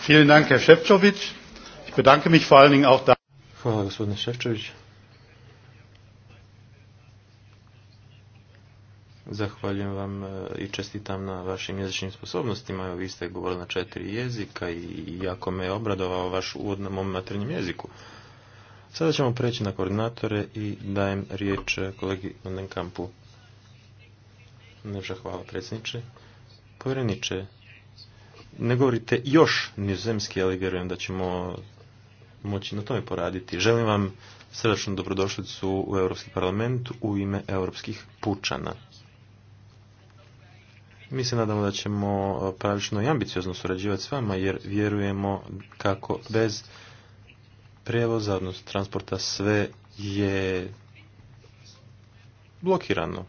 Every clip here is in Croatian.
Vielen Dank, Herr Šefčović. Ich bedanke mich vor allen Hvala, gospodine Zahvaljujem vam e, i čestitam na vašim jezičnim sposobnostima. Evo, vi ste govorili na četiri jezika i jako me je obradovao vaš uvod na mom maternjem jeziku. Sada ćemo preći na koordinatore i dajem riječ kolegi Vandenkampu. Kampu. ne hvala predsjedniče. Povjereniče, ne govorite još nizozemski, ali vjerujem da ćemo moći na tome poraditi. Želim vam srdačnu dobrodošlicu u Europski parlament u ime europskih pučana. Mi se nadamo da ćemo pravično i ambiciozno surađivati s vama, jer vjerujemo kako bez prijevoza, odnosno transporta, sve je blokirano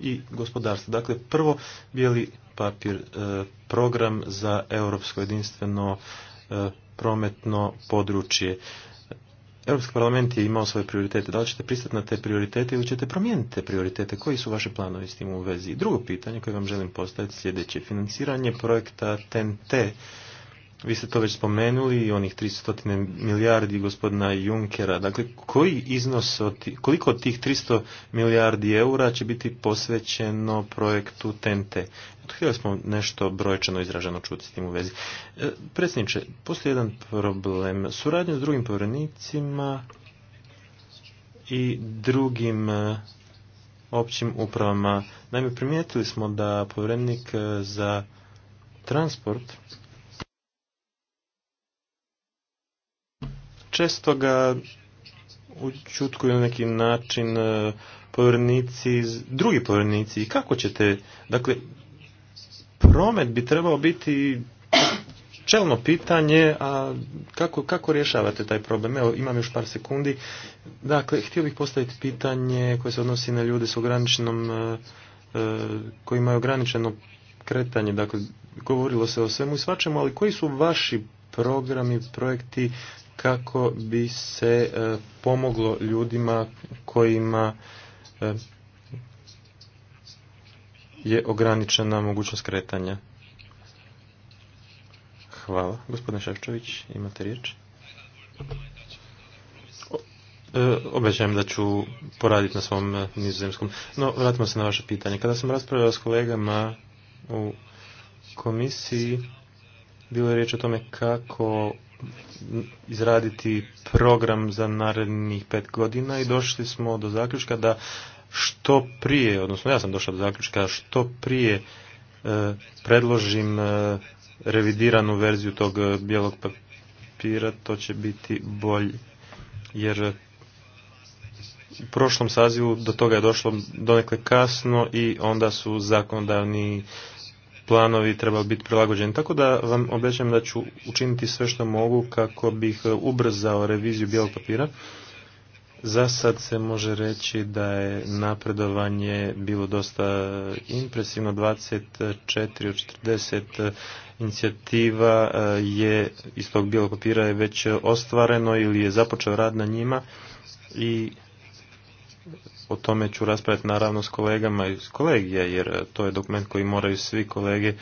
i gospodarstvo. Dakle, prvo bili papir e, program za europsko jedinstveno e, prometno područje. Europski parlament je imao svoje prioritete. Da li ćete pristati na te prioritete ili ćete promijeniti te prioritete? Koji su vaše planovi s tim u vezi? Drugo pitanje koje vam želim postaviti sljedeće. Financiranje projekta TNT vi ste to već spomenuli i onih 300 milijardi gospodina Junkera. Dakle, koji iznos, od, koliko od tih 300 milijardi eura će biti posvećeno projektu TNT? Htjeli smo nešto brojčano izraženo čuti s tim u vezi. E, predsjedniče, postoji jedan problem. Suradnju s drugim povjerenicima i drugim e, općim upravama. Naime, primijetili smo da povjerenik e, za transport često ga učutkuju na neki način e, povjerenici, drugi povjerenici. Kako ćete, dakle, promet bi trebao biti čelno pitanje, a kako, kako rješavate taj problem? Evo, imam još par sekundi. Dakle, htio bih postaviti pitanje koje se odnosi na ljude s ograničenom, e, e, koji imaju ograničeno kretanje. Dakle, govorilo se o svemu i svačemu, ali koji su vaši programi, projekti kako bi se e, pomoglo ljudima kojima e, je ograničena mogućnost kretanja. Hvala. Gospodine Ševčović, imate riječ? E, obećajem da ću poraditi na svom nizozemskom. No, vratimo se na vaše pitanje. Kada sam raspravljao s kolegama u komisiji, bilo je riječ o tome kako izraditi program za narednih pet godina i došli smo do zaključka da što prije, odnosno ja sam došao do zaključka, što prije e, predložim e, revidiranu verziju tog bijelog papira, to će biti bolje. Jer u prošlom sazivu do toga je došlo donekle kasno i onda su zakonodavni planovi treba biti prilagođeni. Tako da vam obećam da ću učiniti sve što mogu kako bih e, ubrzao reviziju bijelog papira. Za sad se može reći da je napredovanje bilo dosta e, impresivno, 24 od 40 e, inicijativa je iz tog bijelog papira je već ostvareno ili je započeo rad na njima i o tome ću raspraviti naravno s kolegama iz kolegija, jer e, to je dokument koji moraju svi kolege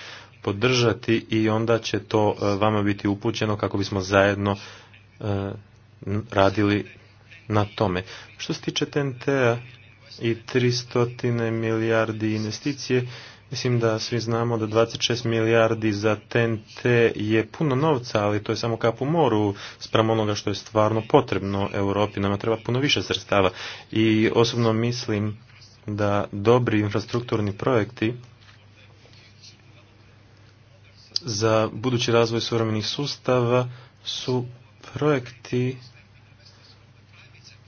podržati i onda će to e, vama biti upućeno kako bismo zajedno e, radili na tome. Što se tiče TNT-a i 300 milijardi investicije, Mislim da svi znamo da 26 milijardi za TNT je puno novca, ali to je samo kap u moru spram onoga što je stvarno potrebno Europi. Nama treba puno više sredstava. I osobno mislim da dobri infrastrukturni projekti za budući razvoj suvremenih sustava su projekti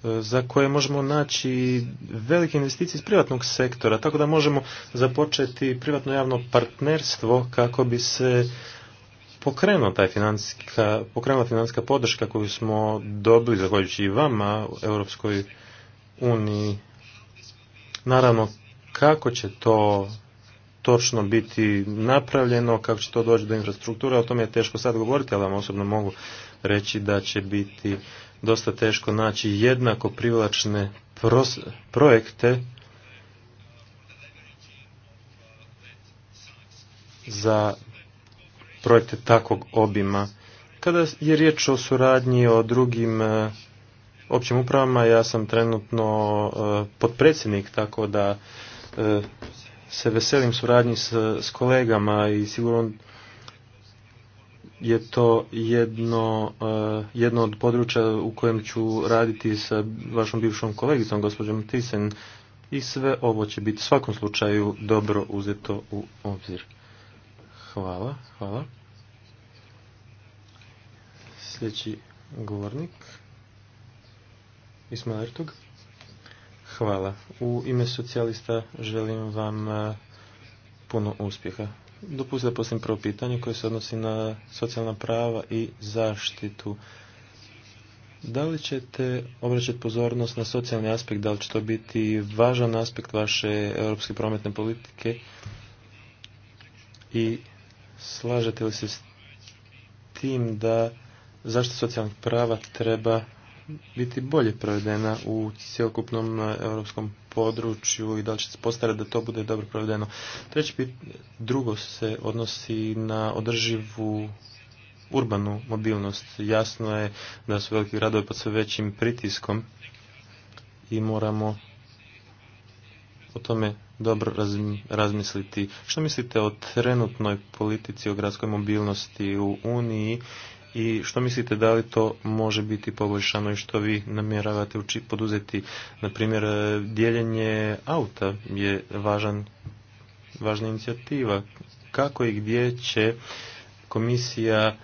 za koje možemo naći velike investicije iz privatnog sektora, tako da možemo započeti privatno-javno partnerstvo kako bi se pokrenula, taj financijska, pokrenula financijska podrška koju smo dobili, zahvaljujući i vama, u Europskoj uniji. Naravno, kako će to točno biti napravljeno, kako će to doći do infrastrukture, o tome je teško sad govoriti, ali vam osobno mogu reći da će biti dosta teško naći jednako privlačne projekte za projekte takvog obima. Kada je riječ o suradnji o drugim e, općim upravama, ja sam trenutno e, potpredsjednik, tako da e, se veselim suradnji s, s kolegama i sigurno je to jedno, eh, jedno od područja u kojem ću raditi sa vašom bivšom kolegicom, gospođom Tisen, i sve ovo će biti svakom slučaju dobro uzeto u obzir. Hvala, hvala. Sljedeći govornik, Isma Ertug. Hvala. U ime socijalista želim vam eh, puno uspjeha. Dopustite da postavim prvo pitanje koje se odnosi na socijalna prava i zaštitu. Da li ćete obraćati pozornost na socijalni aspekt, da li će to biti važan aspekt vaše europske prometne politike i slažete li se s tim da zaštita socijalnih prava treba biti bolje provedena u cjelokupnom eh, europskom području i da li se postaviti da to bude dobro provedeno. Treći pit, drugo se odnosi na održivu urbanu mobilnost. Jasno je da su veliki gradovi pod sve većim pritiskom i moramo o tome dobro razmisliti. Što mislite o trenutnoj politici o gradskoj mobilnosti u Uniji i što mislite da li to može biti poboljšano i što vi namjeravate poduzeti? Na primjer, e, dijeljenje auta je važan, važna inicijativa. Kako i gdje će komisija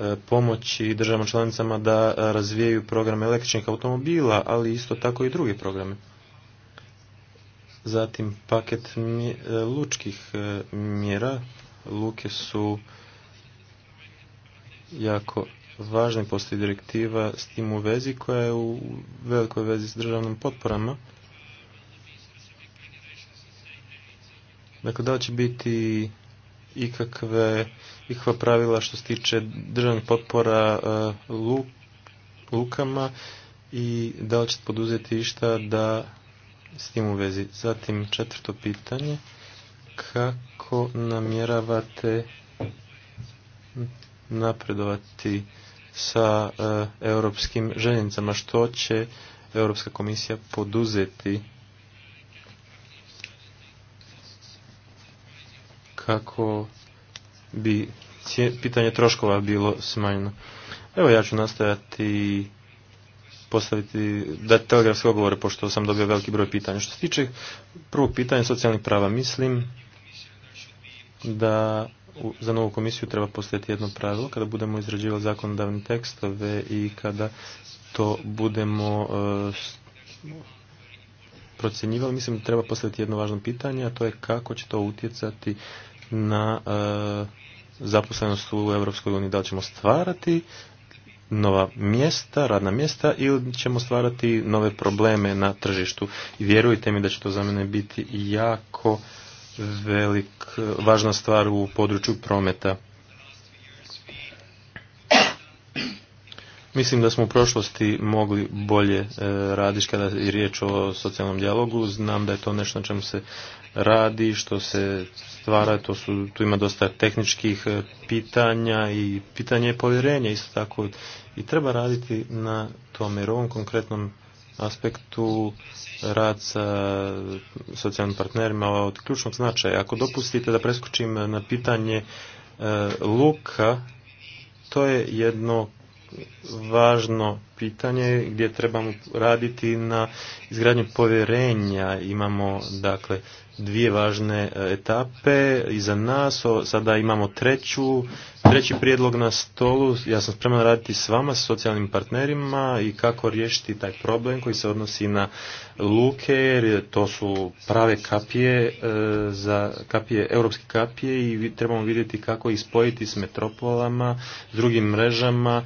e, pomoći državama članicama da e, razvijaju programe električnih automobila, ali isto tako i druge programe. Zatim paket lučkih mjera. Luke su jako važna postoji direktiva s tim u vezi koja je u velikoj vezi s državnim potporama. Dakle, da li će biti ikakve, ikakva pravila što se tiče državnih potpora e, luk, lukama i da li ćete poduzeti išta da s tim u vezi. Zatim četvrto pitanje, kako namjeravate napredovati sa e, europskim željeznicama, što će Europska komisija poduzeti kako bi pitanje troškova bilo smanjeno. Evo ja ću nastojati postaviti, dati telegrafske ogovore, pošto sam dobio veliki broj pitanja. Što se tiče prvog pitanja socijalnih prava, mislim da za novu komisiju treba postaviti jedno pravilo kada budemo izrađivali zakonodavne tekstove i kada to budemo e, procjenjivali, mislim da treba postaviti jedno važno pitanje, a to je kako će to utjecati na e, zaposlenost u EU. Da li ćemo stvarati nova mjesta, radna mjesta ili ćemo stvarati nove probleme na tržištu. I vjerujte mi da će to za mene biti jako velik, važna stvar u području prometa. Mislim da smo u prošlosti mogli bolje e, raditi kada je riječ o socijalnom dijalogu. Znam da je to nešto na čemu se radi, što se stvara, to su, tu ima dosta tehničkih e, pitanja i pitanje povjerenja isto tako. I treba raditi na tome. jer u ovom konkretnom aspektu rad sa socijalnim partnerima od ključnog značaja. Ako dopustite da preskočim na pitanje e, luka, to je jedno važno pitanje gdje trebamo raditi na izgradnju povjerenja. Imamo dakle dvije važne e, etape iza nas. O, sada imamo treću, treći prijedlog na stolu. Ja sam spreman raditi s vama, s socijalnim partnerima i kako riješiti taj problem koji se odnosi na luke, jer to su prave kapije, e, za kapije, europske kapije i trebamo vidjeti kako ih spojiti s metropolama, s drugim mrežama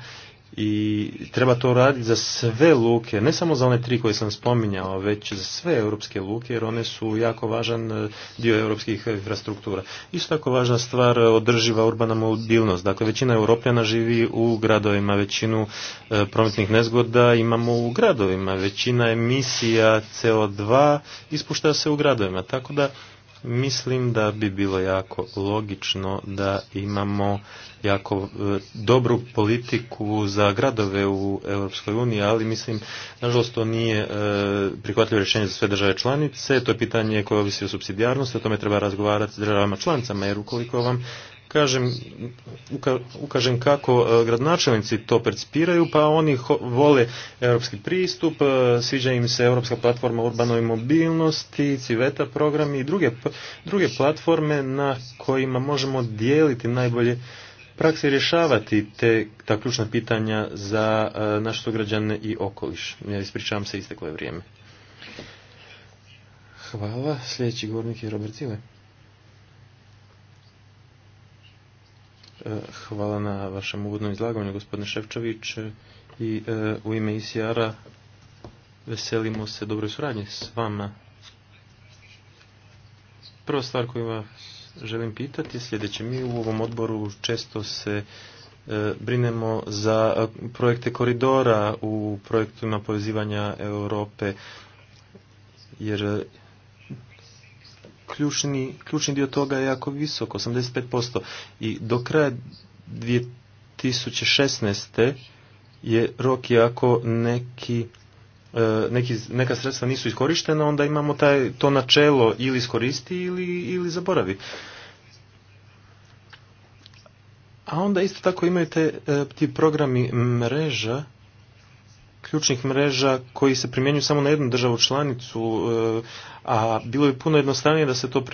i treba to raditi za sve luke, ne samo za one tri koje sam spominjao, već za sve europske luke, jer one su jako važan e, dio europskih infrastruktura. Isto tako važna stvar e, održiva urbana mobilnost. Dakle, većina europljana živi u gradovima, većinu e, prometnih nezgoda imamo u gradovima, većina emisija CO2 ispušta se u gradovima, tako da mislim da bi bilo jako logično da imamo jako e, dobru politiku za gradove u Europskoj uniji, ali mislim, nažalost, to nije e, prihvatljivo rješenje za sve države članice. To je pitanje koje ovisi o subsidijarnosti, o tome treba razgovarati s državama članicama, jer ukoliko vam kažem, ukažem kako e, gradonačelnici to percipiraju, pa oni vole europski pristup, e, sviđa im se Europska platforma urbanoj mobilnosti, Civeta program i druge, druge platforme na kojima možemo dijeliti najbolje prakse rješavati te ta ključna pitanja za e, naše sugrađane i okoliš. Ja ispričavam se, isteklo je vrijeme. Hvala. Sljedeći govornik je Robert Cile. E, hvala na vašem uvodnom izlaganju, gospodine Ševčević. E, I e, u ime ICR-a veselimo se dobroj suradnji s vama. Prva stvar koju vas želim pitati je sljedeće. Mi u ovom odboru često se brinemo za projekte koridora u projektima povezivanja Europe, jer ključni, ključni dio toga je jako visok, 85%. I do kraja 2016. je rok i ako neki, e, neki, neka sredstva nisu iskorištena, onda imamo taj, to načelo ili iskoristi ili, ili zaboravi. A onda isto tako imaju e, ti programi mreža ključnih mreža koji se primjenjuju samo na jednu državu članicu, e, a bilo bi puno jednostavnije da se to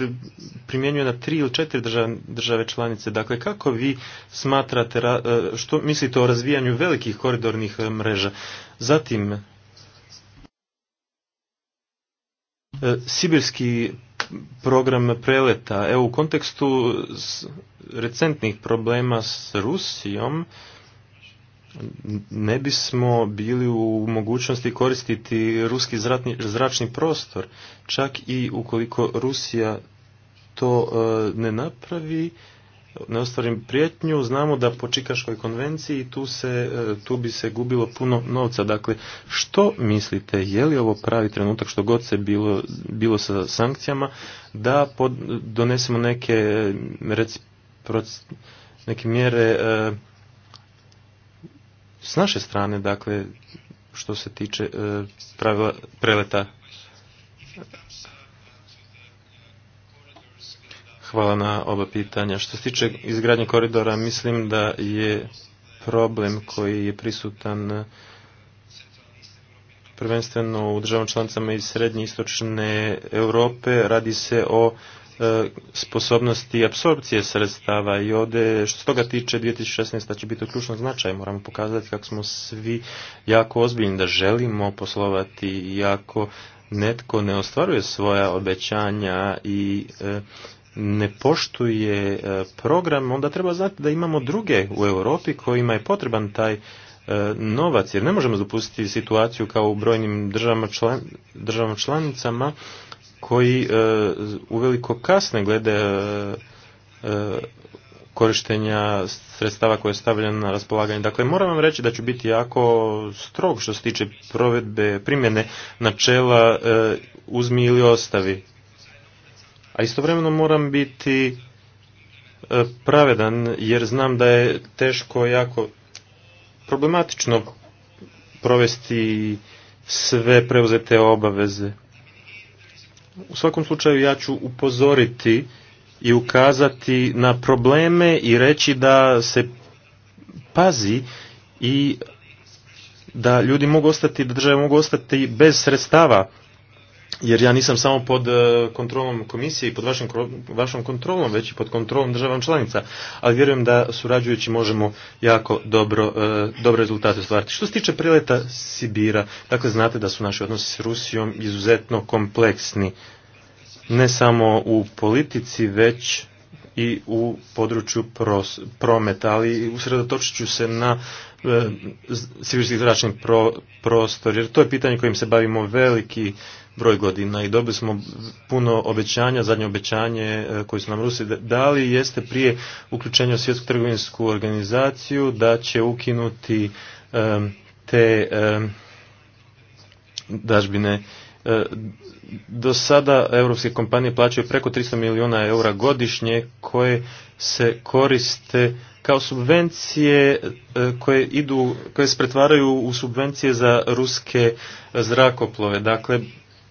primjenjuje na tri ili četiri države članice. Dakle, kako vi smatrate, e, što mislite o razvijanju velikih koridornih e, mreža? Zatim, sibirski program preleta. Evo, u kontekstu recentnih problema s Rusijom, ne bismo bili u mogućnosti koristiti ruski zračni prostor. Čak i ukoliko Rusija to e, ne napravi, ne ostvarim prijetnju, znamo da po Čikaškoj konvenciji tu, se, e, tu bi se gubilo puno novca. Dakle, što mislite, je li ovo pravi trenutak što god se bilo, bilo sa sankcijama, da donesemo neke, rec, neke mjere e, s naše strane, dakle, što se tiče e, pravila preleta. Hvala na oba pitanja. Što se tiče izgradnje koridora, mislim da je problem koji je prisutan e, prvenstveno u državama članicama iz srednje istočne Europe. Radi se o E, sposobnosti apsorpcije sredstava i ovdje što se toga tiče 2016. će biti ključno značaj. Moramo pokazati kako smo svi jako ozbiljni da želimo poslovati i ako netko ne ostvaruje svoja obećanja i e, ne poštuje e, program, onda treba znati da imamo druge u Europi kojima je potreban taj novac, jer ne možemo dopustiti situaciju kao u brojnim državama, član, državama članicama koji e, uveliko kasne glede e, e, korištenja sredstava koje je stavljeno na raspolaganje. Dakle, moram vam reći da ću biti jako strog što se tiče provedbe primjene načela uzmi ili ostavi. A istovremeno moram biti pravedan jer znam da je teško jako problematično provesti sve preuzete obaveze. U svakom slučaju ja ću upozoriti i ukazati na probleme i reći da se pazi i da ljudi mogu ostati, da države mogu ostati bez sredstava jer ja nisam samo pod e, kontrolom komisije i pod vašim, vašom kontrolom, već i pod kontrolom državam članica, ali vjerujem da surađujući možemo jako dobro, e, dobre rezultate ostvariti. Što se tiče prileta Sibira, dakle znate da su naši odnosi s Rusijom izuzetno kompleksni, ne samo u politici, već i u području pros, prometa, ali usredotočit ću se na e, sibirski zračni prostor, jer to je pitanje kojim se bavimo veliki broj godina i dobili smo puno obećanja, zadnje obećanje e, koje su nam Rusi dali jeste prije uključenja u svjetsku trgovinsku organizaciju da će ukinuti te dažbine e, do sada europske kompanije plaćaju preko 300 milijuna eura godišnje koje se koriste kao subvencije e, koje idu, koje se pretvaraju u subvencije za ruske zrakoplove. Dakle,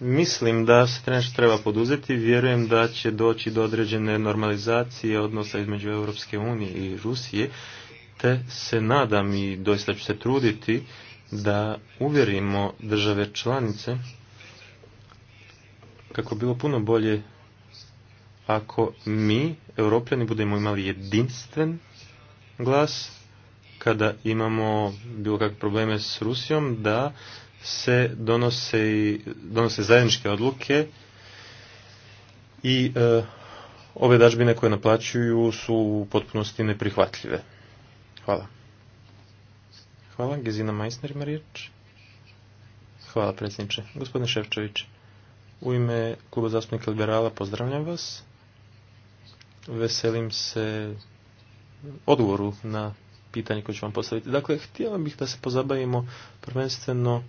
Mislim da se nešto treba poduzeti, vjerujem da će doći do određene normalizacije odnosa između Europske unije i Rusije, te se nadam i doista ću se truditi da uvjerimo države članice kako bilo puno bolje ako mi, europljani, budemo imali jedinstven glas kada imamo bilo kakve probleme s Rusijom, da se donose, donose zajedničke odluke i e, ove dažbine koje naplaćuju su u potpunosti neprihvatljive. Hvala. Hvala. Gezina Majsner ima riječ. Hvala predsjedniče. Gospodine Ševčević, u ime Kluba zastupnika liberala pozdravljam vas. Veselim se odgovoru na pitanje koje ću vam postaviti. Dakle, htjela bih da se pozabavimo prvenstveno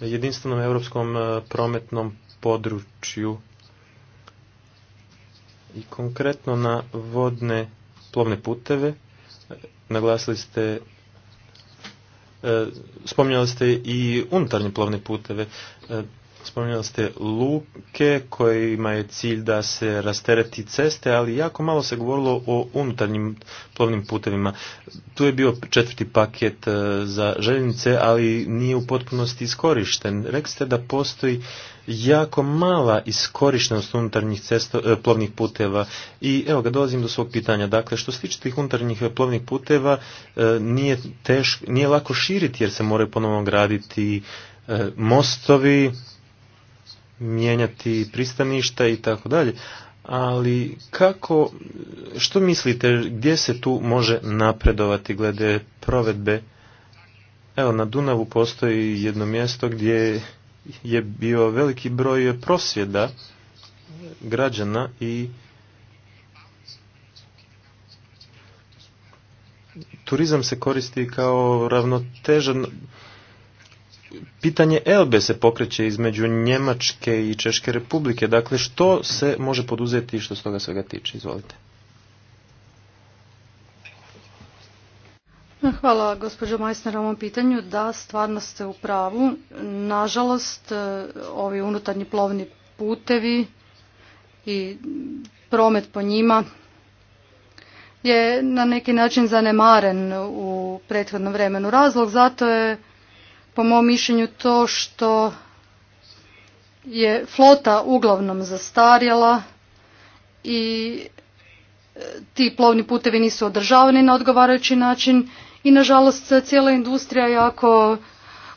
jedinstvenom europskom e, prometnom području i konkretno na vodne plovne puteve. Naglasili ste e, spominjali ste i unutarnje plovne puteve. E, Spominjali ste luke kojima je cilj da se rastereti ceste, ali jako malo se govorilo o unutarnjim plovnim putevima. Tu je bio četvrti paket e, za željenice, ali nije u potpunosti iskorišten. Rekli ste da postoji jako mala iskorištenost unutarnjih cesto, e, plovnih puteva i evo ga dolazim do svog pitanja. Dakle, što se tiče tih unutarnjih plovnih puteva e, nije, nije lako širiti jer se moraju ponovno graditi mostovi, mijenjati pristaništa i tako dalje. Ali kako, što mislite, gdje se tu može napredovati glede provedbe? Evo, na Dunavu postoji jedno mjesto gdje je bio veliki broj prosvjeda građana i turizam se koristi kao ravnotežan pitanje Elbe se pokreće između Njemačke i Češke republike. Dakle, što se može poduzeti što se toga svega tiče? Izvolite. Hvala gospođo Majsner na ovom pitanju. Da, stvarno ste u pravu. Nažalost, e, ovi unutarnji plovni putevi i promet po njima je na neki način zanemaren u prethodnom vremenu. Razlog zato je po mom mišljenju to što je flota uglavnom zastarjela i e, ti plovni putevi nisu održavani na odgovarajući način i nažalost cijela industrija je jako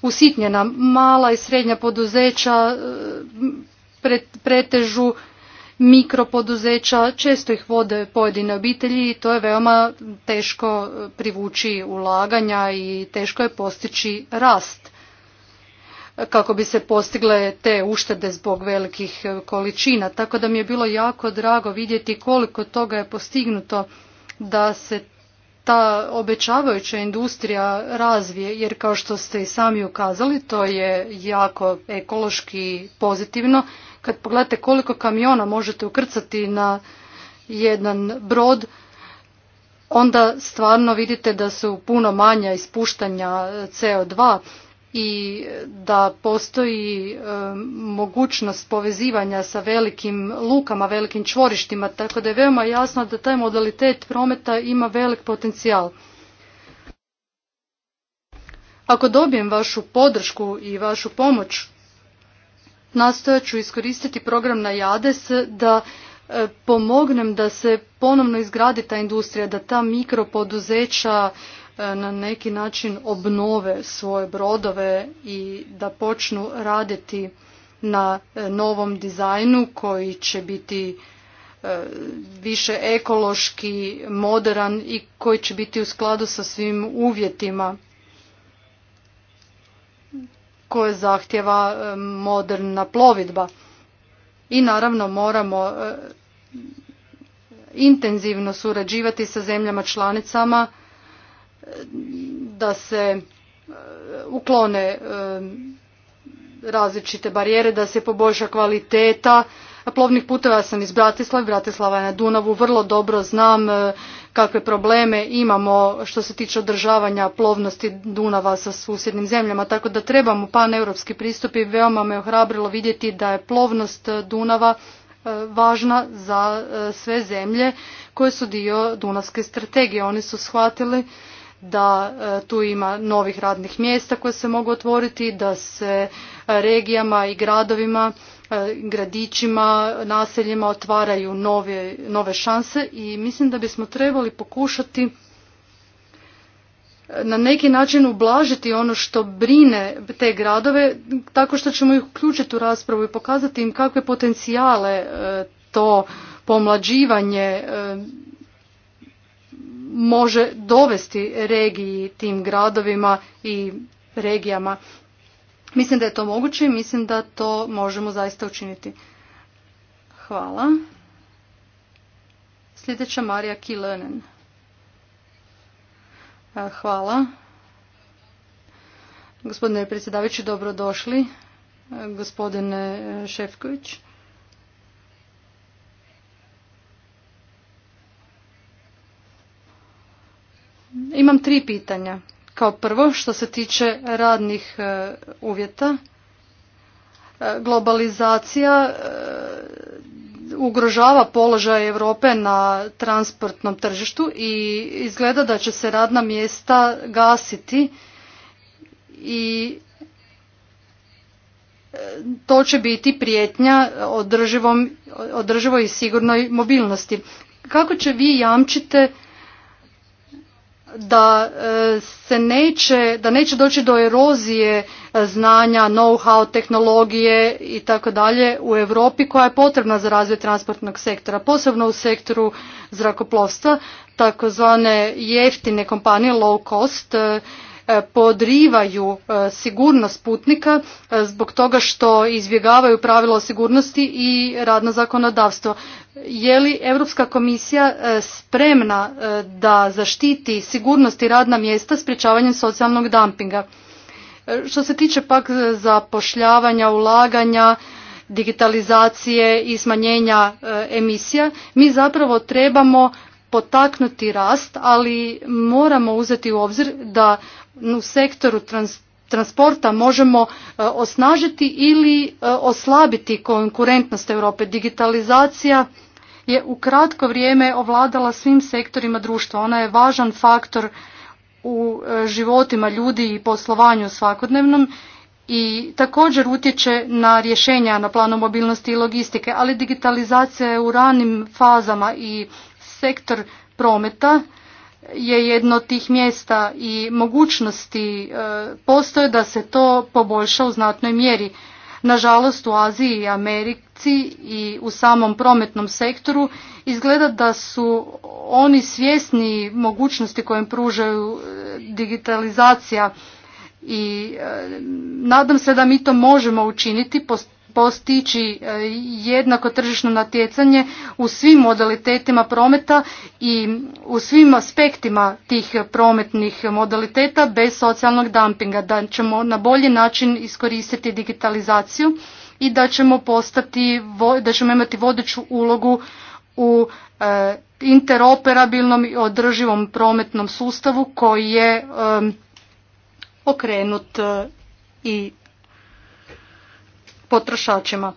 usitnjena. Mala i srednja poduzeća e, pretežu mikropoduzeća, često ih vode pojedine obitelji i to je veoma teško privući ulaganja i teško je postići rast kako bi se postigle te uštede zbog velikih e, količina. Tako da mi je bilo jako drago vidjeti koliko toga je postignuto da se ta obećavajuća industrija razvije, jer kao što ste i sami ukazali, to je jako ekološki pozitivno. Kad pogledate koliko kamiona možete ukrcati na jedan brod, onda stvarno vidite da su puno manja ispuštanja e, CO2 i da postoji e, mogućnost povezivanja sa velikim lukama, velikim čvorištima, tako da je veoma jasno da taj modalitet prometa ima velik potencijal. Ako dobijem vašu podršku i vašu pomoć, nastojat ću iskoristiti program na JADES da e, pomognem da se ponovno izgradi ta industrija, da ta mikropoduzeća E, na neki način obnove svoje brodove i da počnu raditi na e, novom dizajnu koji će biti e, više ekološki modern i koji će biti u skladu sa svim uvjetima koje zahtjeva moderna plovidba. I naravno moramo intenzivno surađivati sa zemljama članicama da se e, uklone e, različite barijere, da se poboljša kvaliteta plovnih puteva. Ja sam iz Bratislava, Bratislava je na Dunavu, vrlo dobro znam e, kakve probleme imamo što se tiče održavanja plovnosti Dunava sa susjednim zemljama, tako da trebamo paneuropski pristup i veoma me ohrabrilo vidjeti da je plovnost Dunava važna za sve zemlje koje su dio Dunavske strategije. Oni su shvatili da e, tu ima novih radnih mjesta koje se mogu otvoriti, da se e, regijama i gradovima, e, gradićima, naseljima otvaraju nove, nove šanse i mislim da bismo trebali pokušati na neki način ublažiti ono što brine te gradove tako što ćemo ih uključiti u raspravu i pokazati im kakve potencijale to pomlađivanje može dovesti regiji, tim gradovima i regijama. Mislim da je to moguće i mislim da to možemo zaista učiniti. Hvala. Sljedeća Marija Kilenen. E, hvala. Gospodine predsjedavajući, dobrodošli. E, gospodine Šefković. Imam tri pitanja. Kao prvo, što se tiče radnih e, uvjeta, e, globalizacija e, ugrožava položaj Europe na transportnom tržištu i izgleda da će se radna mjesta gasiti i to će biti prijetnja održivoj i sigurnoj mobilnosti. Kako će vi jamčite da e, se neće, da neće doći do erozije e, znanja, know-how, tehnologije i tako dalje u Europi koja je potrebna za razvoj transportnog sektora, posebno u sektoru zrakoplovstva, takozvane jeftine kompanije low cost e, E, podrivaju e, sigurnost putnika e, zbog toga što izbjegavaju pravila o sigurnosti i radno zakonodavstvo. Je li Europska komisija spremna da zaštiti sigurnost i radna mjesta sprječavanjem socijalnog dumpinga? Što se tiče pak zapošljavanja, ulaganja, digitalizacije i smanjenja emisija, mi zapravo trebamo potaknuti rast, ali moramo uzeti u obzir da u sektoru transporta transporta možemo e, osnažiti ili e, oslabiti konkurentnost Europe. Digitalizacija je u kratko vrijeme ovladala svim sektorima društva. Ona je važan faktor u e, životima ljudi i poslovanju svakodnevnom i također utječe na rješenja na planu mobilnosti i logistike, ali digitalizacija je u ranim fazama i sektor prometa je jedno od tih mjesta i mogućnosti e, postoje da se to poboljša u znatnoj mjeri. Nažalost u Aziji i Americi i u samom prometnom sektoru izgleda da su oni svjesni mogućnosti koje pružaju e, digitalizacija i e, nadam se da mi to možemo učiniti postići e, jednako tržišno natjecanje u svim modalitetima prometa i u svim aspektima tih prometnih modaliteta bez socijalnog dumpinga, da ćemo na bolji način iskoristiti digitalizaciju i da ćemo postati, da ćemo imati vodeću ulogu u e, interoperabilnom i održivom prometnom sustavu koji je e, okrenut i potrošačima.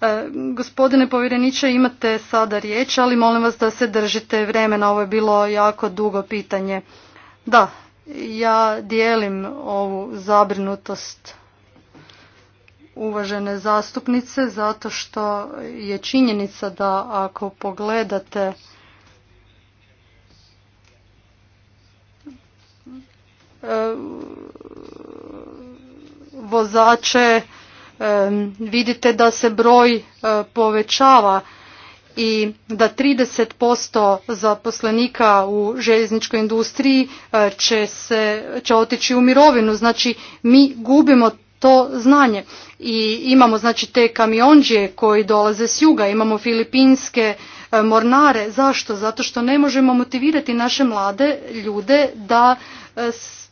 E, gospodine povjereniče, imate sada riječ, ali molim vas da se držite vremena. Ovo je bilo jako dugo pitanje. Da, ja dijelim ovu zabrinutost uvažene zastupnice zato što je činjenica da ako pogledate e, vozače vidite da se broj e, povećava i da 30% zaposlenika u željezničkoj industriji e, će, se, će otići u mirovinu. Znači mi gubimo to znanje i imamo znači te kamionđije koji dolaze s juga, imamo filipinske e, mornare. Zašto? Zato što ne možemo motivirati naše mlade ljude da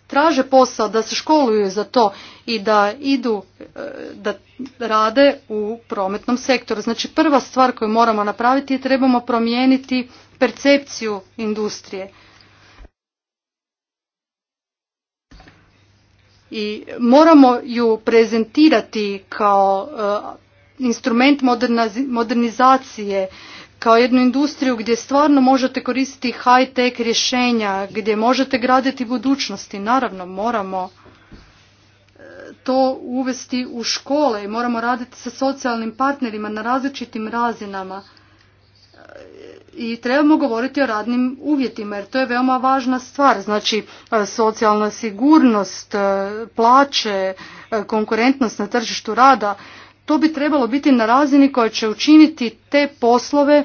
traže posao, da se školuju za to i da idu, e, da rade u prometnom sektoru. Znači prva stvar koju moramo napraviti je trebamo promijeniti percepciju industrije. I moramo ju prezentirati kao e, instrument modernizacije kao jednu industriju gdje stvarno možete koristiti high-tech rješenja, gdje možete graditi budućnosti. Naravno, moramo e, to uvesti u škole i moramo raditi sa socijalnim partnerima na različitim razinama. E, I trebamo govoriti o radnim uvjetima jer to je veoma važna stvar. Znači e, socijalna sigurnost, plaće, konkurentnost na tržištu rada to bi trebalo biti na razini koja će učiniti te poslove e,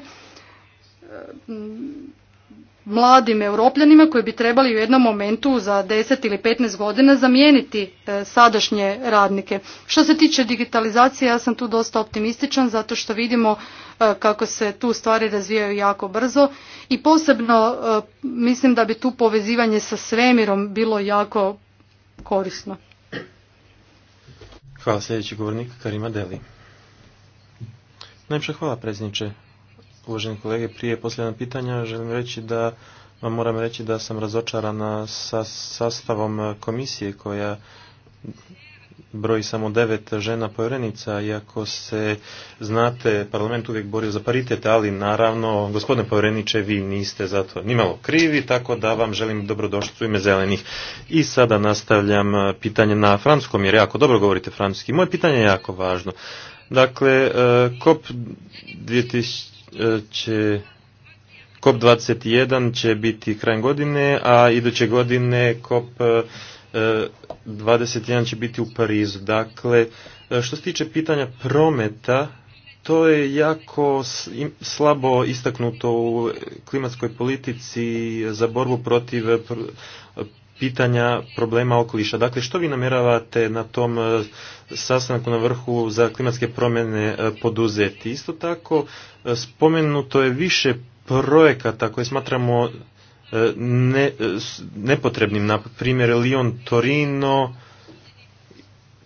mladim europljanima koji bi trebali u jednom momentu za 10 ili 15 godina zamijeniti e, sadašnje radnike. Što se tiče digitalizacije, ja sam tu dosta optimističan zato što vidimo e, kako se tu stvari razvijaju jako brzo i posebno mislim da bi tu povezivanje sa svemirom bilo jako korisno. Hvala sljedeći govornik Karima Deli. Najpša hvala predsjedniče. Uvaženi kolege, prije posljedna pitanja želim reći da vam moram reći da sam razočarana sa sastavom komisije koja broji samo devet žena povjerenica, iako se, znate, parlament uvijek borio za paritet, ali naravno, gospodine povjereniče, vi niste zato nimalo krivi, tako da vam želim dobrodošlicu u ime zelenih. I sada nastavljam pitanje na francuskom, jer jako dobro govorite francuski. Moje pitanje je jako važno. Dakle, e, COP 2000 će... COP21 će biti krajem godine, a iduće godine COP 21 će biti u Parizu. Dakle, što se tiče pitanja prometa, to je jako slabo istaknuto u klimatskoj politici za borbu protiv pitanja problema okoliša. Dakle, što vi namjeravate na tom e, sastanku na vrhu za klimatske promjene e, poduzeti? Isto tako, e, spomenuto je više projekata koje smatramo E, e, nepotrebnim. Na primjer, Lyon Torino,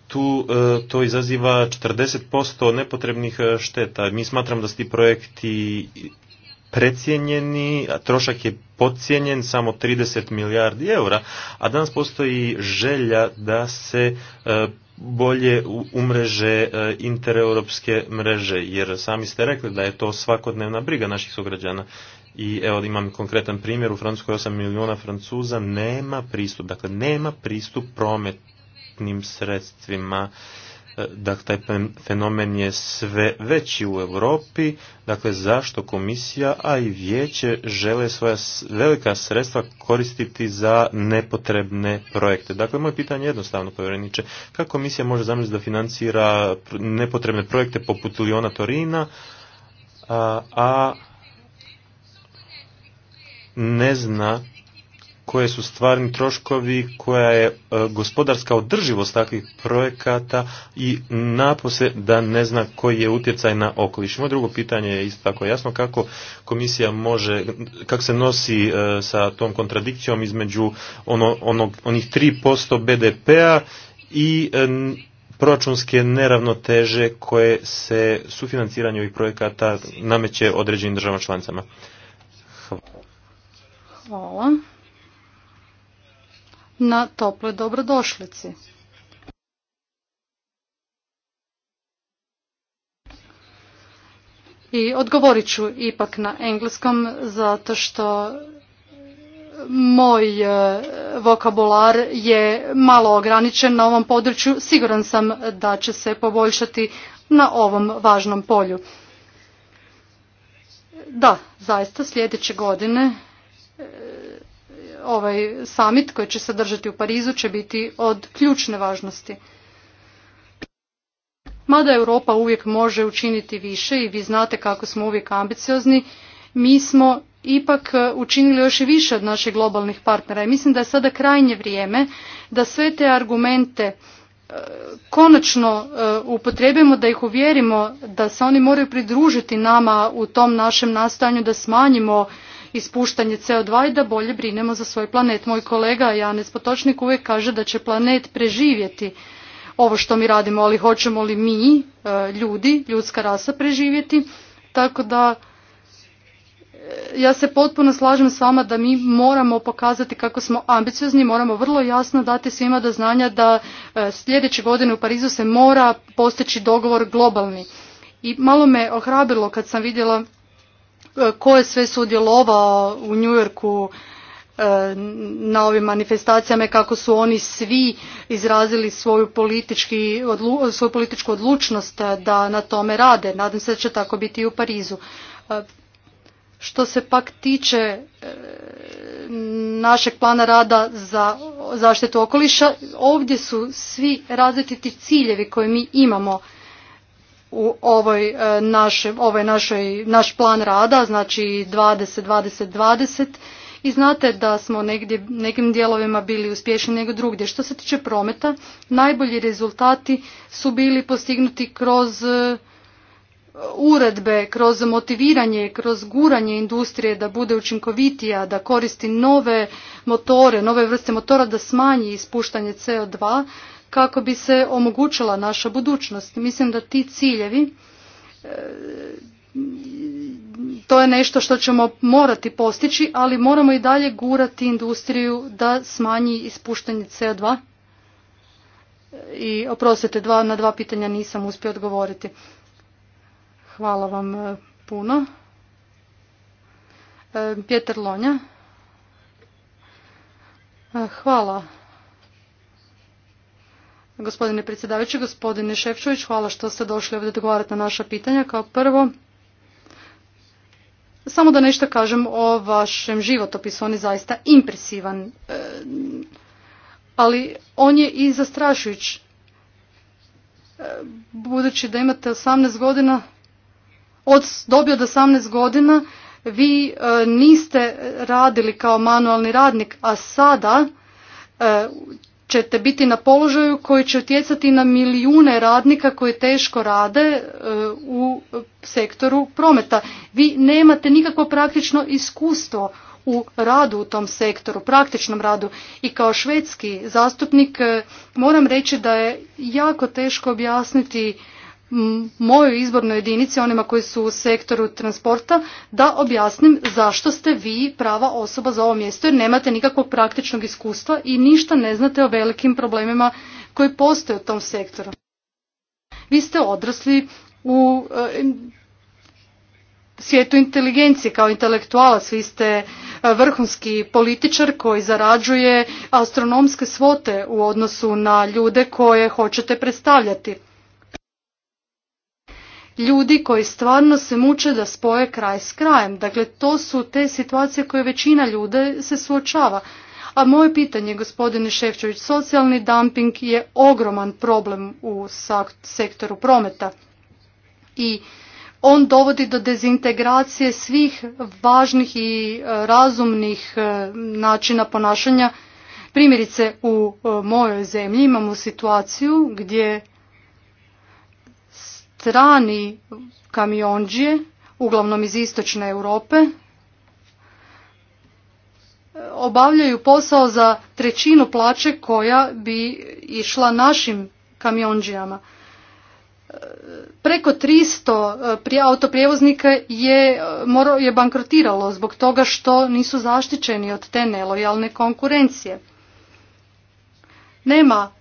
tu e, to izaziva 40% nepotrebnih šteta. Mi smatram da su ti projekti precijenjeni, a trošak je podcijenjen samo 30 milijardi eura, a danas postoji želja da se bolje umreže intereuropske mreže, jer sami ste rekli da je to svakodnevna briga naših sugrađana i evo imam konkretan primjer, u Francuskoj 8 milijuna Francuza nema pristup, dakle nema pristup prometnim sredstvima, e, dakle taj fenomen je sve veći u Europi, dakle zašto komisija, a i vijeće žele svoja velika sredstva koristiti za nepotrebne projekte. Dakle, moje pitanje jednostavno, povjereniče, kako komisija može zamisliti da financira nepotrebne projekte poput Liona Torina, a, a ne zna koje su stvarni troškovi, koja je e, gospodarska održivost takvih projekata i napose da ne zna koji je utjecaj na okoliš. Moje drugo pitanje je isto tako jasno kako komisija može, kako se nosi e, sa tom kontradikcijom između ono, onih 3% BDP-a i e, proračunske neravnoteže koje se sufinanciranje ovih projekata nameće određenim državama članicama. Hvala. Hvala. Na tople dobrodošlici. I odgovorit ću ipak na engleskom zato što moj e, vokabular je malo ograničen na ovom području. Siguran sam da će se poboljšati na ovom važnom polju. Da, zaista sljedeće godine ovaj summit koji će se držati u Parizu će biti od ključne važnosti. Mada Europa uvijek može učiniti više i vi znate kako smo uvijek ambiciozni, mi smo ipak e, učinili još i više od naših globalnih partnera i mislim da je sada krajnje vrijeme da sve te argumente e, konačno e, upotrebimo da ih uvjerimo da se oni moraju pridružiti nama u tom našem nastojanju da smanjimo ispuštanje CO2 i da bolje brinemo za svoj planet. Moj kolega Janez Potočnik uvijek kaže da će planet preživjeti ovo što mi radimo, ali hoćemo li mi, e, ljudi, ljudska rasa preživjeti, tako da e, ja se potpuno slažem s vama da mi moramo pokazati kako smo ambiciozni, moramo vrlo jasno dati svima do znanja da e, sljedeće godine u Parizu se mora postići dogovor globalni. I malo me ohrabrilo kad sam vidjela tko e, je sve sudjelovao u New Yorku e, na ovim manifestacijama i kako su oni svi izrazili svoju, politički, svoju političku odlučnost e, da na tome rade. Nadam se da će tako biti i u Parizu. Što se pak tiče našeg plana rada za zaštitu okoliša, ovdje su svi različiti ciljevi koje mi imamo u ovoj e, ovoj našoj, naš plan rada, znači 20, 20, 20 i znate da smo negdje, nekim dijelovima bili uspješni nego drugdje. Što se tiče prometa, najbolji rezultati su bili postignuti kroz e, uredbe, kroz motiviranje, kroz guranje industrije da bude učinkovitija, da koristi nove motore, nove vrste motora, da smanji ispuštanje CO2 kako bi se omogućila naša budućnost. Mislim da ti ciljevi e, to je nešto što ćemo morati postići, ali moramo i dalje gurati industriju da smanji ispuštanje CO2. E, I oprostite, dva, na dva pitanja nisam uspio odgovoriti. Hvala vam e, puno. Pjeter Lonja. Hvala Gospodine predsjedavajući, gospodine Šefčović, hvala što ste došli ovdje odgovarati na naša pitanja. Kao prvo, samo da nešto kažem o vašem životopisu, on je zaista impresivan, e, ali on je i zastrašujuć. E, budući da imate 18 godina, od dobio od 18 godina, vi e, niste radili kao manualni radnik, a sada ćete biti na položaju koji će utjecati na milijune radnika koji teško rade e, u sektoru prometa. Vi nemate nikakvo praktično iskustvo u radu u tom sektoru, praktičnom radu. I kao švedski zastupnik e, moram reći da je jako teško objasniti mojoj izbornoj jedinici, onima koji su u sektoru transporta, da objasnim zašto ste vi prava osoba za ovo mjesto jer nemate nikakvog praktičnog iskustva i ništa ne znate o velikim problemima koji postoje u tom sektoru. Vi ste odrasli u e, svijetu inteligencije kao intelektualac, vi ste e, vrhunski političar koji zarađuje astronomske svote u odnosu na ljude koje hoćete predstavljati ljudi koji stvarno se muče da spoje kraj s krajem. Dakle, to su te situacije koje većina ljude se suočava. A moje pitanje, gospodine Šefčević, socijalni dumping je ogroman problem u sektoru prometa i on dovodi do dezintegracije svih važnih i e, razumnih e, načina ponašanja. Primjerice, u e, mojoj zemlji imamo situaciju gdje strani kamionđije, uglavnom iz istočne Europe, obavljaju posao za trećinu plaće koja bi išla našim kamionđijama. Preko 300 eh, autoprijevoznika je, eh, je bankrotiralo zbog toga što nisu zaštićeni od te nelojalne konkurencije. Nema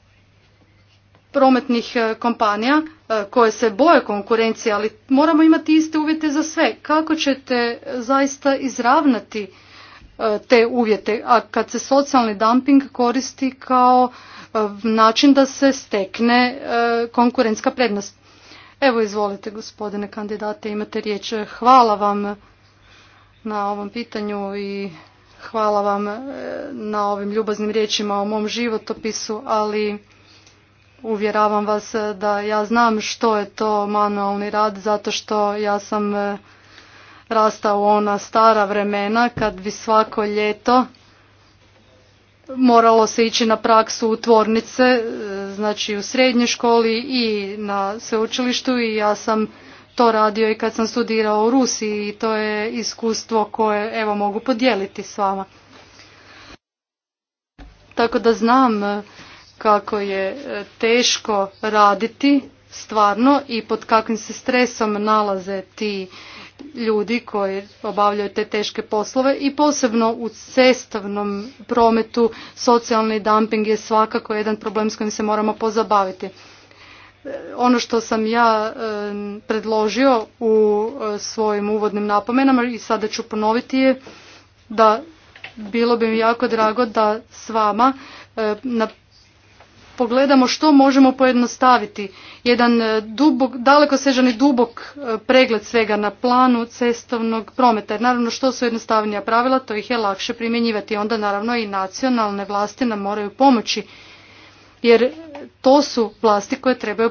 prometnih e, kompanija e, koje se boje konkurencije, ali moramo imati iste uvjete za sve. Kako ćete zaista izravnati e, te uvjete, a kad se socijalni dumping koristi kao način da se stekne konkurentska prednost. Evo izvolite gospodine kandidate, imate riječ. Hvala vam na ovom pitanju i hvala vam na ovim ljubaznim riječima o mom životopisu, ali uvjeravam vas da ja znam što je to manualni rad zato što ja sam e, rastao u ona stara vremena kad bi svako ljeto moralo se ići na praksu u tvornice, e, znači u srednjoj školi i na sveučilištu i ja sam to radio i kad sam studirao u Rusiji i to je iskustvo koje evo mogu podijeliti s vama. Tako da znam e, kako je e, teško raditi stvarno i pod kakvim se stresom nalaze ti ljudi koji obavljaju te teške poslove i posebno u cestovnom prometu socijalni dumping je svakako jedan problem s kojim se moramo pozabaviti. E, ono što sam ja e, predložio u svojim uvodnim napomenama i sada ću ponoviti je da bilo bi mi jako drago da s vama na pogledamo što možemo pojednostaviti. Jedan e, dubok, daleko sežani dubok e, pregled svega na planu cestovnog prometa. Jer naravno što su jednostavnija pravila, to ih je lakše primjenjivati. Onda naravno i nacionalne vlasti nam moraju pomoći. Jer to su vlasti koje trebaju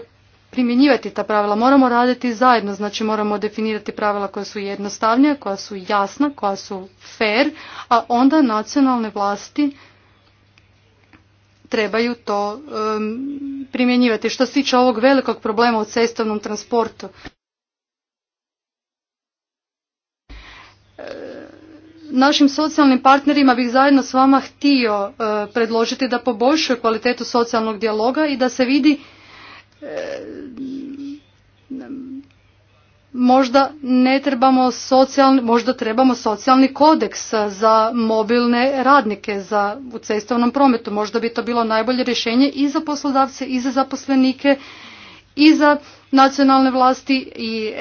primjenjivati ta pravila. Moramo raditi zajedno, znači moramo definirati pravila koja su jednostavnija, koja su jasna, koja su fair, a onda nacionalne vlasti trebaju to primjenjivati. Što se tiče ovog velikog problema u cestovnom transportu, e, našim socijalnim partnerima bih zajedno s vama htio e, predložiti da poboljšaju kvalitetu socijalnog dijaloga i da se vidi e, možda ne trebamo socijalni, možda trebamo socijalni kodeks za mobilne radnike za, u cestovnom prometu. Možda bi to bilo najbolje rješenje i za poslodavce i za zaposlenike i za nacionalne vlasti i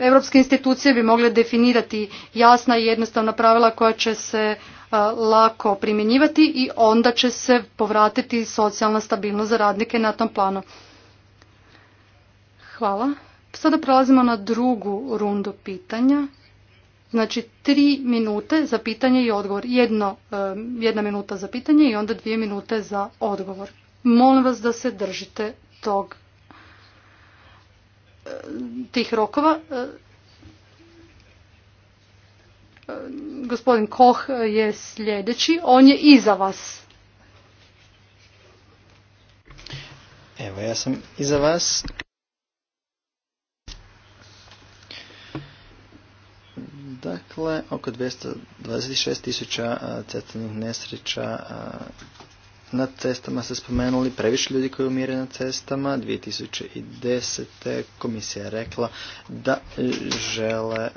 europske institucije bi mogle definirati jasna i jednostavna pravila koja će se lako primjenjivati i onda će se povratiti socijalna stabilnost za radnike na tom planu. Hvala. Sada prelazimo na drugu rundu pitanja. Znači tri minute za pitanje i odgovor. jedna minuta za pitanje i onda dvije minute za odgovor. Molim vas da se držite tog tih rokova. Gospodin Koh je sljedeći. On je iza vas. Evo, ja sam iza vas. Dakle, oko 226 tisuća cestovnih nesreća na cestama se spomenuli, previše ljudi koji umire na cestama. 2010. komisija je rekla da e, žele e,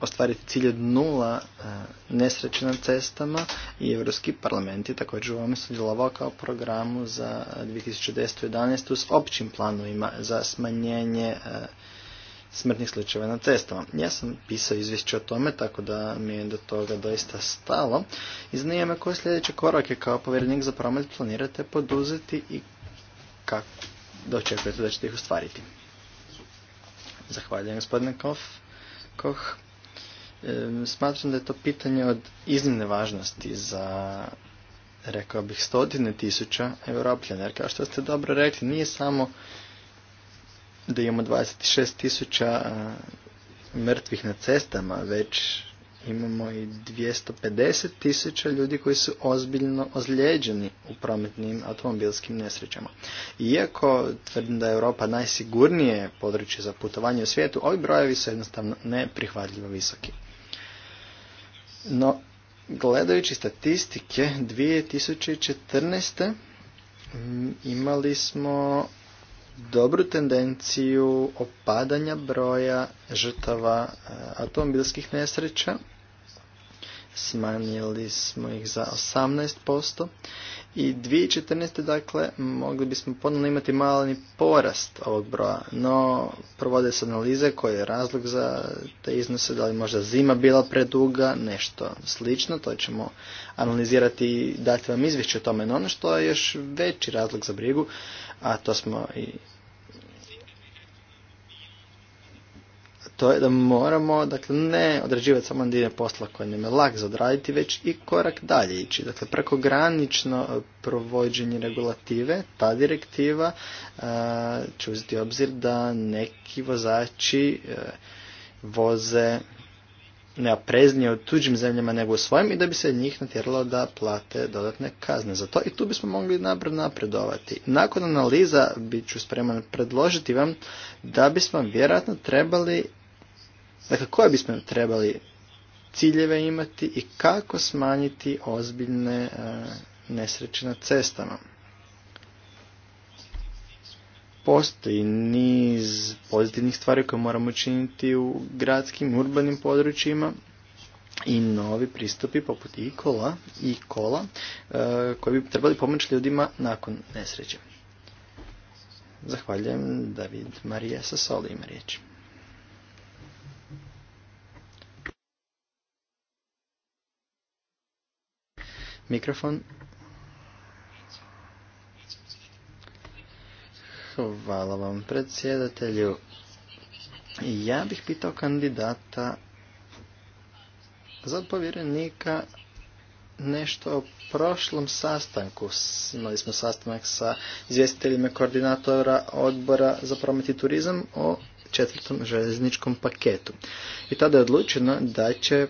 ostvariti cilj od nula e, nesreće na cestama i Europski parlament je također u ovome sudjelovao kao programu za 2010. i 2011. s općim planovima za smanjenje smrtnih slučajeva na cestama. Ja sam pisao izvješće o tome, tako da mi je do toga doista stalo. I zanima me koje sljedeće korake kao povjerenik za promet planirate poduzeti i kako da očekujete da ćete ih ostvariti. Zahvaljujem gospodine Kof. Koh. E, smatram da je to pitanje od iznimne važnosti za rekao bih stotine tisuća europljana, jer kao što ste dobro rekli, nije samo da imamo 26 tisuća mrtvih na cestama, već imamo i 250 tisuća ljudi koji su ozbiljno ozlijeđeni u prometnim automobilskim nesrećama. Iako tvrdim da je Europa najsigurnije područje za putovanje u svijetu, ovi brojevi su jednostavno neprihvatljivo visoki. No, gledajući statistike, 2014. imali smo dobru tendenciju opadanja broja žrtava e, automobilskih nesreća. Smanjili smo ih za 18% i 2014. dakle mogli bismo ponovno imati mali porast ovog broja, no provode se analize koji je razlog za te iznose, da li možda zima bila preduga, nešto slično, to ćemo analizirati i dati vam izvješće o tome. No ono što je još veći razlog za brigu, a to smo i to je da moramo dakle, ne određivati samo dine posla koje nam je lak za odraditi, već i korak dalje ići. Dakle, granično e, provođenje regulative, ta direktiva e, će uzeti obzir da neki vozači e, voze neopreznije u tuđim zemljama nego u svojim i da bi se njih natjeralo da plate dodatne kazne za to i tu bismo mogli napredovati. Nakon analiza bit ću spreman predložiti vam da bismo vjerojatno trebali Dakle, koje bismo trebali ciljeve imati i kako smanjiti ozbiljne e, nesreće na cestama. Postoji niz pozitivnih stvari koje moramo činiti u gradskim, urbanim područjima i novi pristupi poput i kola, i kola e, koji bi trebali pomoći ljudima nakon nesreće. Zahvaljujem David Marija sa ima riječima Mikrofon. Hvala vam predsjedatelju. Ja bih pitao kandidata za povjerenika nešto o prošlom sastanku. Imali smo sastanak sa izvjestiteljima koordinatora odbora za promet i turizam o četvrtom željezničkom paketu. I tada je odlučeno da će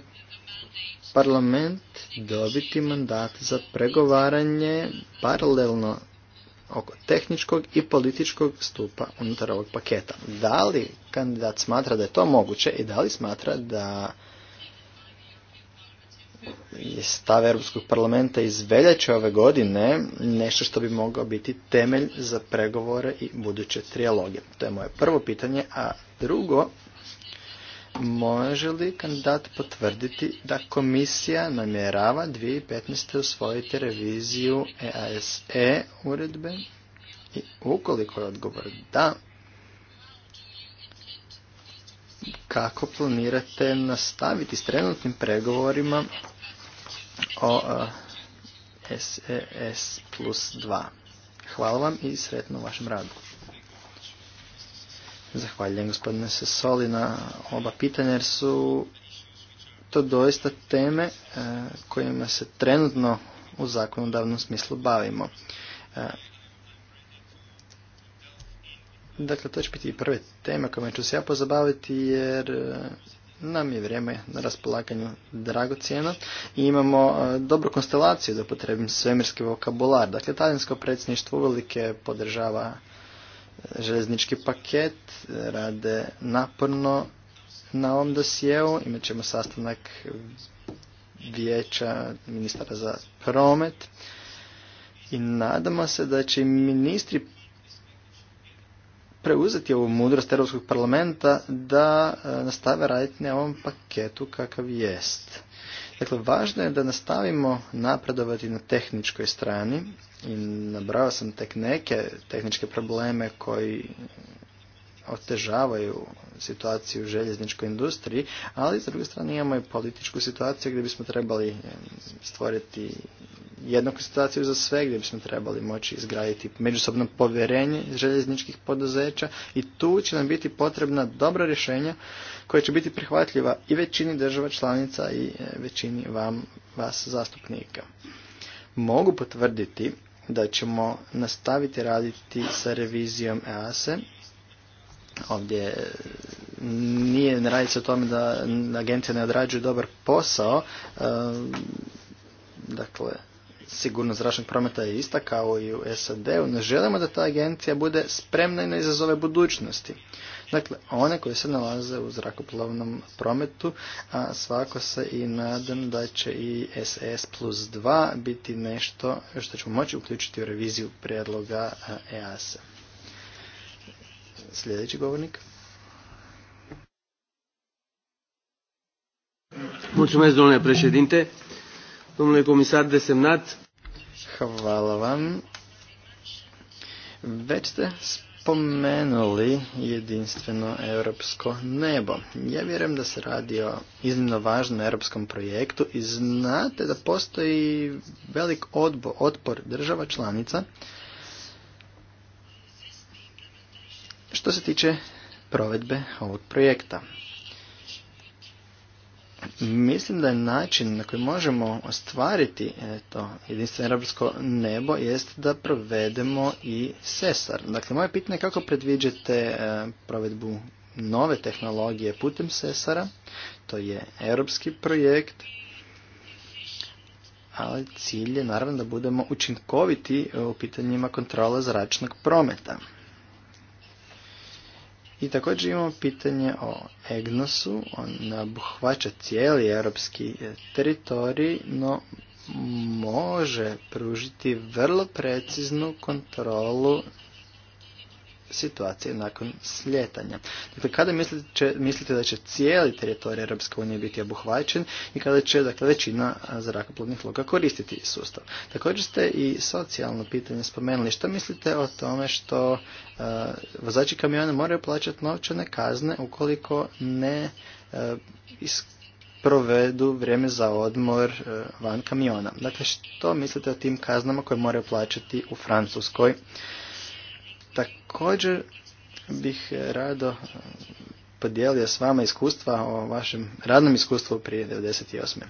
parlament dobiti mandat za pregovaranje paralelno oko tehničkog i političkog stupa unutar ovog paketa. Da li kandidat smatra da je to moguće i da li smatra da je stav Europskog parlamenta iz veljače ove godine nešto što bi mogao biti temelj za pregovore i buduće trijaloge? To je moje prvo pitanje, a drugo Može li kandidat potvrditi da komisija namjerava 2015. usvojiti reviziju EASE e uredbe? I ukoliko je odgovor da, kako planirate nastaviti s trenutnim pregovorima o SES e plus 2? Hvala vam i sretno u vašem radu. Zahvaljujem gospodine Sesoli na oba pitanja jer su to doista teme e, kojima se trenutno u zakonodavnom smislu bavimo. E, dakle, to će biti prve teme kojima ću se ja pozabaviti jer e, nam je vrijeme na raspolaganju dragocjeno i imamo dobru konstelaciju da potrebim svemirski vokabular. Dakle, talijansko predsjedništvo uvelike podržava železnički paket, rade naporno na ovom dosjeu. Imat ćemo sastanak vijeća ministara za promet i nadamo se da će ministri preuzeti ovu mudrost Europskog parlamenta da e, nastave raditi na ovom paketu kakav jest. Dakle, važno je da nastavimo napredovati na tehničkoj strani i nabrao sam tek neke tehničke probleme koji otežavaju situaciju u željezničkoj industriji, ali s druge strane imamo i političku situaciju gdje bismo trebali stvoriti jednaku situaciju za sve, gdje bismo trebali moći izgraditi međusobno povjerenje željezničkih poduzeća i tu će nam biti potrebna dobra rješenja koja će biti prihvatljiva i većini država članica i e, većini vam, vas zastupnika. Mogu potvrditi da ćemo nastaviti raditi sa revizijom EASE. Ovdje e, nije, ne radi se o tome da agencija ne odrađuje dobar posao. E, dakle, sigurnost zračnog prometa je ista kao i u SAD-u. Ne želimo da ta agencija bude spremna i na izazove budućnosti. Dakle, one koje se nalaze u zrakoplovnom prometu, a svako se i nadam da će i SS plus 2 biti nešto što ćemo moći uključiti u reviziju prijedloga EAS-a. Sljedeći govornik. Mulțumesc, domnule președinte, domnule comisar desemnat. Hvala vam. Već ste spomenuli jedinstveno europsko nebo. Ja vjerujem da se radi o iznimno važnom europskom projektu i znate da postoji velik odbo, otpor država članica što se tiče provedbe ovog projekta. Mislim da je način na koji možemo ostvariti e, to jedinstveno europsko nebo jest da provedemo i sesar. Dakle, moje pitanje je kako predviđate e, provedbu nove tehnologije putem sesara. To je europski projekt, ali cilj je naravno da budemo učinkoviti u pitanjima kontrole zračnog prometa. I također imamo pitanje o Egnosu, on obuhvaća cijeli europski e, teritorij, no može pružiti vrlo preciznu kontrolu situacije nakon sljetanja. Dakle, kada mislite, mislite da će cijeli teritorij Europske unije biti obuhvaćen i kada će dakle, većina zrakoplovnih luka koristiti sustav. Također ste i socijalno pitanje spomenuli. Što mislite o tome što vozači kamiona moraju plaćati novčane kazne ukoliko ne uh, provedu vrijeme za odmor van kamiona? Dakle, što mislite o tim kaznama koje moraju plaćati u Francuskoj? Također bih eh, rado eh, podijelio s vama iskustva o vašem radnom iskustvu prije 98.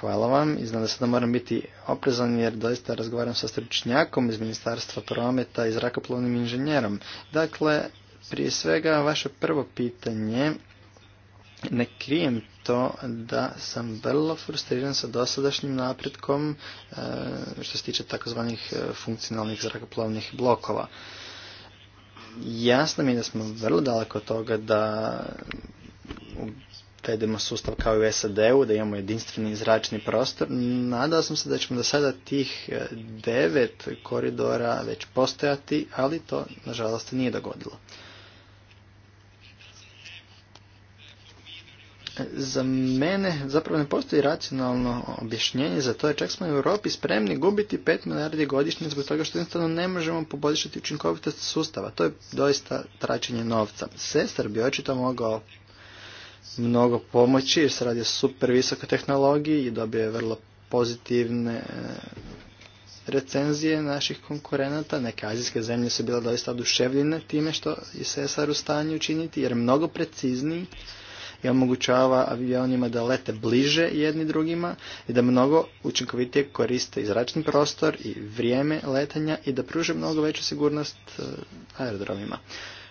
Hvala vam i znam da sada moram biti oprezan jer doista razgovaram sa stručnjakom iz Ministarstva prometa i zrakoplovnim inženjerom. Dakle, prije svega vaše prvo pitanje ne krijem to da sam vrlo frustriran sa dosadašnjim napretkom e, što se tiče takozvanih e, funkcionalnih zrakoplovnih blokova. Jasno mi je da smo vrlo daleko od toga da uvedemo sustav kao i u SAD-u, da imamo jedinstveni zračni prostor. Nadao sam se da ćemo do sada tih e, devet koridora već postojati, ali to nažalost nije dogodilo. za mene zapravo ne postoji racionalno objašnjenje za to, jer čak smo u Europi spremni gubiti 5 milijardi godišnje zbog toga što jednostavno ne možemo poboljšati učinkovitost sustava. To je doista tračenje novca. Sestar bi očito mogao mnogo pomoći jer se radi o super visokoj tehnologiji i dobio je vrlo pozitivne e, recenzije naših konkurenata. Neke azijske zemlje su bile doista oduševljene time što je Sesar u stanju učiniti jer je mnogo precizniji i omogućava avionima da lete bliže jedni drugima i da mnogo učinkovitije koriste i zračni prostor i vrijeme letanja i da pruže mnogo veću sigurnost eh, aerodromima.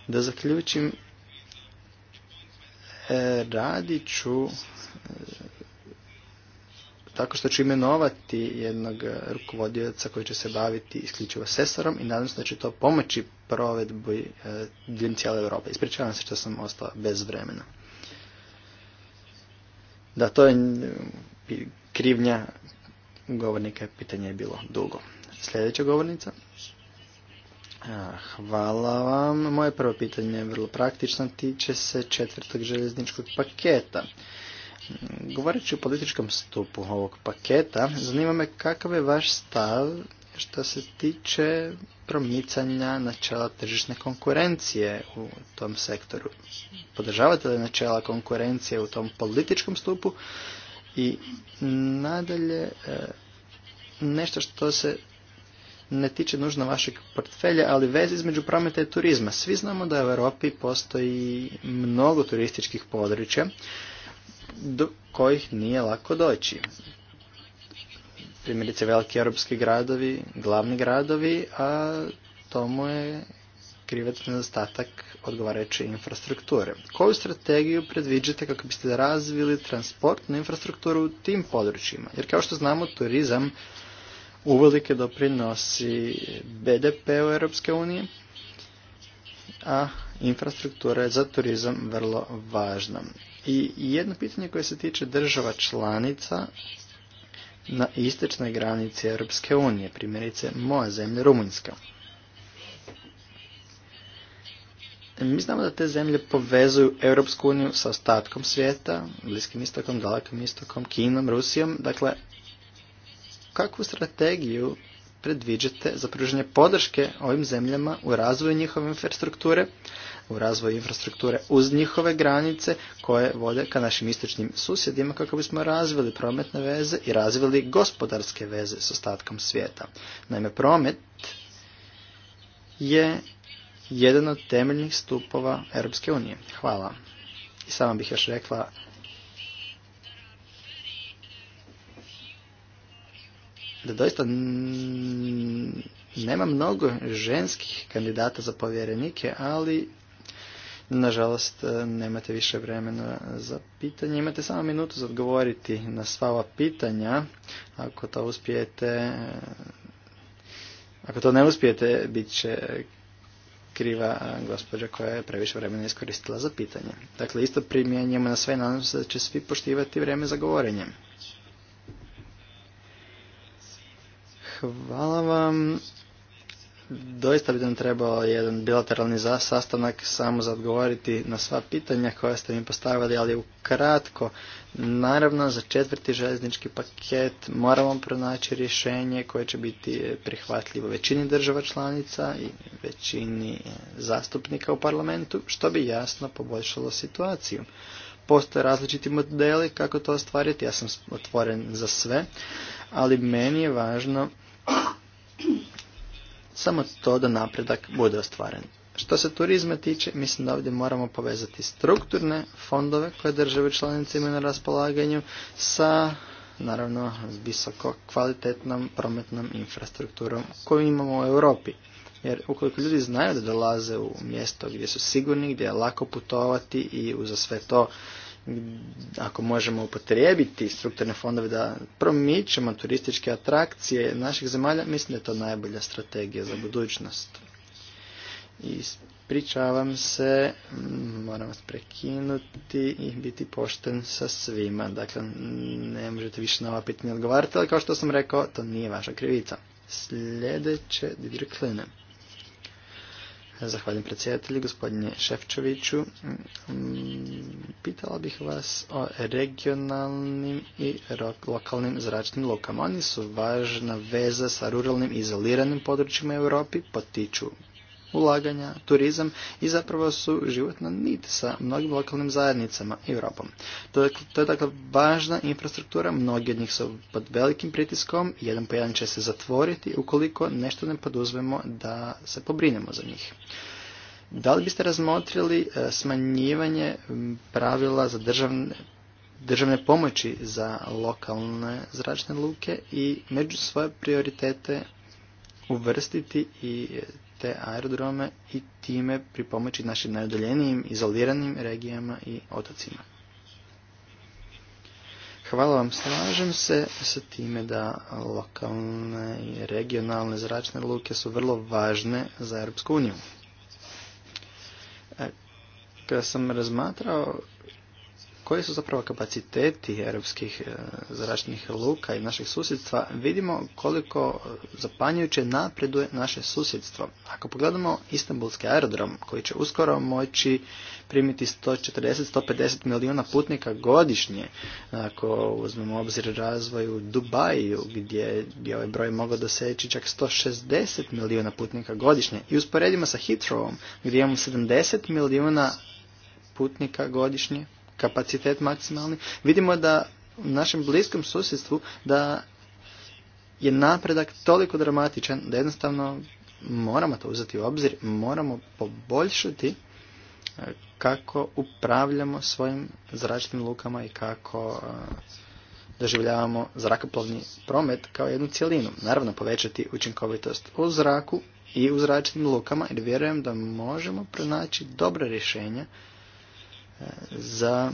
Da zaključim, eh, radit ću eh, tako što ću imenovati jednog rukovodioca koji će se baviti isključivo sesorom i nadam se da će to pomoći provedbi diljem cijele Europe. Ispričavam se što sam ostao bez vremena. Da, to je krivnja govornika, pitanje je bilo dugo. Sljedeća govornica. Hvala vam. Moje prvo pitanje je vrlo praktično, tiče se četvrtog željezničkog paketa. Mm, Govoreći o političkom stupu ovog paketa, zanima me kakav je vaš stav što se tiče promicanja načela tržišne konkurencije u tom sektoru. Podržavate li načela konkurencije u tom političkom stupu i nadalje e, nešto što se ne tiče nužno vašeg portfelja, ali vezi između prometa i turizma. Svi znamo da u Europi postoji mnogo turističkih područja do kojih nije lako doći primjerice veliki europski gradovi, glavni gradovi, a tomu je krivac nedostatak odgovarajuće infrastrukture. Koju strategiju predviđate kako biste razvili transportnu infrastrukturu u tim područjima? Jer kao što znamo, turizam uvelike doprinosi BDP u Europske unije, a infrastruktura je za turizam vrlo važna. I jedno pitanje koje se tiče država članica na istočnoj granici Europske unije, primjerice moja zemlja Rumunjska. Mi znamo da te zemlje povezuju Europsku uniju sa ostatkom svijeta, Bliskim istokom, Dalekom istokom, Kinom, Rusijom. Dakle, kakvu strategiju predviđate za pružanje podrške ovim zemljama u razvoju njihove infrastrukture, u razvoju infrastrukture uz njihove granice koje vode ka našim istočnim susjedima kako bismo razvili prometne veze i razvili gospodarske veze s ostatkom svijeta. Naime, promet je jedan od temeljnih stupova Europske unije. Hvala. I sama bih još rekla da doista nema mnogo ženskih kandidata za povjerenike, ali Nažalost, e, nemate više vremena za pitanje. Imate samo minutu za odgovoriti na sva ova pitanja. Ako to uspijete, e, ako to ne uspijete, bit će kriva e, gospođa koja je previše vremena iskoristila za pitanje. Dakle, isto primjenjujemo na sve i nadam se da će svi poštivati vrijeme za govorenje. Hvala vam doista bi nam trebao jedan bilateralni sastanak samo za odgovoriti na sva pitanja koja ste mi postavili, ali ukratko, naravno za četvrti željeznički paket moramo pronaći rješenje koje će biti prihvatljivo većini država članica i većini zastupnika u parlamentu, što bi jasno poboljšalo situaciju. Postoje različiti modeli kako to ostvariti, ja sam otvoren za sve, ali meni je važno samo to da napredak bude ostvaren. Što se turizma tiče, mislim da ovdje moramo povezati strukturne fondove koje države članice imaju na raspolaganju sa naravno visoko kvalitetnom prometnom infrastrukturom koju imamo u Europi. Jer ukoliko ljudi znaju da dolaze u mjesto gdje su sigurni, gdje je lako putovati i uza sve to ako možemo upotrijebiti strukturne fondove da promičemo turističke atrakcije naših zemalja, mislim da je to najbolja strategija za budućnost. I pričavam se, moram vas prekinuti i biti pošten sa svima. Dakle, ne možete više na ova pitanja odgovarati, ali kao što sam rekao, to nije vaša krivica. Sljedeće, Didir Zahvaljujem predsjedatelji, gospodine Šefčeviću, mm, Pitala bih vas o regionalnim i lokalnim zračnim lukama. Oni su važna veza sa ruralnim izoliranim područjima u Europi, potiču ulaganja, turizam i zapravo su životna nit sa mnogim lokalnim zajednicama i Europom. To je, to dakle važna infrastruktura, mnogi od njih su pod velikim pritiskom, jedan po jedan će se zatvoriti ukoliko nešto ne poduzmemo da se pobrinemo za njih. Da li biste razmotrili e, smanjivanje pravila za državne državne pomoći za lokalne zračne luke i među svoje prioritete uvrstiti i te aerodrome i time pripomoći našim najudaljenijim, izoliranim regijama i otocima. Hvala vam, slažem se sa time da lokalne i regionalne zračne luke su vrlo važne za Europsku uniju. E, kada sam razmatrao koji su zapravo kapaciteti europskih e, zračnih luka i naših susjedstva, vidimo koliko zapanjujuće napreduje naše susjedstvo. Ako pogledamo Istanbulski aerodrom, koji će uskoro moći primiti 140-150 milijuna putnika godišnje, ako uzmemo obzir razvoju u Dubaju, gdje je ovaj broj mogao doseći čak 160 milijuna putnika godišnje, i usporedimo sa Heathrowom, gdje imamo 70 milijuna putnika godišnje, kapacitet maksimalni, vidimo da u našem bliskom susjedstvu da je napredak toliko dramatičan da jednostavno moramo to uzeti u obzir, moramo poboljšati e, kako upravljamo svojim zračnim lukama i kako e, doživljavamo zrakoplovni promet kao jednu cjelinu. Naravno povećati učinkovitost u zraku i u zračnim lukama jer vjerujem da možemo pronaći dobra rješenja za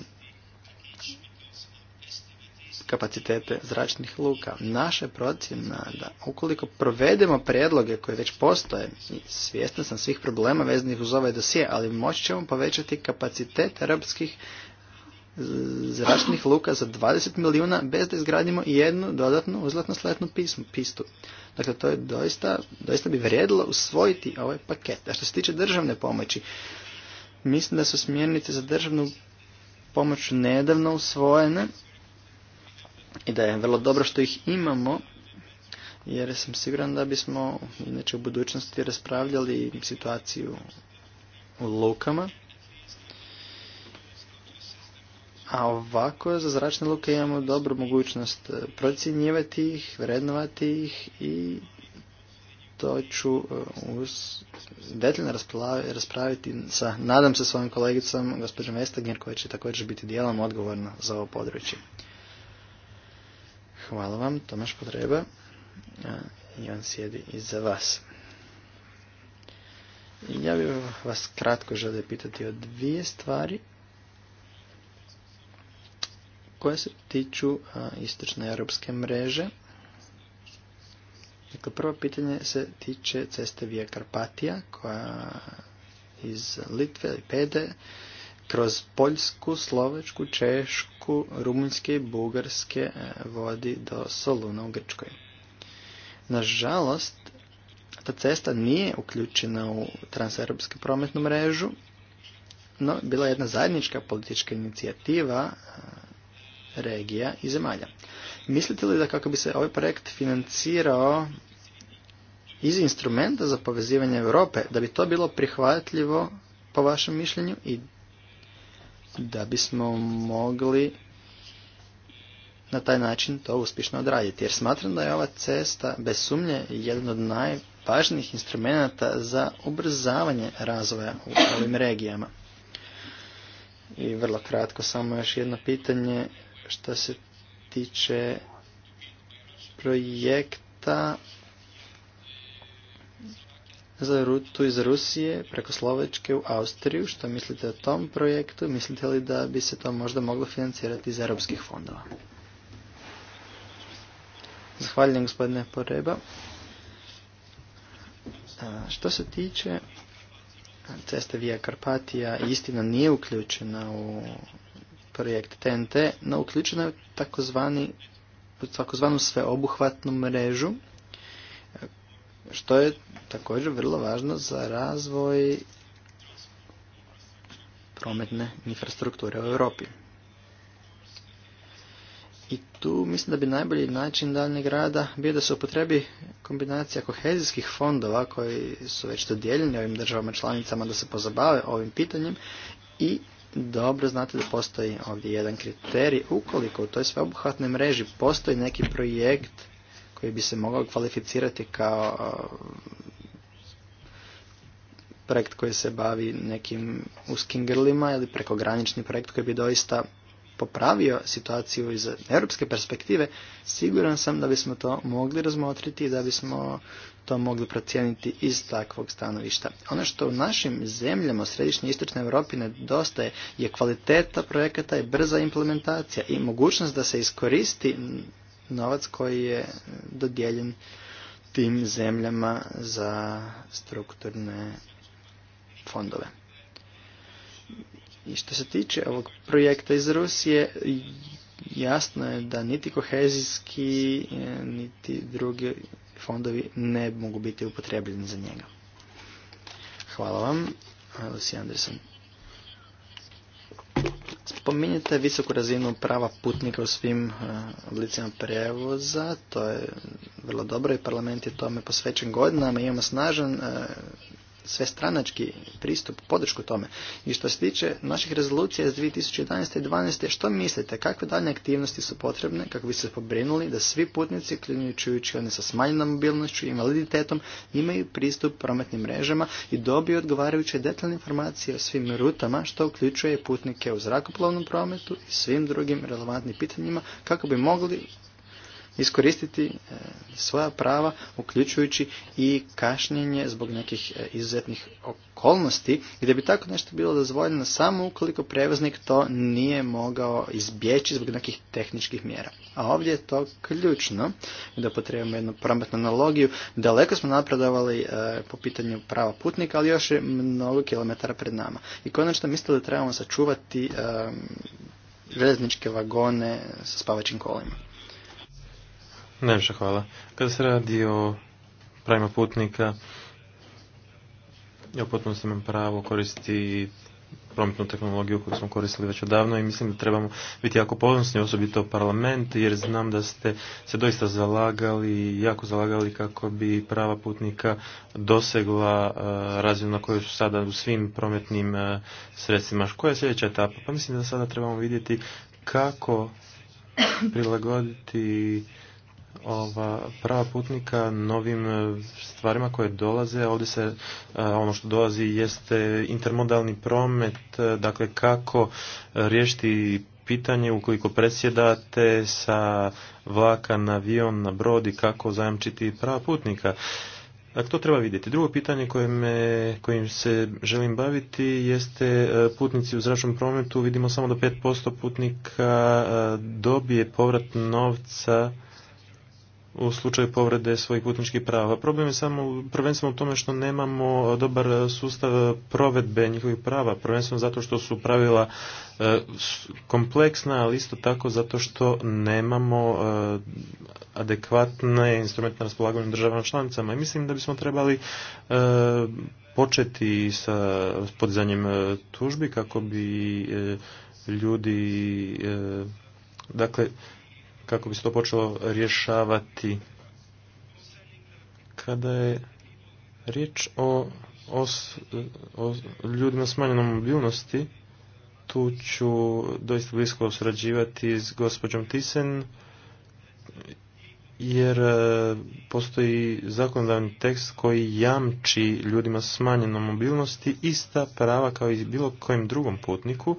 kapacitete zračnih luka. Naša je procjena da ukoliko provedemo predloge koje već postoje, i svjestan sam svih problema vezanih uz ovaj dosije, ali moći ćemo povećati kapacitet europskih zračnih luka za 20 milijuna bez da izgradimo jednu dodatnu uzlatno sletnu pismu, pistu. Dakle, to je doista, doista bi vrijedilo usvojiti ovaj paket. A što se tiče državne pomoći, mislim da su smjernice za državnu pomoć nedavno usvojene i da je vrlo dobro što ih imamo, jer sam siguran da bismo inače u budućnosti raspravljali situaciju u lukama. A ovako za zračne luke imamo dobru mogućnost procjenjivati ih, vrednovati ih i to ću e, uz detaljno raspraviti sa, nadam se, svojim kolegicom, gospođom Vestagnjer, koja će također biti dijelom odgovorna za ovo područje. Hvala vam, Tomaš Potreba. E, I on sjedi iza vas. Ja bih vas kratko želio pitati o dvije stvari koje se tiču e, istočne europske mreže Dakle, prvo pitanje se tiče ceste Via Karpatija, koja iz Litve i Pede, kroz Poljsku, Slovačku, Češku, Rumunjske i Bugarske e, vodi do Soluna u Grčkoj. Nažalost, ta cesta nije uključena u transeuropsku prometnu mrežu, no bila je jedna zajednička politička inicijativa e, regija i zemalja. Mislite li da kako bi se ovaj projekt financirao iz instrumenta za povezivanje Europe, da bi to bilo prihvatljivo po vašem mišljenju i da bismo mogli na taj način to uspješno odraditi. Jer smatram da je ova cesta bez sumnje jedan od najvažnijih instrumenta za ubrzavanje razvoja u ovim regijama. I vrlo kratko samo još jedno pitanje što se tiče projekta za rutu iz Rusije preko Slovačke u Austriju. Što mislite o tom projektu? Mislite li da bi se to možda moglo financirati iz europskih fondova? Zahvaljujem gospodine Poreba. Što se tiče ceste Via Karpatija, istina nije uključena u projekt TNT, na uključeno je takozvani takozvanu sveobuhvatnu mrežu, što je također vrlo važno za razvoj prometne infrastrukture u Europi. I tu mislim da bi najbolji način daljnjeg rada bio da se upotrebi kombinacija kohezijskih fondova koji su već dodijeljeni ovim državama članicama da se pozabave ovim pitanjem i dobro znate da postoji ovdje jedan kriterij. Ukoliko u toj sveobuhvatnoj mreži postoji neki projekt koji bi se mogao kvalificirati kao uh, projekt koji se bavi nekim uskim grlima ili prekogranični projekt koji bi doista popravio situaciju iz europske perspektive, siguran sam da bismo to mogli razmotriti i da bismo to mogli procijeniti iz takvog stanovišta. Ono što u našim zemljama središnje i istočne Europi nedostaje je kvaliteta projekata i brza implementacija i mogućnost da se iskoristi novac koji je dodijeljen tim zemljama za strukturne fondove. I što se tiče ovog projekta iz Rusije, jasno je da niti kohezijski, e, niti drugi fondovi ne mogu biti upotrebljeni za njega. Hvala vam, e, Lucy Anderson. Spominjete visoku razinu prava putnika u svim e, oblicima prevoza, to je vrlo dobro i parlament je tome posvećen godinama. Imamo snažan sve stranački pristup, podršku tome. I što se tiče naših rezolucija iz 2011. i 2012. što mislite, kakve daljnje aktivnosti su potrebne kako bi se pobrinuli da svi putnici, uključujući oni sa smanjenom mobilnošću i invaliditetom, imaju pristup prometnim mrežama i dobiju odgovarajuće detaljne informacije o svim rutama, što uključuje putnike u zrakoplovnom prometu i svim drugim relevantnim pitanjima kako bi mogli iskoristiti e, svoja prava, uključujući i kašnjenje zbog nekih e, izuzetnih okolnosti, gdje bi tako nešto bilo dozvoljeno samo ukoliko prevoznik to nije mogao izbjeći zbog nekih tehničkih mjera. A ovdje je to ključno, da potrebujemo jednu prometnu analogiju. Daleko smo napredovali e, po pitanju prava putnika, ali još je mnogo kilometara pred nama. I konačno mislili da trebamo sačuvati željezničke vagone sa spavačim kolima. Najviše hvala. Kada se radi o pravima putnika, ja potpuno sam imam pravo koristiti prometnu tehnologiju koju smo koristili već odavno i mislim da trebamo biti jako ponosni, osobito parlament, jer znam da ste se doista zalagali, jako zalagali kako bi prava putnika dosegla e, razinu na kojoj su sada u svim prometnim e, sredstvima. Koja je sljedeća etapa? Pa mislim da sada trebamo vidjeti kako prilagoditi ova prava putnika novim e, stvarima koje dolaze. Ovdje se e, ono što dolazi jeste intermodalni promet, e, dakle kako riješiti pitanje ukoliko presjedate sa vlaka na avion na brod i kako zajamčiti prava putnika. Dakle, to treba vidjeti. Drugo pitanje koje kojim se želim baviti jeste putnici u zračnom prometu. Vidimo samo da 5% putnika dobije povrat novca u slučaju povrede svojih putničkih prava. Problem je samo prvenstveno u tome što nemamo dobar sustav provedbe njihovih prava, prvenstveno zato što su pravila e, kompleksna, ali isto tako zato što nemamo e, adekvatne instrumente na raspolaganju državama članicama. I mislim da bismo trebali e, početi sa podizanjem tužbi kako bi ljudi dakle kako bi se to počelo rješavati. Kada je riječ o, o, o ljudima smanjenom mobilnosti, tu ću doista blisko surađivati s gospođom Tisen, jer e, postoji zakonodavni tekst koji jamči ljudima smanjenom mobilnosti ista prava kao i bilo kojem drugom putniku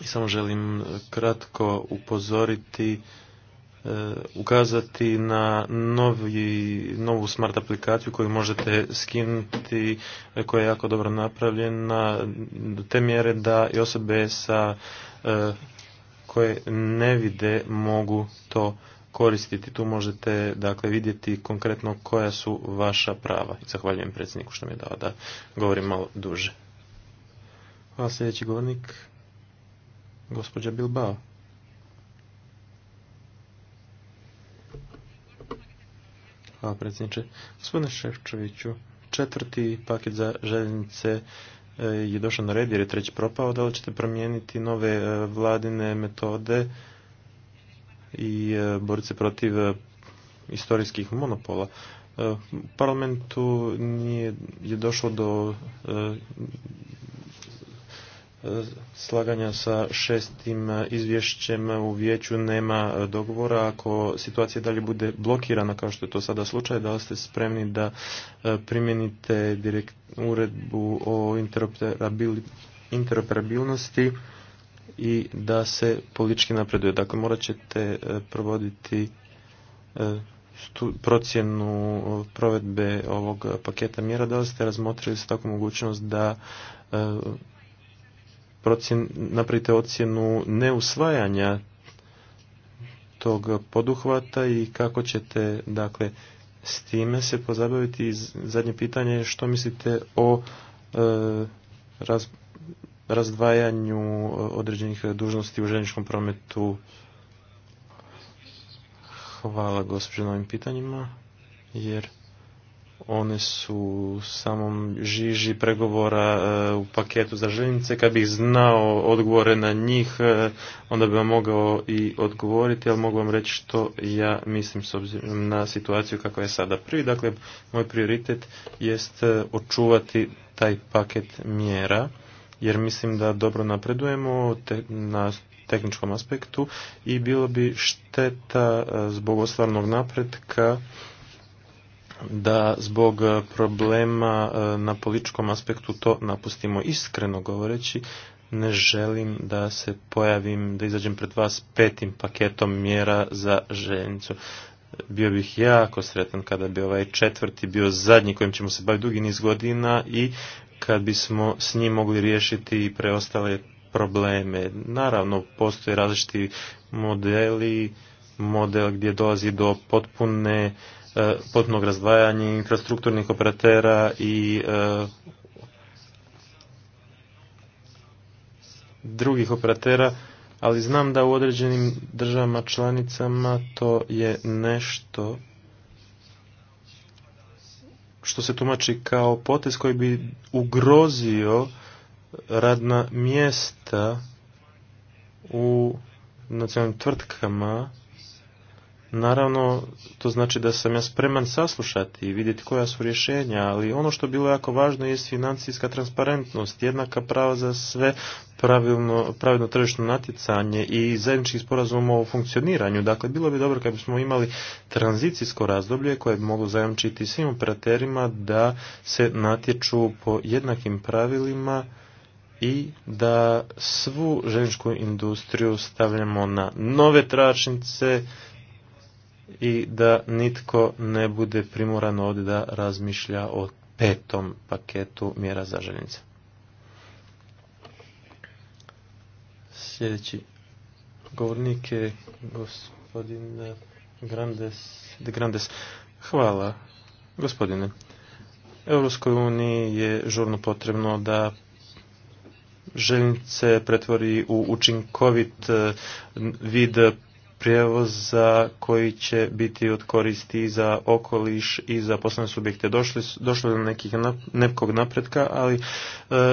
i samo želim e, kratko upozoriti e, ukazati na novi, novu smart aplikaciju koju možete skinuti, e, koja je jako dobro napravljena, do te mjere da i osobe sa, koje ne vide mogu to koristiti. Tu možete dakle, vidjeti konkretno koja su vaša prava. Zahvaljujem predsjedniku što mi je dao da govorim malo duže. Hvala sljedeći govornik. Gospođa Bilbao. Hvala predsjedniče. Gospodine Ševčeviću, četvrti paket za željenice e, je došao na red jer je treći propao. Da li ćete promijeniti nove e, vladine metode i e, boriti se protiv istorijskih monopola? U parlamentu nije, je došlo do slaganja sa šestim izvješćem u vijeću nema dogovora. Ako situacija dalje bude blokirana, kao što je to sada slučaj, da li ste spremni da e, primijenite uredbu o interoperabilnosti i da se politički napreduje. Dakle, morat ćete e, provoditi e, procjenu provedbe ovog paketa mjera. Da li ste razmotrili s takvu mogućnost da procjen, napravite ocjenu neusvajanja tog poduhvata i kako ćete dakle s time se pozabaviti zadnje pitanje je što mislite o e, razdvajanju e, određenih dužnosti u željezničkom prometu hvala gospođo na ovim pitanjima jer one su u samom žiži pregovora e, u paketu za željenice. Kad bih znao odgovore na njih, e, onda bi vam mogao i odgovoriti, ali mogu vam reći što ja mislim s obzirom na situaciju kakva je sada. Prvi, dakle, moj prioritet jest e, očuvati taj paket mjera, jer mislim da dobro napredujemo na tehničkom aspektu i bilo bi šteta zbog ostvarnog napretka da zbog e, problema e, na političkom aspektu to napustimo. Iskreno govoreći, ne želim da se pojavim, da izađem pred vas petim paketom mjera za željenicu. Bio bih jako sretan kada bi ovaj četvrti bio zadnji kojim ćemo se baviti dugi niz godina i kad bismo s njim mogli riješiti i preostale probleme. Naravno, postoje različiti modeli, model gdje dolazi do potpune E, potpunog razdvajanja infrastrukturnih operatera i e, drugih operatera, ali znam da u određenim državama članicama to je nešto što se tumači kao potez koji bi ugrozio radna mjesta u nacionalnim tvrtkama Naravno, to znači da sam ja spreman saslušati i vidjeti koja su rješenja, ali ono što bilo jako važno je financijska transparentnost, jednaka prava za sve, pravilno, pravilno tržišno natjecanje i zajednički sporazum o funkcioniranju. Dakle, bilo bi dobro kad bismo imali tranzicijsko razdoblje koje bi moglo zajamčiti svim operaterima da se natječu po jednakim pravilima i da svu željezničku industriju stavljamo na nove tračnice, i da nitko ne bude primoran ovdje da razmišlja o petom paketu mjera za željenice. Sljedeći govornik je gospodin Grandes, de Grandes. Hvala, gospodine. Europskoj uniji je žurno potrebno da željnice pretvori u učinkovit eh, vid prijevoza koji će biti od koristi za okoliš i za poslovne subjekte. došlo je do nekih nekog napretka, ali e,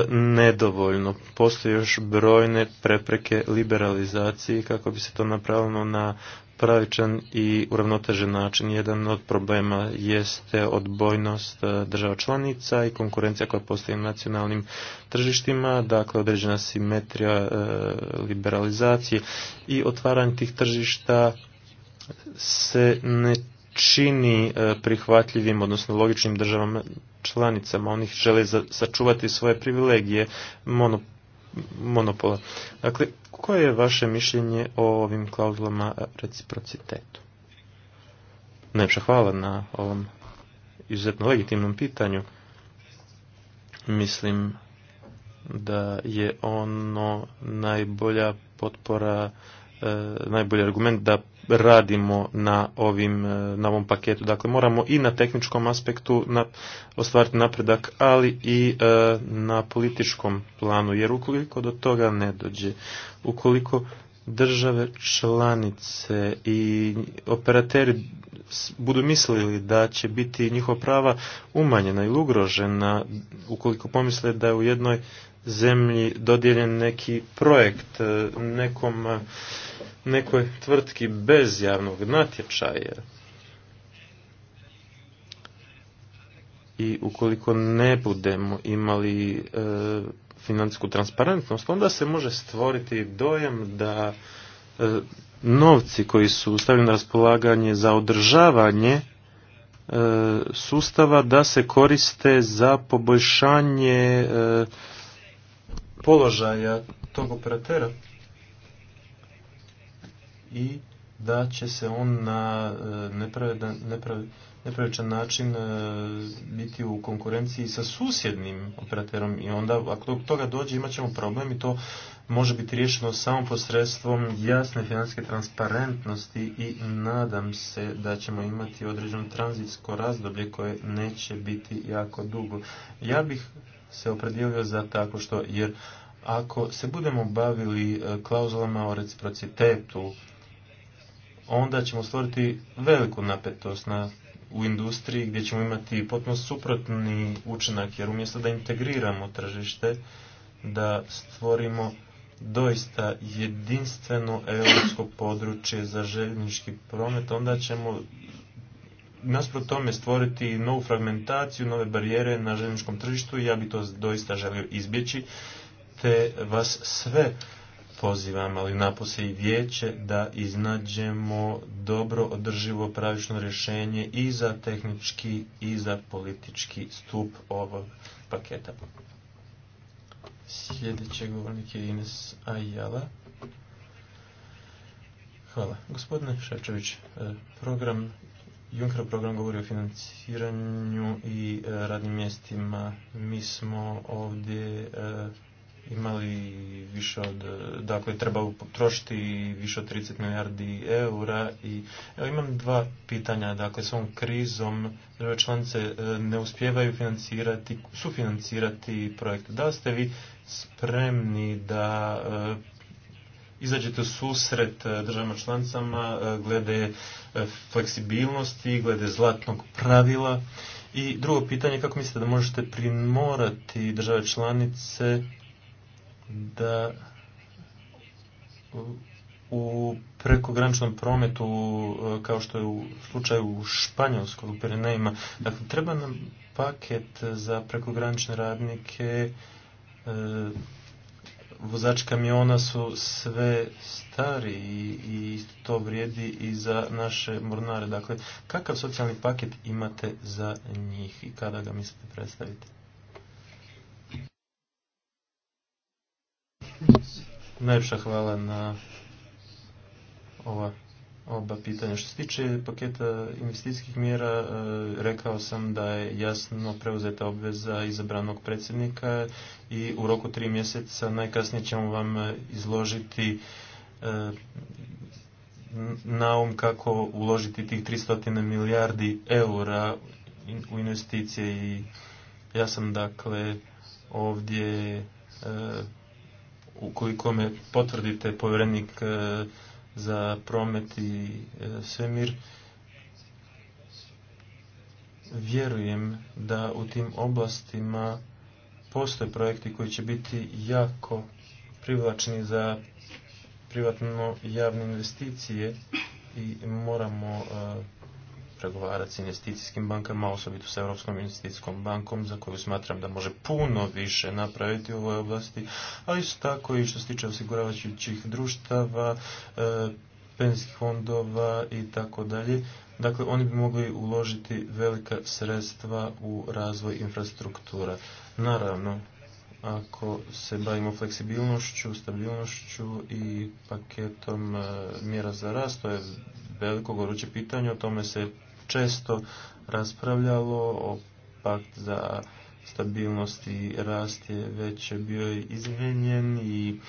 nedovoljno. Postoje još brojne prepreke liberalizaciji kako bi se to napravilo na pravičan i uravnotežen način. Jedan od problema jeste odbojnost e, država članica i konkurencija koja postoji nacionalnim tržištima, dakle određena simetrija e, liberalizacije i otvaranje tih tržišta se ne čini e, prihvatljivim, odnosno logičnim državama članicama. Oni žele sačuvati svoje privilegije monopola. Dakle, koje je vaše mišljenje o ovim klauzulama reciprocitetu? Najpša hvala na ovom izuzetno legitimnom pitanju. Mislim da je ono najbolja potpora, e, najbolji argument da radimo na ovim e, na ovom paketu. Dakle, moramo i na tehničkom aspektu na, ostvariti napredak, ali i e, na političkom planu, jer ukoliko do toga ne dođe, ukoliko države članice i operateri budu mislili da će biti njihova prava umanjena ili ugrožena ukoliko pomisle da je u jednoj zemlji dodijeljen neki projekt e, nekom nekoj tvrtki bez javnog natječaja i ukoliko ne budemo imali e, financijsku transparentnost, onda se može stvoriti dojam da e, novci koji su stavljeni na raspolaganje za održavanje e, sustava da se koriste za poboljšanje položaja tog operatera i da će se on na e, nepravičan način e, biti u konkurenciji sa susjednim operaterom i onda ako do toga dođe imat ćemo problem i to može biti riješeno samo posredstvom jasne financijske transparentnosti i nadam se da ćemo imati određeno tranzitsko razdoblje koje neće biti jako dugo. Ja bih se opredijelio za tako što jer ako se budemo bavili e, klauzulama o reciprocitetu onda ćemo stvoriti veliku napetost na, u industriji gdje ćemo imati potpuno suprotni učinak, jer umjesto da integriramo tržište, da stvorimo doista jedinstveno europsko područje za željeznički promet, onda ćemo nasprot tome stvoriti novu fragmentaciju, nove barijere na željezničkom tržištu i ja bi to doista želio izbjeći, te vas sve pozivam, ali napose i vijeće da iznađemo dobro održivo pravično rješenje i za tehnički i za politički stup ovog paketa. Sljedeći govornik je Ines Ajala. Hvala. Gospodine Šačević, e, program, Juncker program govori o financiranju i e, radnim mjestima. Mi smo ovdje e, imali više od, e, dakle treba potrošiti više od 30 milijardi eura i evo imam dva pitanja, dakle s ovom krizom države članice e, ne uspijevaju financirati, sufinancirati projekte. Da ste vi spremni da e, izađete u susret državama članicama glede fleksibilnosti, glede zlatnog pravila i drugo pitanje kako mislite da možete primorati države članice da u prekograničnom prometu, e, kao što je u slučaju u Španjolskoj, u dakle, treba nam paket za prekogranične radnike, e, vozači kamiona su sve stari i, i to vrijedi i za naše mornare. Dakle, kakav socijalni paket imate za njih i kada ga mislite predstaviti? Najljepša hvala na ova oba pitanja. Što se tiče paketa investicijskih mjera, e, rekao sam da je jasno preuzeta obveza izabranog predsjednika i u roku tri mjeseca najkasnije ćemo vam izložiti e, naum kako uložiti tih 300 milijardi eura u investicije i ja sam dakle ovdje e, ukoliko me potvrdite povjerenik e, za promet i e, svemir, vjerujem da u tim oblastima postoje projekti koji će biti jako privlačni za privatno javne investicije i moramo e, pregovarati s investicijskim bankama, osobito s Europskom investicijskom bankom, za koju smatram da može puno više napraviti u ovoj oblasti, ali isto tako i što se tiče osiguravajućih društava, e, penzijskih fondova i tako dalje. Dakle, oni bi mogli uložiti velika sredstva u razvoj infrastruktura. Naravno, ako se bavimo fleksibilnošću, stabilnošću i paketom e, mjera za rast, to je veliko goruće pitanje, o tome se često raspravljalo o pakt za stabilnost i rast je već bio izmijenjen i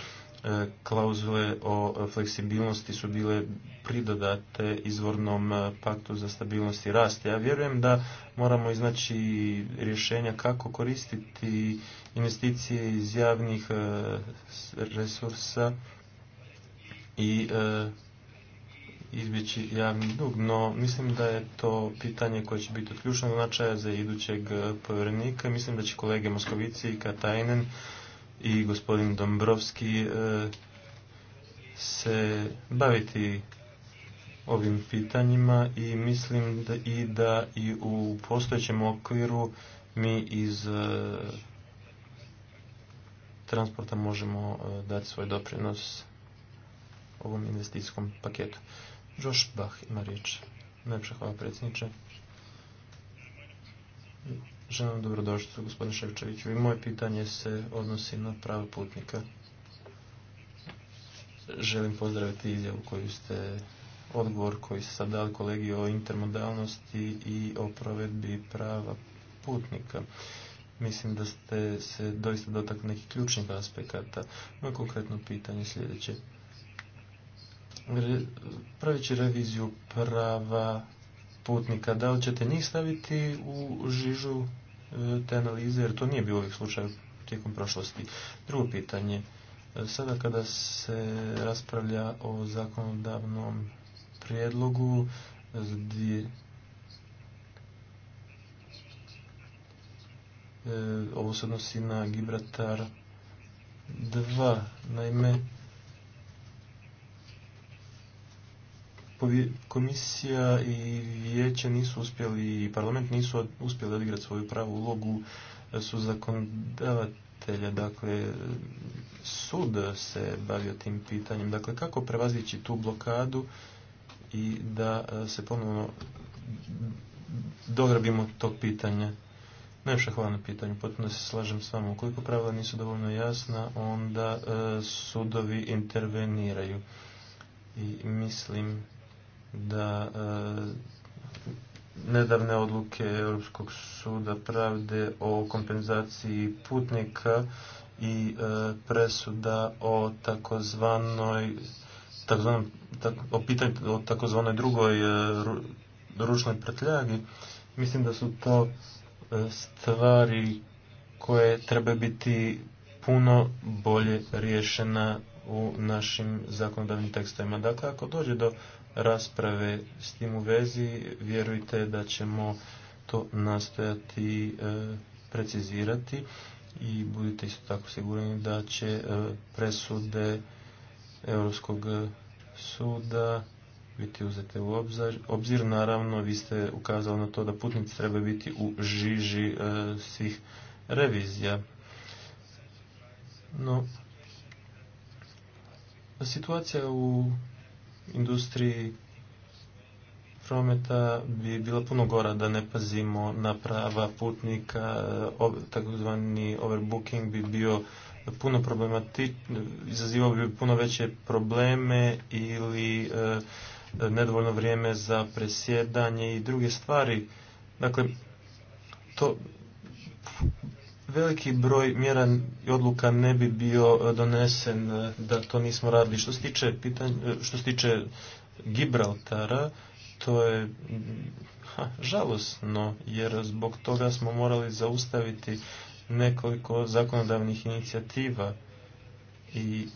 e, klauzule o fleksibilnosti su bile pridodate izvornom e, paktu za stabilnost i rast. Ja vjerujem da moramo iznaći rješenja kako koristiti investicije iz javnih e, resursa i izbjeći javni dug, no mislim da je to pitanje koje će biti od ključnog značaja za idućeg e, povjerenika. Mislim da će kolege Moskovici i Katajnen i gospodin Dombrovski e, se baviti ovim pitanjima i mislim da i da i u postojećem okviru mi iz e, transporta možemo dati svoj doprinos ovom investicijskom paketu. Još Bach ima riječ. Najpša hvala predsjedniče. Želim vam gospodine Ševčeviću. I moje pitanje se odnosi na prava putnika. Želim pozdraviti izjavu koju ste odgovor koji ste sad dali kolegi o intermodalnosti i o provedbi prava putnika. Mislim da ste se doista dotakli nekih ključnih aspekata. Moje konkretno pitanje je sljedeće praveći reviziju prava putnika, da li ćete njih staviti u žižu e, te analize, jer to nije bio uvijek slučaj tijekom prošlosti. Drugo pitanje, e, sada kada se raspravlja o zakonodavnom prijedlogu e, ovo se odnosi na Gibratar 2, naime komisija i vijeće nisu uspjeli i parlament nisu uspjeli odigrati svoju pravu ulogu e, su zakondavatelja, dakle sud se bavio tim pitanjem. Dakle, kako prevazići tu blokadu i da e, se ponovno dograbimo tog pitanja? Najviše hvala na pitanju, potpuno se slažem s vama. Ukoliko pravila nisu dovoljno jasna, onda e, sudovi interveniraju. I mislim da e, nedavne odluke Europskog suda pravde o kompenzaciji putnika i e, presuda o takozvanoj tak, o takozvanoj drugoj e, ručnoj prtljagi mislim da su to stvari koje treba biti puno bolje riješena u našim zakonodavnim tekstovima. Dakle, ako dođe do rasprave s tim u vezi. Vjerujte da ćemo to nastojati e, precizirati i budite isto tako sigurni da će e, presude Europskog suda biti uzete u obzir. obzir. Naravno, vi ste ukazali na to da putnici treba biti u žiži e, svih revizija. No, situacija u industriji prometa bi bila puno gora da ne pazimo na prava putnika, takozvani overbooking bi bio puno problematič, izazivao bi puno veće probleme ili e, nedovoljno vrijeme za presjedanje i druge stvari. Dakle, to veliki broj mjera i odluka ne bi bio e, donesen e, da to nismo radili. Što se tiče, pitanja, e, što se tiče Gibraltara, to je mm, ha, žalosno, jer zbog toga smo morali zaustaviti nekoliko zakonodavnih inicijativa i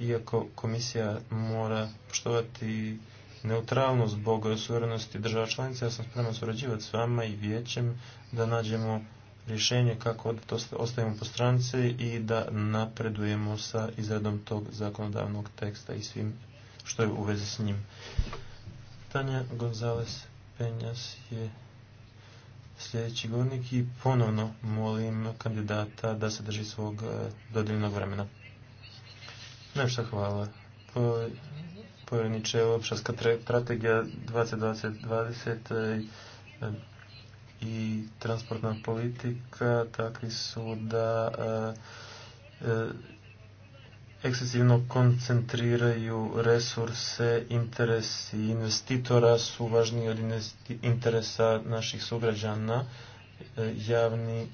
iako komisija mora poštovati neutralnost zbog suverenosti država članica, ja sam spreman surađivati s vama i vijećem da nađemo rješenje kako to ostavimo po stranci i da napredujemo sa izradom tog zakonodavnog teksta i svim što je u vezi s njim. Tanja Gonzales Penjas je sljedeći govornik i ponovno molim kandidata da se drži svog e, dodijeljenog vremena. Nešto hvala. Po, povjerniče, strategija 2020-2020 i transportna politika takvi su da e, e, ekscesivno koncentriraju resurse, interesi investitora su važniji od interesa naših sugrađana. E, javni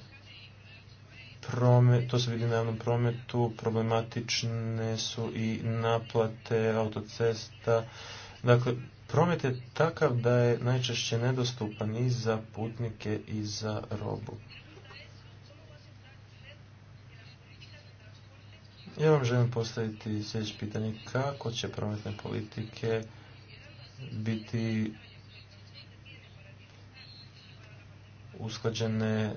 promet, to se vidi na javnom prometu, problematične su i naplate autocesta. Dakle, Promet je takav da je najčešće nedostupan i za putnike i za robu. Ja vam želim postaviti sljedeće pitanje kako će prometne politike biti usklađene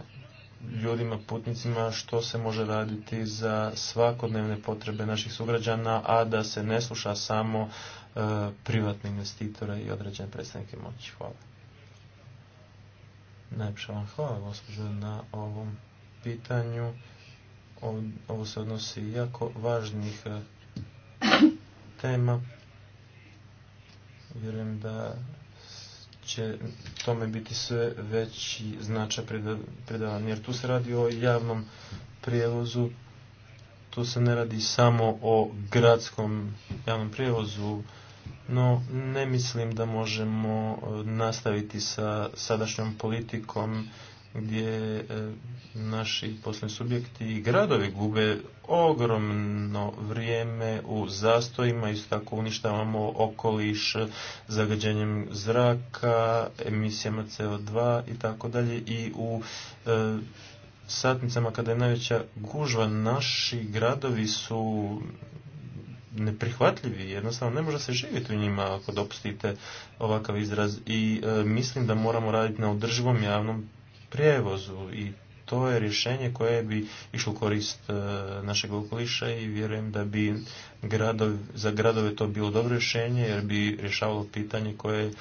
ljudima, putnicima, što se može raditi za svakodnevne potrebe naših sugrađana, a da se ne sluša samo E, privatne investitore i određene predstavnike moći. Hvala. Najpša vam hvala, gospođo, na ovom pitanju. Ovo se odnosi jako važnih e, tema. Vjerujem da će tome biti sve veći značaj predavan, jer tu se radi o javnom prijevozu, tu se ne radi samo o gradskom javnom prijevozu, no ne mislim da možemo e, nastaviti sa sadašnjom politikom gdje e, naši poslovni subjekti i gradovi gube ogromno vrijeme u zastojima, isto tako uništavamo okoliš zagađenjem zraka, emisijama CO2 i tako dalje i u e, satnicama kada je najveća gužva naši gradovi su neprihvatljivi, jednostavno ne može se živjeti u njima ako dopustite ovakav izraz i e, mislim da moramo raditi na održivom javnom prijevozu i to je rješenje koje bi išlo korist e, našeg okoliša i vjerujem da bi za gradove to bilo dobro rješenje jer bi rješavalo pitanje koje je e,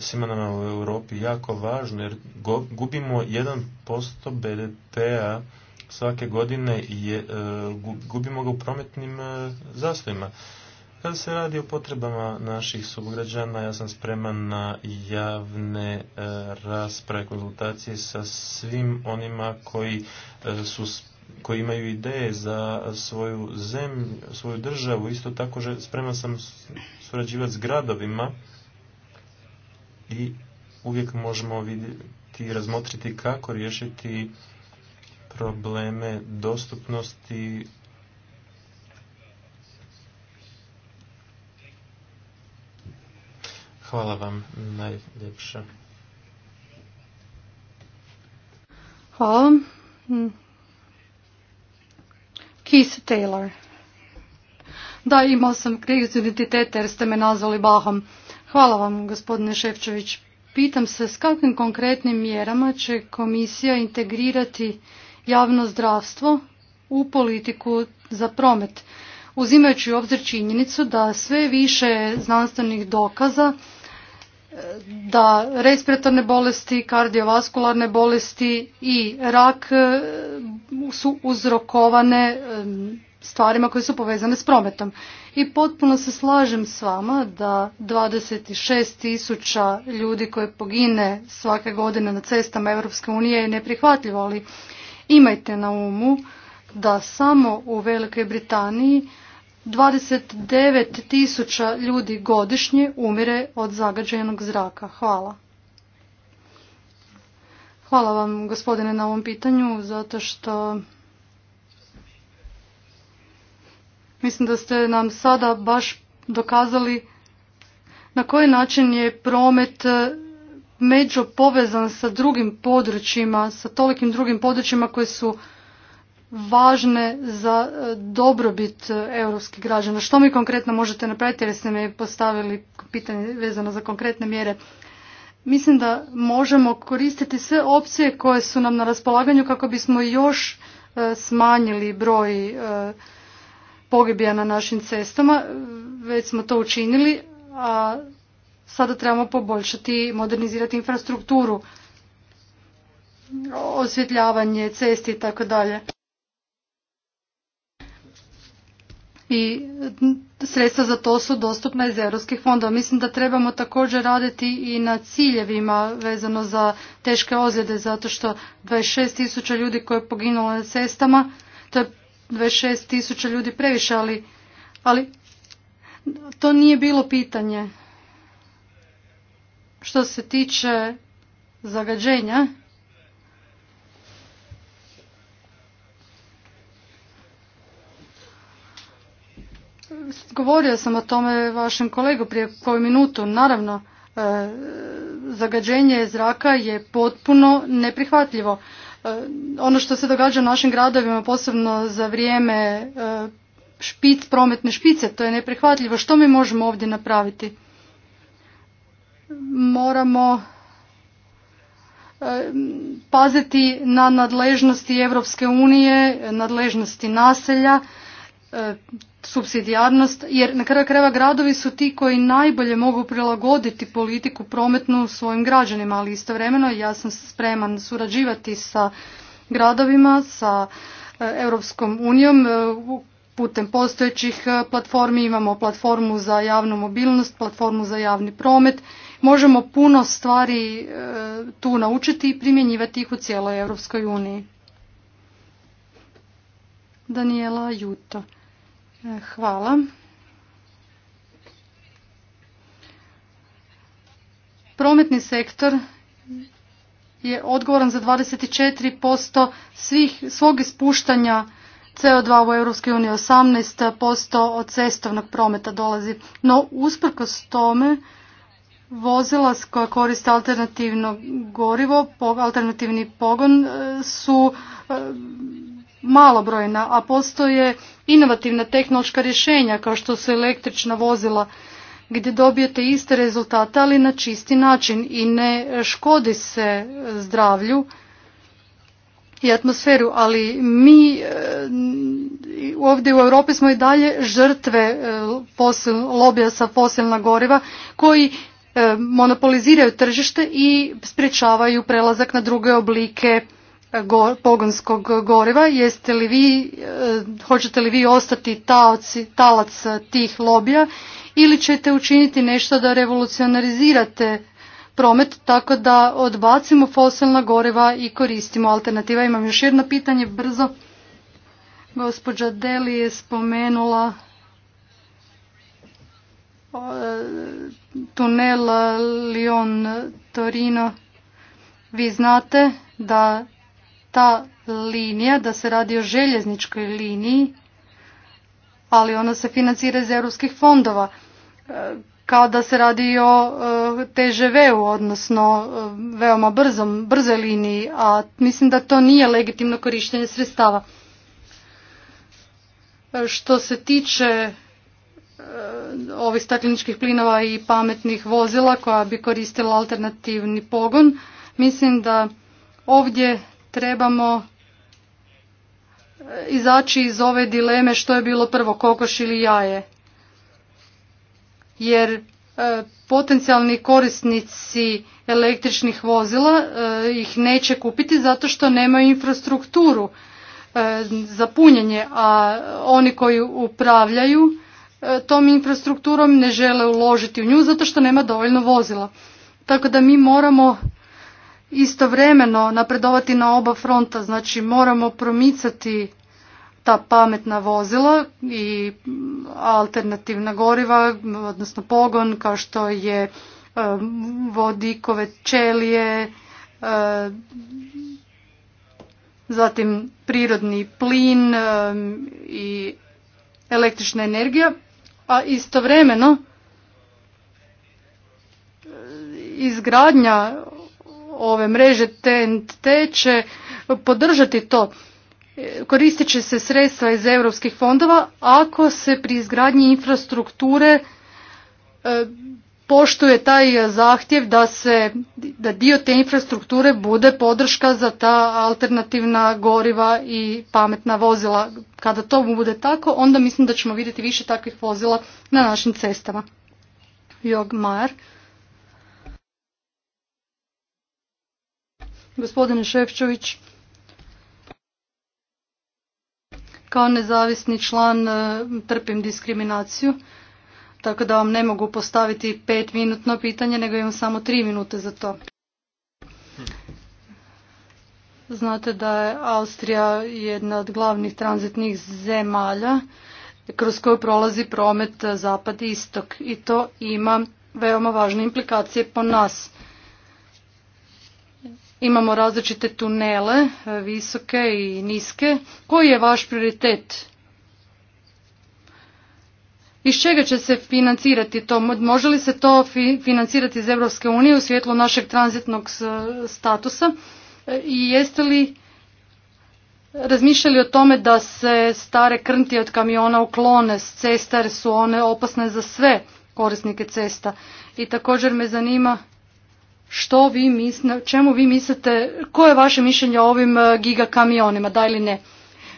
svima nama u Europi jako važno jer gubimo 1% BDP-a svake godine e, gubimo ga u prometnim e, zastojima. Kada se radi o potrebama naših sugrađana, ja sam spreman na javne e, rasprave, konzultacije sa svim onima koji su koji imaju ideje za svoju zemlju, svoju državu. Isto tako spreman sam surađivati s gradovima i uvijek možemo vidjeti razmotriti kako riješiti probleme dostupnosti Hvala vam najljepša. Hvala vam. Mm. Keith Taylor. Da, imao sam krizu identiteta jer ste me nazvali Bahom. Hvala vam, gospodine Ševčević. Pitam se s kakvim konkretnim mjerama će komisija integrirati javno zdravstvo u politiku za promet, uzimajući u obzir činjenicu da sve više znanstvenih dokaza e, da respiratorne bolesti, kardiovaskularne bolesti i rak e, su uzrokovane e, stvarima koje su povezane s prometom. I potpuno se slažem s vama da 26.000 tisuća ljudi koje pogine svake godine na cestama Europske unije je neprihvatljivo, ali Imajte na umu da samo u Velikoj Britaniji 29 tisuća ljudi godišnje umire od zagađenog zraka. Hvala. Hvala vam gospodine na ovom pitanju zato što mislim da ste nam sada baš dokazali na koji način je promet međupovezan sa drugim područjima, sa tolikim drugim područjima koje su važne za e, dobrobit e, europskih građana. Što mi konkretno možete napraviti jer ste mi postavili pitanje vezano za konkretne mjere. Mislim da možemo koristiti sve opcije koje su nam na raspolaganju kako bismo još e, smanjili broj pogibija na našim cestama. Već smo to učinili, a sada trebamo poboljšati i modernizirati infrastrukturu, osvjetljavanje, cesti i tako dalje. I sredstva za to su dostupna iz europskih fondova. Mislim da trebamo također raditi i na ciljevima vezano za teške ozljede, zato što 26 tisuća ljudi koje je poginulo na cestama, to je 26 tisuća ljudi previše, ali to nije bilo pitanje. Što se tiče zagađenja, govorio sam o tome vašem kolegu prije koju minutu. Naravno, e, zagađenje zraka je potpuno neprihvatljivo. E, ono što se događa u našim gradovima, posebno za vrijeme e, špic, prometne špice, to je neprihvatljivo. Što mi možemo ovdje napraviti? moramo e, paziti na nadležnosti Europske unije, nadležnosti naselja, e, subsidijarnost, jer na kraju krajeva gradovi su ti koji najbolje mogu prilagoditi politiku prometnu svojim građanima, ali istovremeno ja sam spreman surađivati sa gradovima, sa Europskom unijom, e, putem postojećih platformi imamo platformu za javnu mobilnost, platformu za javni promet možemo puno stvari e, tu naučiti i primjenjivati ih u cijeloj Europskoj uniji. Daniela Juto. E, hvala. Prometni sektor je odgovoran za 24% svih, svog ispuštanja CO2 u EU, 18% od cestovnog prometa dolazi. No, usprkos tome, vozila koja koriste alternativno gorivo, alternativni pogon e, su e, malobrojna, a postoje inovativna tehnološka rješenja kao što su električna vozila gdje dobijete iste rezultate ali na čisti način i ne škodi se zdravlju i atmosferu, ali mi e, ovdje u Europi smo i dalje žrtve lobija sa fosilna goriva koji E, monopoliziraju tržište i sprječavaju prelazak na druge oblike e, pogonskog goriva. Jeste li vi, e, hoćete li vi ostati taoci, talac tih lobija ili ćete učiniti nešto da revolucionarizirate promet tako da odbacimo fosilna goriva i koristimo alternativa. Imam još jedno pitanje brzo. Gospođa Deli je spomenula E, tunel Lyon-Torino. Vi znate da ta linija, da se radi o željezničkoj liniji, ali ona se financira iz europskih fondova. E, Kao da se radi o e, tgv odnosno veoma brzom, brzoj liniji, a mislim da to nije legitimno korištenje sredstava. Što se tiče Eh, ovih stakleničkih plinova i pametnih vozila koja bi koristila alternativni pogon. Mislim da ovdje trebamo eh, izaći iz ove dileme što je bilo prvo kokoš ili jaje. Jer eh, potencijalni korisnici električnih vozila ih neće kupiti zato što nemaju infrastrukturu za punjenje, a oni koji upravljaju E, tom infrastrukturom, ne žele uložiti u nju zato što nema dovoljno vozila. Tako da mi moramo istovremeno napredovati na oba fronta, znači moramo promicati ta pametna vozila i mm, alternativna goriva, odnosno pogon kao što je e, vodikove čelije, e, zatim prirodni plin i električna energija a istovremeno e, izgradnja ove mreže TNT će podržati to. E, koristit će se sredstva iz europskih fondova ako se pri izgradnji infrastrukture e, poštuje taj e, zahtjev da se da dio te infrastrukture bude podrška za ta alternativna goriva i pametna vozila. Kada to bude tako, onda mislim da ćemo vidjeti više takvih vozila na našim cestama. Jog Majer. Gospodine Šefčović, kao nezavisni član e, trpim diskriminaciju tako da vam ne mogu postaviti pet minutno pitanje, nego imam samo tri minute za to. Znate da je Austrija jedna od glavnih tranzitnih zemalja kroz koju prolazi promet zapad-istok i to ima veoma važne implikacije po nas. Imamo različite tunele, visoke i niske. Koji je vaš prioritet iz čega će se financirati to? Može li se to financirati iz Europske unije u svjetlu našeg tranzitnog statusa? E, I jeste li razmišljali o tome da se stare krnti od kamiona uklone s cesta jer su one opasne za sve korisnike cesta? I također me zanima što vi mislite, čemu vi mislite, koje je vaše mišljenje o ovim e, giga kamionima, da ili ne?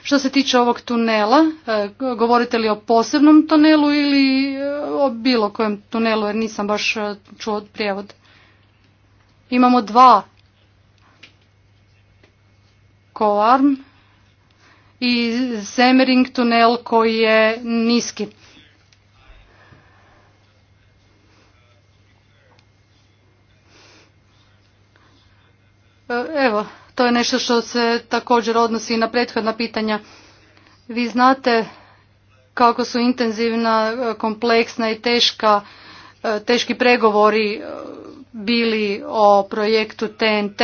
Što se tiče ovog tunela, e, govorite li o posebnom tunelu ili e, o bilo kojem tunelu, jer nisam baš e, čuo prijevod. Imamo dva Koarm i Zemering tunel koji je niski. Evo, to je nešto što se također odnosi i na prethodna pitanja. Vi znate kako su intenzivna, e, kompleksna i teška, e, teški pregovori e, bili o projektu TNT.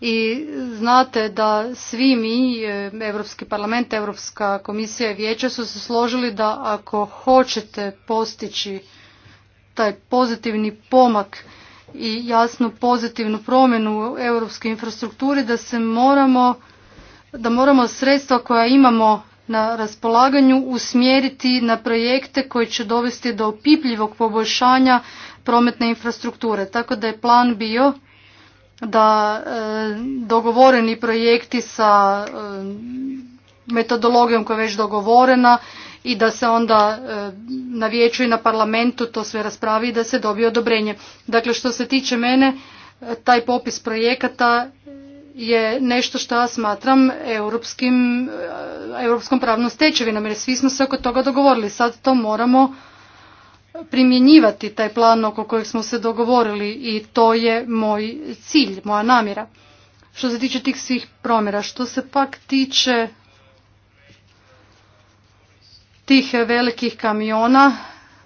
I znate da svi mi, Europski parlament, Europska komisija i vijeće su se složili da ako hoćete postići taj pozitivni pomak i jasnu pozitivnu promjenu u europskoj infrastrukturi da se moramo da moramo sredstva koja imamo na raspolaganju usmjeriti na projekte koji će dovesti do opipljivog poboljšanja prometne infrastrukture. Tako da je plan bio da e, dogovoreni projekti sa e, metodologijom koja je već dogovorena i da se onda e, na vijeću i na parlamentu to sve raspravi i da se dobije odobrenje. Dakle, što se tiče mene, taj popis projekata je nešto što ja smatram e, europskom pravnom stečevinom, jer svi smo se oko toga dogovorili. Sad to moramo primjenjivati, taj plan oko kojeg smo se dogovorili i to je moj cilj, moja namjera. Što se tiče tih svih promjera, što se pak tiče tih velikih kamiona.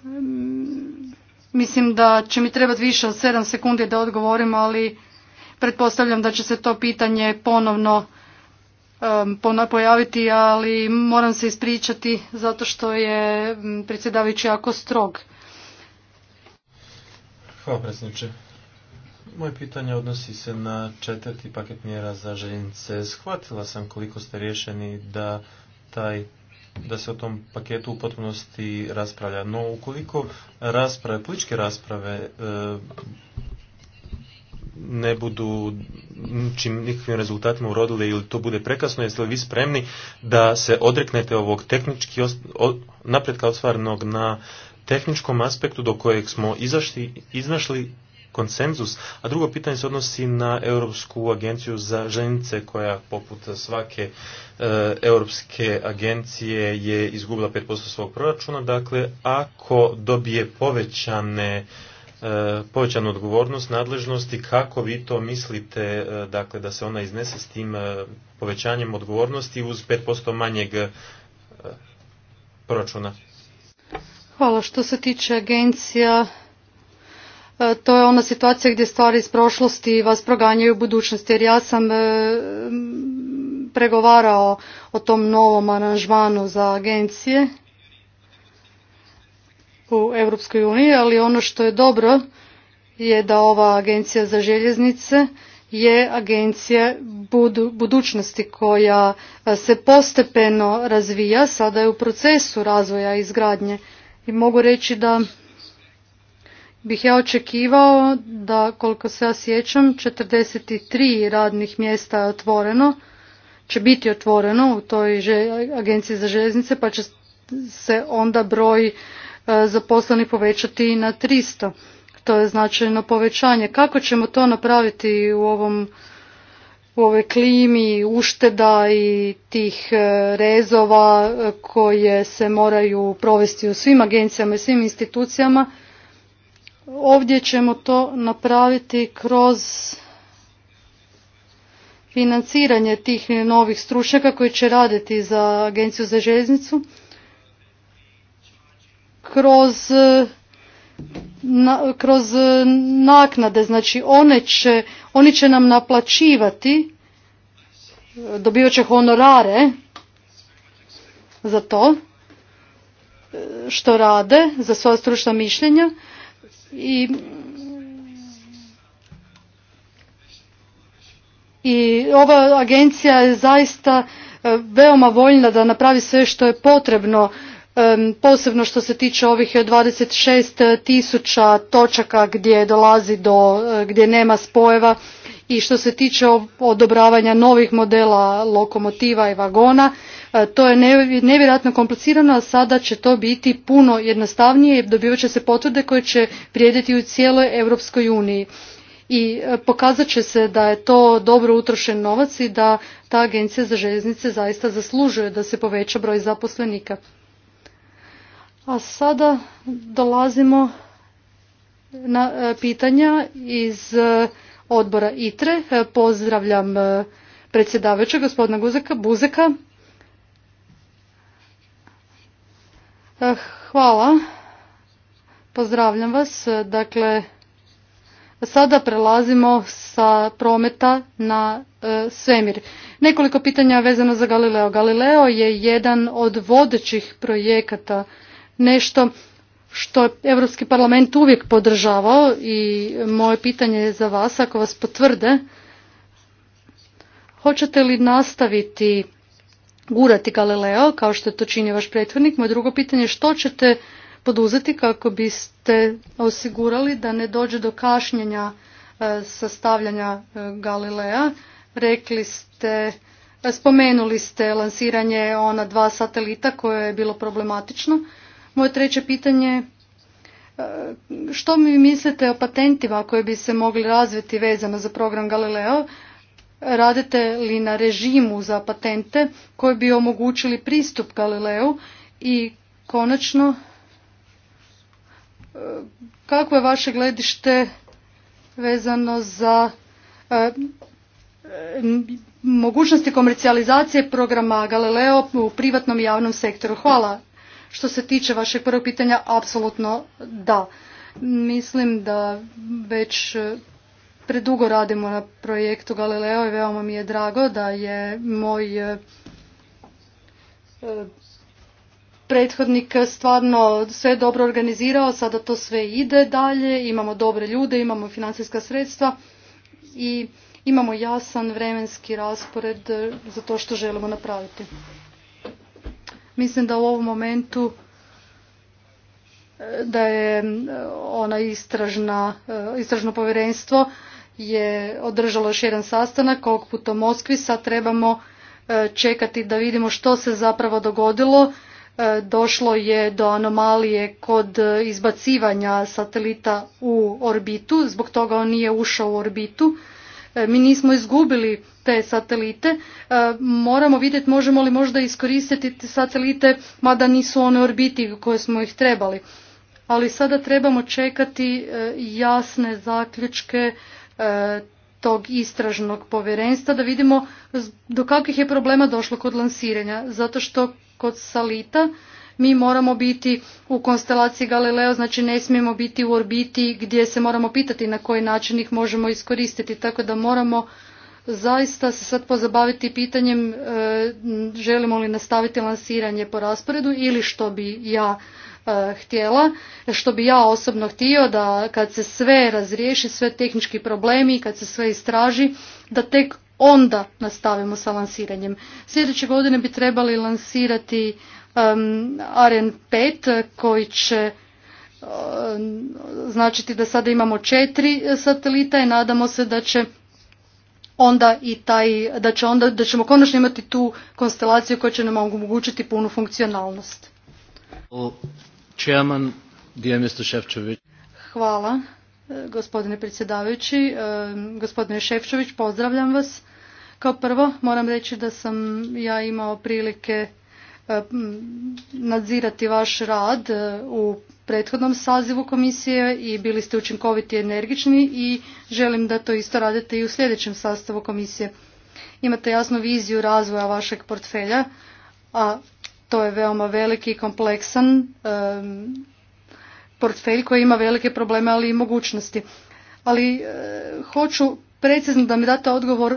Mm, mislim da će mi trebati više od 7 sekundi da odgovorim, ali pretpostavljam da će se to pitanje ponovno pojaviti, ali moram se ispričati zato što je mm, predsjedavajući jako strog. Hvala predsjedniče. Moje pitanje odnosi se na četvrti paket mjera za željenice. Shvatila sam koliko ste rješeni da taj da se o tom paketu u potpunosti raspravlja. No, ukoliko rasprave, političke rasprave e, ne budu čim nikakvim rezultatima urodile ili to bude prekasno, jeste li vi spremni da se odreknete ovog tehnički napretka ostvarenog na tehničkom aspektu do kojeg smo izašli, iznašli konsenzus. A drugo pitanje se odnosi na Europsku agenciju za ženice koja poput svake e, europske agencije je izgubila 5% svog proračuna. Dakle, ako dobije povećane e, povećanu odgovornost, nadležnosti, kako vi to mislite e, dakle, da se ona iznese s tim povećanjem odgovornosti uz 5% manjeg proračuna? Hvala. Što se tiče agencija E, to je ona situacija gdje stvari iz prošlosti vas proganjaju u budućnosti jer ja sam e, pregovarao o tom novom aranžmanu za agencije u Europskoj ali ono što je dobro je da ova agencija za željeznice je agencija budućnosti koja e, se postepeno razvija, sada je u procesu razvoja i izgradnje. I mogu reći da bih ja očekivao da, koliko se ja sjećam, 43 radnih mjesta je otvoreno, će biti otvoreno u toj agenciji za željeznice, pa će se onda broj e, zaposlenih povećati na 300. To je značajno povećanje. Kako ćemo to napraviti u ovom u ovoj klimi ušteda i tih e, rezova e, koje se moraju provesti u svim agencijama i svim institucijama Ovdje ćemo to napraviti kroz financiranje tih novih stručnjaka koji će raditi za Agenciju za željeznicu, kroz, kroz naknade, znači one će, oni će nam naplaćivati, dobivat će honorare za to e, što rade, za svoja stručna mišljenja, i i ova agencija je zaista e, veoma voljna da napravi sve što je potrebno e, posebno što se tiče ovih 26.000 tisuća točaka gdje dolazi do, e, gdje nema spojeva i što se tiče odobravanja novih modela lokomotiva i vagona, e, to je nevjerojatno komplicirano, a sada će to biti puno jednostavnije i dobivat će se potvrde koje će vrijediti u cijeloj Europskoj uniji. I e, pokazat će se da je to dobro utrošen novac i da ta agencija za željeznice zaista zaslužuje da se poveća broj zaposlenika. A sada dolazimo na e, pitanja iz odbora ITRE. E, pozdravljam e, predsjedavajuća gospodina Buzeka. E, hvala. Pozdravljam vas. Dakle, sada prelazimo sa prometa na svemir. Nekoliko pitanja vezano za Galileo. Galileo je jedan od vodećih projekata, nešto što je Europski parlament uvijek podržavao i moje pitanje je za vas ako vas potvrde hoćete li nastaviti gurati Galileo kao što je to činio vaš prethodnik moje drugo pitanje što ćete poduzeti kako biste osigurali da ne dođe do kašnjenja e, sastavljanja e, Galilea rekli ste spomenuli ste lansiranje ona dva satelita koje je bilo problematično moje treće pitanje e, što mi mislite o patentima koje bi se mogli razviti vezano za program Galileo? Radite li na režimu za patente koji bi omogućili pristup Galileo? i konačno e, kako je vaše gledište vezano za e, mogućnosti komercijalizacije programa Galileo u privatnom i javnom sektoru? Hvala što se tiče vašeg prvog pitanja, apsolutno da. Mislim da već predugo radimo na projektu Galileo i veoma mi je drago da je moj e, prethodnik stvarno sve dobro organizirao, sada to sve ide dalje, imamo dobre ljude, imamo financijska sredstva i imamo jasan vremenski raspored za to što želimo napraviti. Mislim da u ovom momentu e, da je e, ona istražna, e, istražno povjerenstvo je održalo još jedan sastanak ovog puta Moskvi. Sad trebamo čekati da vidimo što se zapravo dogodilo. Došlo je do anomalije kod izbacivanja satelita u orbitu, zbog toga on nije ušao u orbitu E, mi nismo izgubili te satelite. E, moramo vidjeti možemo li možda iskoristiti te satelite, mada nisu one orbiti koje smo ih trebali. Ali sada trebamo čekati e, jasne zaključke tog istražnog povjerenstva da vidimo do kakvih je problema došlo kod lansiranja. Zato što kod salita mi moramo biti u konstelaciji Galileo, znači ne smijemo biti u orbiti gdje se moramo pitati na koji način ih možemo iskoristiti, tako da moramo zaista se sad pozabaviti pitanjem e, želimo li nastaviti lansiranje po rasporedu ili što bi ja e, htjela, što bi ja osobno htio da kad se sve razriješi, sve tehnički problemi, kad se sve istraži, da tek onda nastavimo sa lansiranjem. Sljedeće godine bi trebali lansirati AREN 5 koji će značiti da sada imamo četiri satelita i nadamo se da će onda i taj, da, će onda, da ćemo konačno imati tu konstelaciju koja će nam omogućiti punu funkcionalnost. Hvala e, gospodine predsjedavajući. E, gospodine Ševčević, pozdravljam vas. Kao prvo moram reći da sam ja imao prilike E, nadzirati vaš rad e, u prethodnom sazivu komisije i bili ste učinkoviti i energični i želim da to isto radite i u sljedećem sastavu komisije. Imate jasnu viziju razvoja vašeg portfelja, a to je veoma veliki i kompleksan e, portfelj koji ima velike probleme, ali i mogućnosti. Ali hoću precizno da mi date odgovor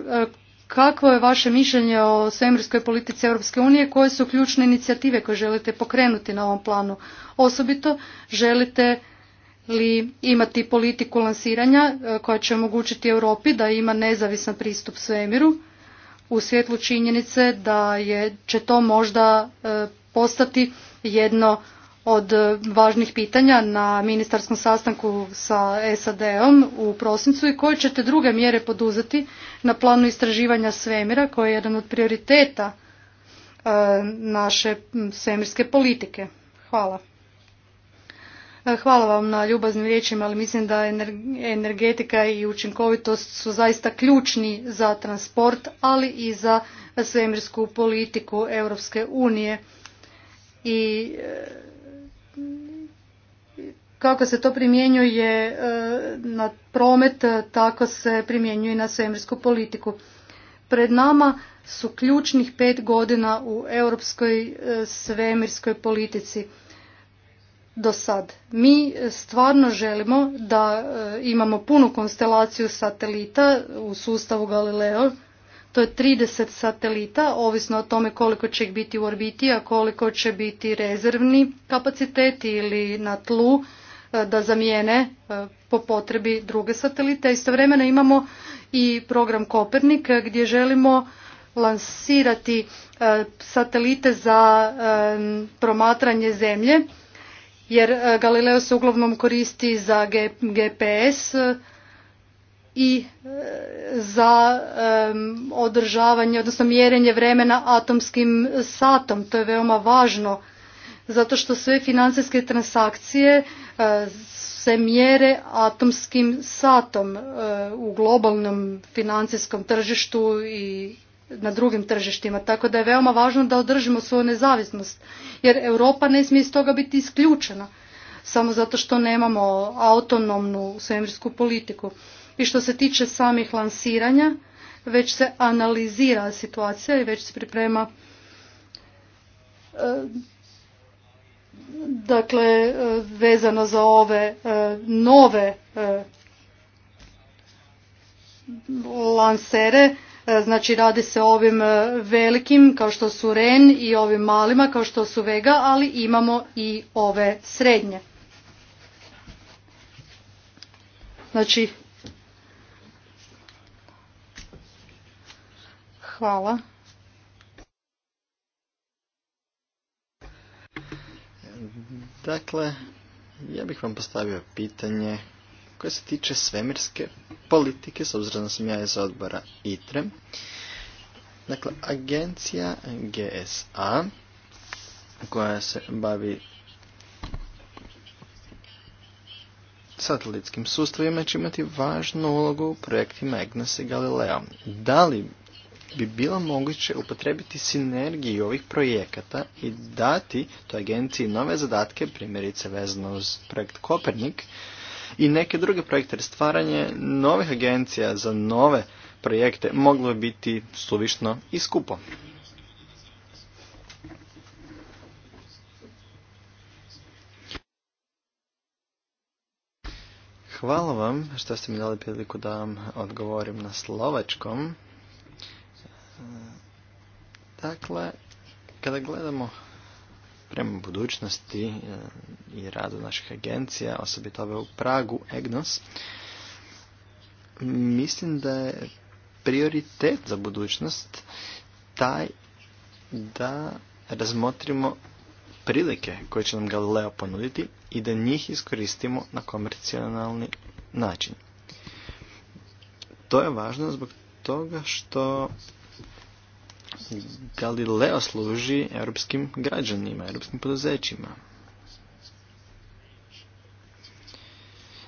Kakvo je vaše mišljenje o svemirskoj politici Europske unije? Koje su ključne inicijative koje želite pokrenuti na ovom planu? Osobito želite li imati politiku lansiranja e, koja će omogućiti Europi da ima nezavisan pristup svemiru u svjetlu činjenice da je, će to možda e, postati jedno od e, važnih pitanja na ministarskom sastanku sa SAD-om u prosincu i koje ćete druge mjere poduzeti na planu istraživanja svemira koji je jedan od prioriteta e, naše svemirske politike. Hvala. E, hvala vam na ljubaznim riječima, ali mislim da energetika i učinkovitost su zaista ključni za transport, ali i za svemirsku politiku Europske unije. I kako se to primjenjuje e, na promet, e, tako se primjenjuje i na svemirsku politiku. Pred nama su ključnih pet godina u europskoj e, svemirskoj politici do sad. Mi stvarno želimo da imamo punu konstelaciju satelita u sustavu Galileo, to je 30 satelita, ovisno o tome koliko će ih biti u orbiti, a koliko će biti rezervni kapaciteti ili na tlu e, da zamijene e, po potrebi druge satelite. Istovremeno imamo i program Kopernik e, gdje želimo lansirati satelite za promatranje zemlje jer Galileo se uglavnom koristi za GPS i e, za e, održavanje, odnosno mjerenje vremena atomskim satom. To je veoma važno zato što sve financijske transakcije e, se mjere atomskim satom u globalnom financijskom tržištu i na drugim tržištima. Tako da je veoma važno da održimo svoju nezavisnost jer Europa ne smije iz toga biti isključena samo zato što nemamo autonomnu svemirsku politiku. I što se tiče samih lansiranja, već se analizira situacija i već se priprema e, dakle e, vezano za ove e, nove lansere znači radi se o ovim velikim kao što su Ren i ovim malima kao što su Vega ali imamo i ove srednje znači Hvala. Dakle, ja bih vam postavio pitanje koje se tiče svemirske politike, s obzirom da sam ja iz odbora ITRE. Dakle, agencija GSA koja se bavi satelitskim sustavima će imati važnu ulogu u projektima Agnes i Galileo. Da li bi bilo moguće upotrebiti sinergiju ovih projekata i dati toj agenciji nove zadatke, primjerice vezano uz projekt Kopernik i neke druge projekte. Stvaranje novih agencija za nove projekte moglo bi biti suvišno i skupo. Hvala vam što ste mi dali priliku da vam odgovorim na slovačkom. Dakle, kada gledamo prema budućnosti e, i radu naših agencija, osobito ove u Pragu, EGNOS, mislim da je prioritet za budućnost taj da razmotrimo prilike koje će nam Galileo ponuditi i da njih iskoristimo na komercionalni način. To je važno zbog toga što Galileo služi europskim građanima, europskim poduzećima.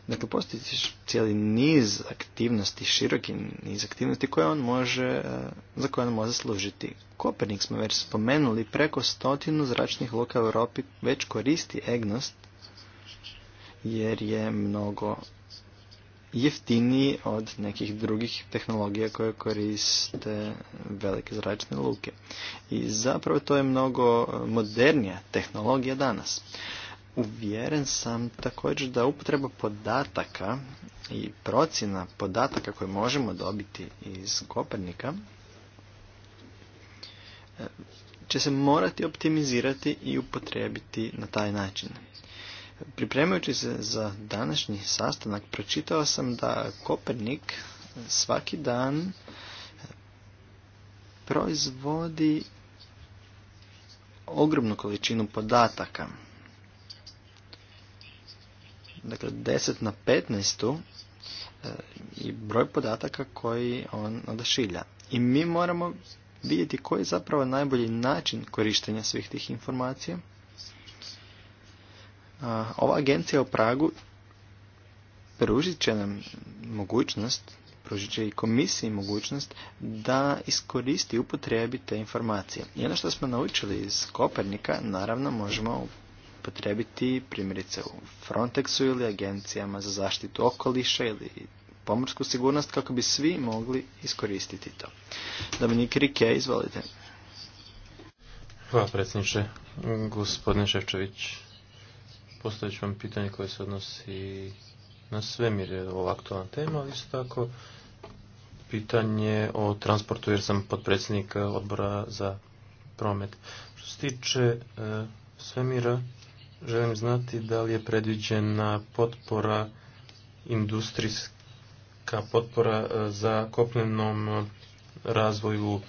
Dakle, postoji cijeli niz aktivnosti, široki niz aktivnosti koje on može, eh, za koje on može služiti. Kopernik smo već spomenuli, preko stotinu zračnih luka u Europi već koristi EGNOST jer je mnogo jeftiniji od nekih drugih tehnologija koje koriste velike zračne luke. I zapravo to je mnogo modernija tehnologija danas. Uvjeren sam također da upotreba podataka i procjena podataka koje možemo dobiti iz Kopernika e, će se morati optimizirati i upotrijebiti na taj način. Pripremajući se za današnji sastanak, pročitao sam da Kopernik svaki dan proizvodi ogromnu količinu podataka. Dakle, 10 na 15 e, i broj podataka koji on odašilja. I mi moramo vidjeti koji je zapravo najbolji način korištenja svih tih informacija ova agencija u Pragu pružit će nam mogućnost, pružit će i komisiji mogućnost da iskoristi upotrebi te informacije. I ono što smo naučili iz Kopernika, naravno možemo upotrebiti primjerice u Frontexu ili agencijama za zaštitu okoliša ili pomorsku sigurnost kako bi svi mogli iskoristiti to. Dominik Rike, izvolite. Hvala predsjedniče. Gospodine Ševčević, postavit ću vam pitanje koje se odnosi na svemir, je ovo aktualna tema, ali isto tako pitanje o transportu, jer sam podpredsjednik odbora za promet. Što se tiče e, svemira, želim znati da li je predviđena potpora industrijska potpora e, za kopnenom razvoju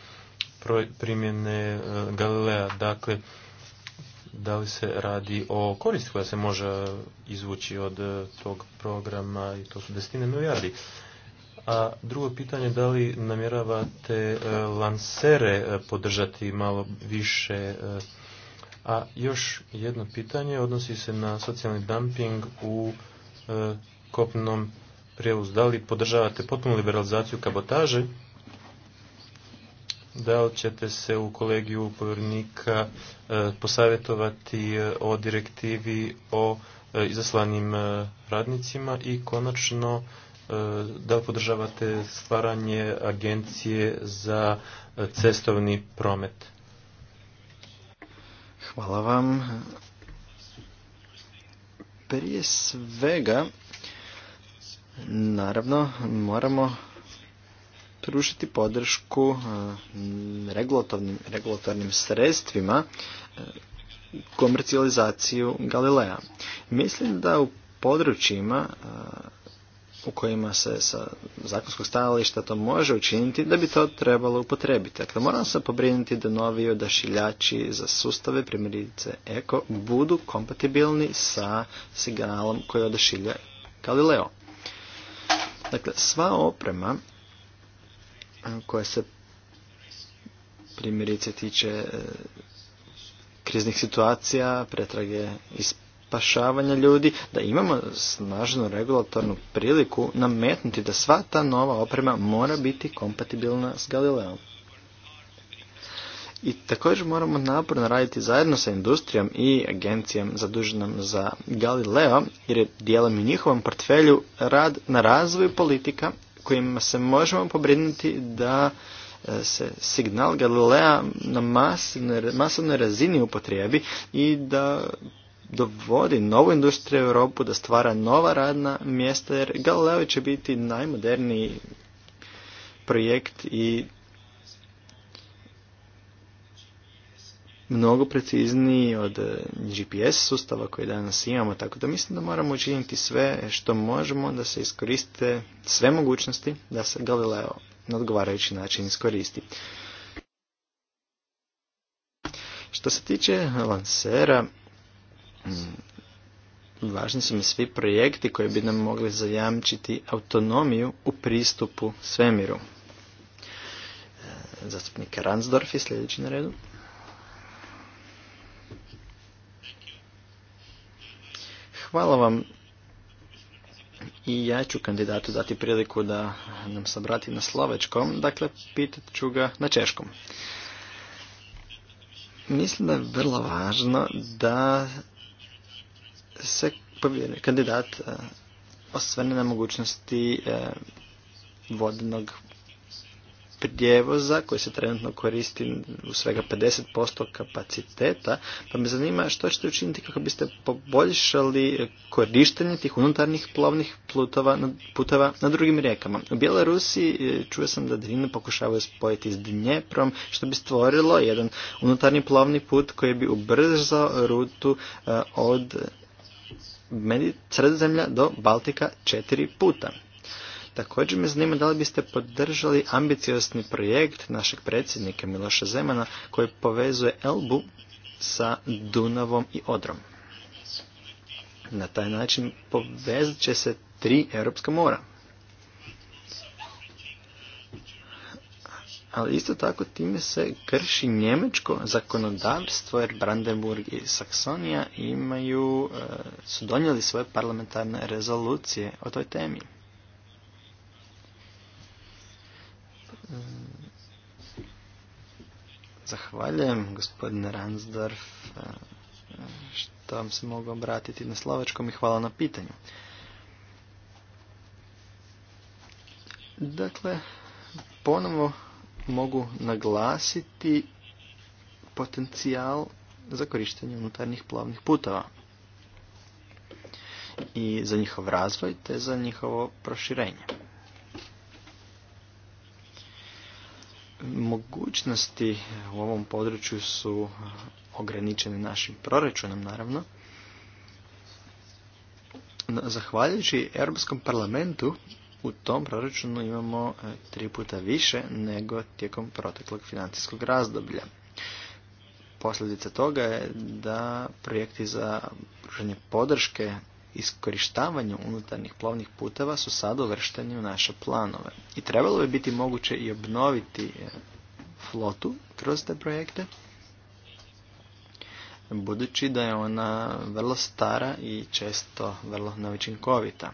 primjene e, Galilea. Dakle, da li se radi o koristi koja se može izvući od e, tog programa i to su desetine milijardi. A drugo pitanje, da li namjeravate e, lansere e, podržati malo više? A još jedno pitanje odnosi se na socijalni dumping u kopnom prijevozu. Da li podržavate potpunu liberalizaciju kabotaže? da li ćete se u kolegiju povjernika e, posavjetovati e, o direktivi o e, izaslanim radnicima i konačno da li podržavate stvaranje agencije za cestovni promet? Hvala vam. Prije svega, naravno, moramo pružiti podršku e, regulatornim sredstvima e, komercijalizaciju Galilea. Mislim da u područjima e, u kojima se sa zakonskog stajališta to može učiniti, da bi to trebalo upotrebiti. Dakle, moram se pobrinuti da novi odašiljači za sustave, primjerice Eko, budu kompatibilni sa signalom koji odašilja Galileo. Dakle, sva oprema koja se primjerice tiče e, kriznih situacija, pretrage i spašavanja ljudi, da imamo snažnu regulatornu priliku nametnuti da sva ta nova oprema mora biti kompatibilna s Galileom. I također moramo naporno raditi zajedno sa industrijom i agencijom zaduženom za Galileo, jer je dijelom u njihovom portfelju rad na razvoju politika kojima se možemo pobrinuti da e, se signal Galilea na masovnoj razini upotrijebi i da dovodi novu industriju u Europu, da stvara nova radna mjesta, jer Galileo će biti najmoderniji projekt i mnogo precizniji od e, GPS sustava koji danas imamo, tako da mislim da moramo učiniti sve što možemo da se iskoriste sve mogućnosti da se Galileo na odgovarajući način iskoristi. Što se tiče lansera, mm, važni su mi svi projekti koji bi nam mogli zajamčiti autonomiju u pristupu svemiru. E, zastupnik Ransdorf je sljedeći na redu. Hvala vam. I ja ću kandidatu dati priliku da nam se obrati na slovečkom, dakle pitat ću ga na češkom. Mislim da je vrlo važno da se kandidat eh, osvrne na mogućnosti eh, vodnog prijevoza koji se trenutno koristi u svega 50% kapaciteta, pa me zanima što ćete učiniti kako biste poboljšali korištenje tih unutarnjih plovnih plutova, putova na drugim rijekama. U Bjelorusiji e, čuo sam da Drinu pokušavaju spojiti s Dnjeprom, što bi stvorilo jedan unutarnji plovni put koji bi ubrzao rutu e, od Sredozemlja do Baltika četiri puta. Također me zanima da li biste podržali ambiciozni projekt našeg predsjednika Miloša Zemana koji povezuje Elbu sa Dunavom i Odrom. Na taj način povezat će se tri europska mora. ali isto tako time se krši njemačko zakonodavstvo jer Brandenburg i Saksonija imaju, e, su donijeli svoje parlamentarne rezolucije o toj temi. Zahvaljujem gospodine Ransdorf što vam se mogu obratiti na slovačkom i hvala na pitanju. Dakle, ponovo mogu naglasiti potencijal za korištenje unutarnjih plavnih putova i za njihov razvoj te za njihovo proširenje. Mogućnosti u ovom području su ograničene našim proračunom, naravno. Zahvaljujući Europskom parlamentu, u tom proračunu imamo e, tri puta više nego tijekom proteklog financijskog razdoblja. Posljedica toga je da projekti za pružanje podrške iskorištavanju unutarnjih plovnih puteva su sad uvršteni u naše planove. I trebalo bi biti moguće i obnoviti e, flotu kroz te projekte, budući da je ona vrlo stara i često vrlo neučinkovita.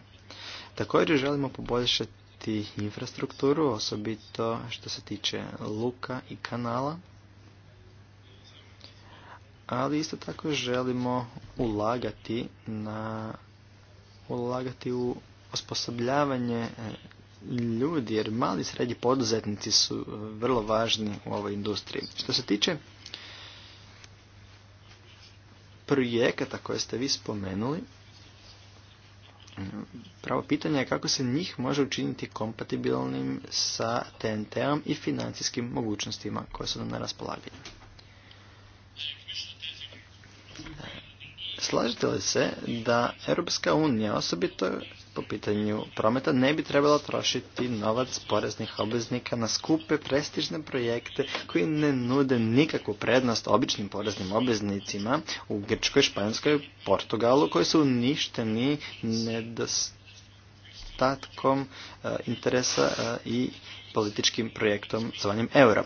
Također želimo poboljšati infrastrukturu, osobito što se tiče luka i kanala, ali isto tako želimo ulagati na ulagati u osposobljavanje e, ljudi, jer mali i srednji poduzetnici su e, vrlo važni u ovoj industriji. Što se tiče projekata koje ste vi spomenuli, e, pravo pitanje je kako se njih može učiniti kompatibilnim sa TNT-om i financijskim mogućnostima koje su nam na raspolaganju. Slažete li se da Europska unija, osobito po pitanju prometa, ne bi trebala trošiti novac poreznih obveznika na skupe prestižne projekte koji ne nude nikakvu prednost običnim poreznim obveznicima u Grčkoj, Španjskoj, Portugalu koji su uništeni nedostatkom e, interesa e, i političkim projektom zvanjem euro.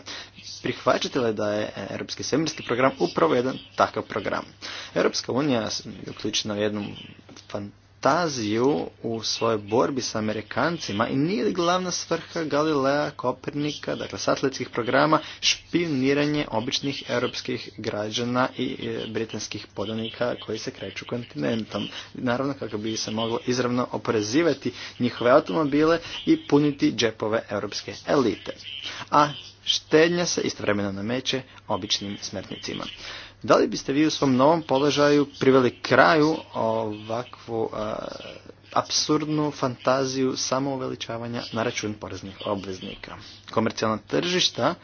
Prihvaćate li da je Europski svemirski program upravo jedan takav program? Europska unija je uključena u jednom fantastičnom Taziju u svojoj borbi sa Amerikancima i nije glavna svrha Galilea, Kopernika, dakle satelitskih programa, špioniranje običnih europskih građana i e, britanskih podanika koji se kreću kontinentom. Naravno kako bi se moglo izravno oporezivati njihove automobile i puniti džepove europske elite. A štednja se istovremeno nameće običnim smrtnicima. Da li biste vi u svom novom položaju priveli kraju ovakvu apsurdnu absurdnu fantaziju samouveličavanja na račun poreznih obveznika? Komercijalna tržišta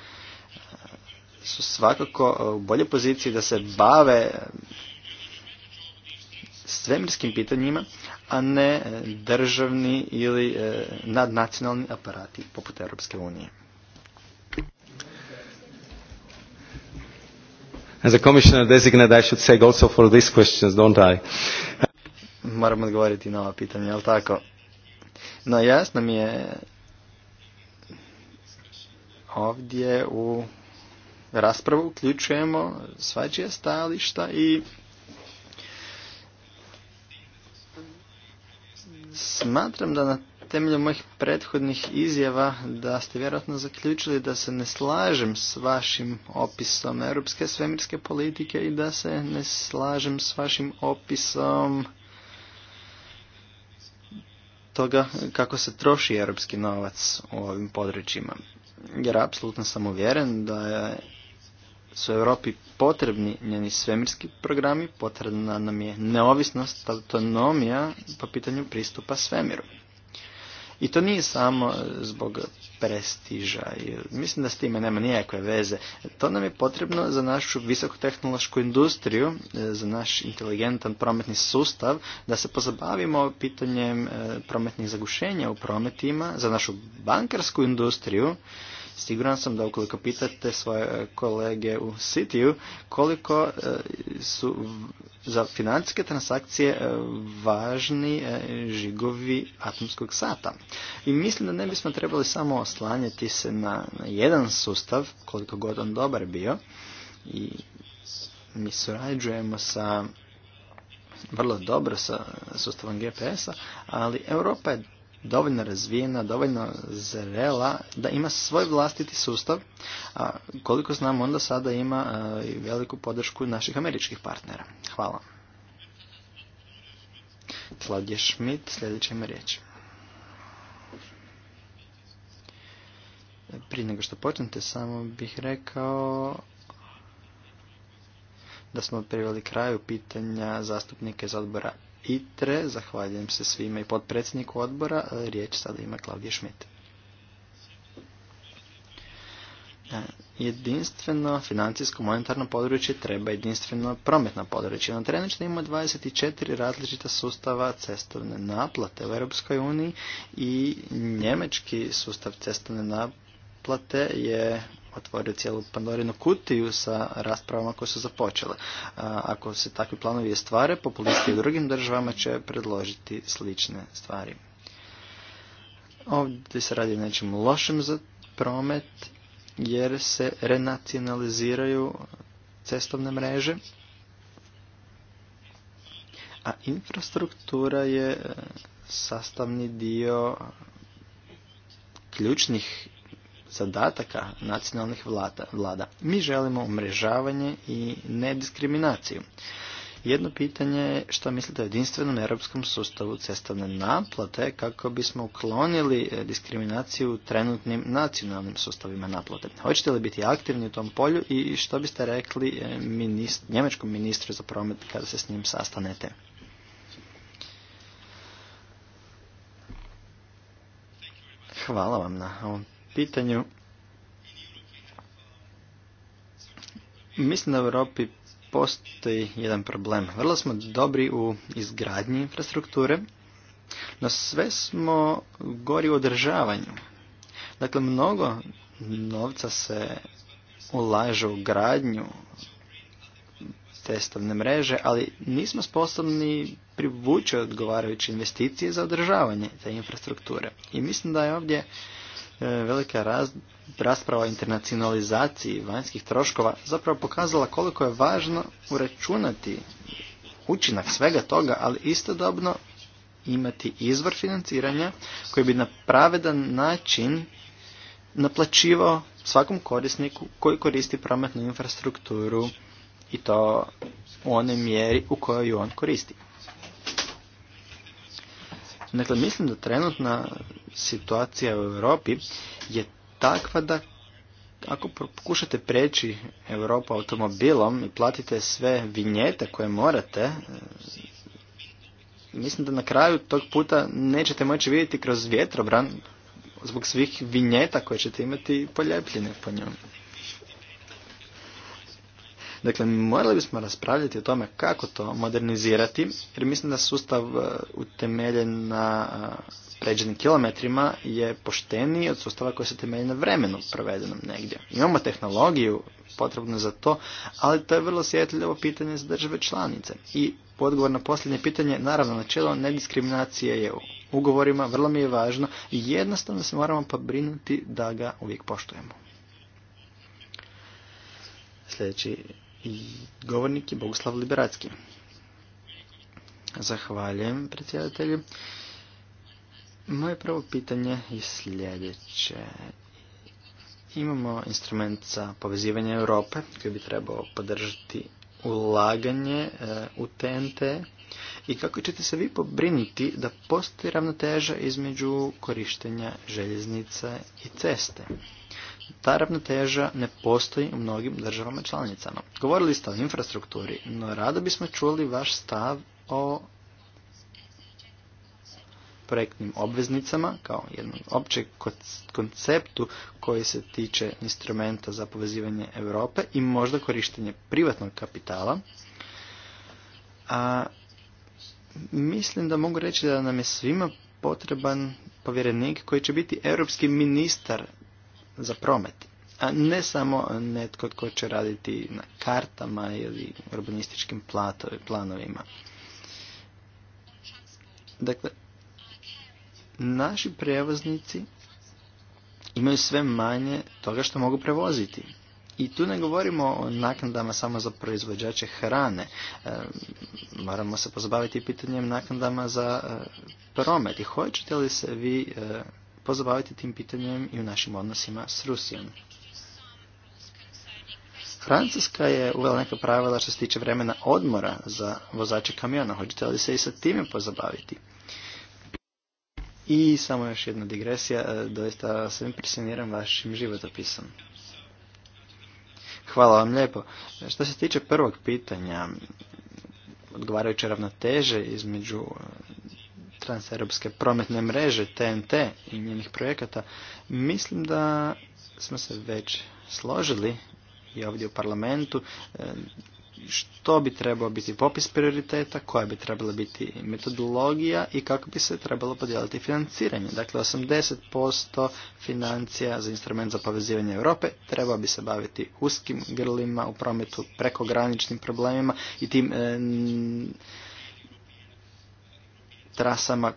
su svakako u bolje poziciji da se bave svemirskim pitanjima, a ne državni ili nadnacionalni aparati poput Europske unije. As a commissioner designate, I should say also for these questions, don't I? Moram odgovoriti na ova pitanja, jel tako? No jasno mi je ovdje u raspravu uključujemo svađe stajališta i smatram da na temelju mojih prethodnih izjava da ste vjerojatno zaključili da se ne slažem s vašim opisom europske svemirske politike i da se ne slažem s vašim opisom toga kako se troši europski novac u ovim područjima. Jer apsolutno sam uvjeren da su Europi potrebni njeni svemirski programi, potrebna nam je neovisnost, autonomija po pitanju pristupa svemiru. I to nije samo zbog prestiža. Mislim da s time nema nijakve veze. To nam je potrebno za našu visokotehnološku industriju, e, za naš inteligentan prometni sustav, da se pozabavimo pitanjem e, prometnih zagušenja u prometima, za našu bankarsku industriju. Siguran sam da ukoliko pitate svoje e, kolege u Sitiju koliko su za financijske transakcije e, važni e, žigovi atomskog sata. I mislim da ne bismo trebali samo oslanjati se na, jedan sustav, koliko god on dobar bio. I mi surađujemo sa vrlo dobro sa sustavom GPS-a, ali Europa je dovoljno razvijena, dovoljno zrela da ima svoj vlastiti sustav, a koliko znam onda sada ima e, i veliku podršku naših američkih partnera. Hvala. Klaudija Šmit, sljedeća ima riječ. Prije nego što počnete, samo bih rekao da smo priveli kraju pitanja zastupnike za odbora tre, Zahvaljujem se svima i podpredsjedniku odbora. E, riječ sada ima Klaudija Šmit. E, jedinstveno financijsko monetarno područje treba jedinstveno prometno područje. Na trenutno ima 24 različita sustava cestovne naplate u Europskoj uniji i njemački sustav cestovne naplate je otvorio cijelu Pandorinu kutiju sa raspravama koje su započele. Ako se takvi planovi stvare, populisti u drugim državama će predložiti slične stvari. Ovdje se radi nečem lošem za promet, jer se renacionaliziraju cestovne mreže, a infrastruktura je e, sastavni dio ključnih zadataka nacionalnih vlada. vlada. Mi želimo umrežavanje i nediskriminaciju. Jedno pitanje je što mislite o jedinstvenom europskom sustavu cestovne naplate kako bismo uklonili e, diskriminaciju trenutnim nacionalnim sustavima naplate. Hoćete li biti aktivni u tom polju i što biste rekli e, njemačkom ministru za promet kada se s njim sastanete? Hvala vam na ovom pitanju. Mislim da u Europi postoji jedan problem. Vrlo smo dobri u izgradnji infrastrukture, no sve smo gori u održavanju. Dakle, mnogo novca se ulaže u gradnju testovne mreže, ali nismo sposobni privući odgovarajuće investicije za održavanje te infrastrukture. I mislim da je ovdje E, velika raz, rasprava o internacionalizaciji vanjskih troškova zapravo pokazala koliko je važno uračunati učinak svega toga, ali istodobno imati izvor financiranja koji bi na pravedan način naplaćivao svakom korisniku koji koristi prometnu infrastrukturu i to u onoj mjeri u kojoj ju on koristi. Dakle, mislim da trenutna situacija u Europi je takva da ako pokušate preći Europu automobilom i platite sve vinjete koje morate, e, mislim da na kraju tog puta nećete moći vidjeti kroz vjetrobran zbog svih vinjeta koje ćete imati poljepljene po njom. Dakle, morali bismo raspravljati o tome kako to modernizirati, jer mislim da sustav e, utemeljen na e, pređenim kilometrima je pošteniji od sustava koji se temelji na vremenu provedenom negdje. Imamo tehnologiju potrebnu za to, ali to je vrlo sjetljivo pitanje za države članice. I odgovor na posljednje pitanje, naravno načelo nediskriminacije je u ugovorima, vrlo mi je važno i jednostavno se moramo pobrinuti da ga uvijek poštujemo. Sljedeći Govornik je Boguslav Liberacki. Zahvaljujem predsjedatelju. Moje prvo pitanje je sljedeće. Imamo instrument za povezivanje Europe koji bi trebao podržati ulaganje eh, u TNT i kako ćete se vi pobrinuti da postoji ravnoteža između korištenja željeznice i ceste. Ta ravnoteža ne postoji u mnogim državama članicama. Govorili ste o infrastrukturi, no rado bismo čuli vaš stav o projektnim obveznicama kao jednom općem konceptu koji se tiče instrumenta za povezivanje Europe i možda korištenje privatnog kapitala. A, mislim da mogu reći da nam je svima potreban povjerenik koji će biti europski ministar za promet. A ne samo netko tko će raditi na kartama ili urbanističkim planovima. Dakle, naši prevoznici imaju sve manje toga što mogu prevoziti. I tu ne govorimo o naknadama samo za proizvođače hrane. E, moramo se pozabaviti pitanjem naknadama za e, promet. I hoćete li se vi e, pozabaviti tim pitanjem i u našim odnosima s Rusijom. Francuska je uvela neka pravila što se tiče vremena odmora za vozače kamiona. Hoćete li se i sa time pozabaviti? I samo još jedna digresija, e, doista se impresioniram vašim životopisom. Hvala vam lijepo. E, što se tiče prvog pitanja, odgovarajuće ravnoteže između transeuropske prometne mreže TNT i njenih projekata, mislim da smo se već složili i ovdje u parlamentu e, što bi trebao biti popis prioriteta, koja bi trebala biti metodologija i kako bi se trebalo podijeliti financiranje. Dakle, 80% financija za instrument za povezivanje Europe trebao bi se baviti uskim grlima u prometu, prekograničnim problemima i tim e, trasama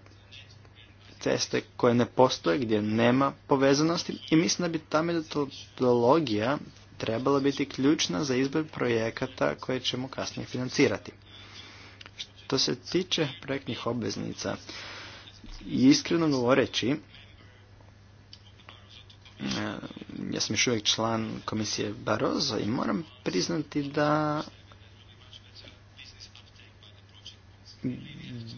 ceste koje ne postoje, gdje nema povezanosti i mislim da bi ta metodologija trebala biti ključna za izbor projekata koje ćemo kasnije financirati. Što se tiče projektnih obveznica, iskreno govoreći, ja sam još uvijek član komisije Barozo i moram priznati da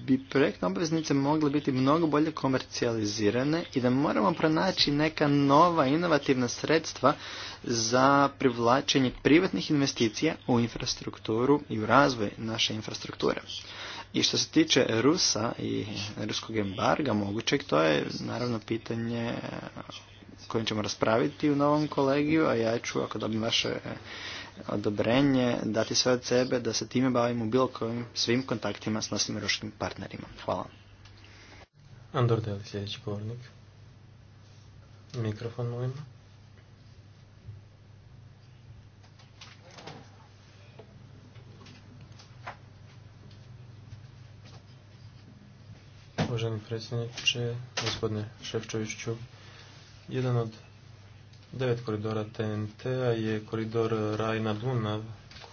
bi projektne obveznice mogle biti mnogo bolje komercijalizirane i da moramo pronaći neka nova inovativna sredstva za privlačenje privatnih investicija u infrastrukturu i u razvoj naše infrastrukture. I što se tiče Rusa i ruskog embarga mogućeg, to je naravno pitanje kojim ćemo raspraviti u novom kolegiju, a ja ću, ako dobim vaše e, odobrenje, dati sve od sebe da se time bavimo bilo kojim svim kontaktima s našim ruškim partnerima. Hvala. Andor Deli, sljedeći govornik. Mikrofon, Uvaženi predsjedniče, gospodine Ševčoviću, jedan od devet koridora TNT-a je koridor Rajna-Dunav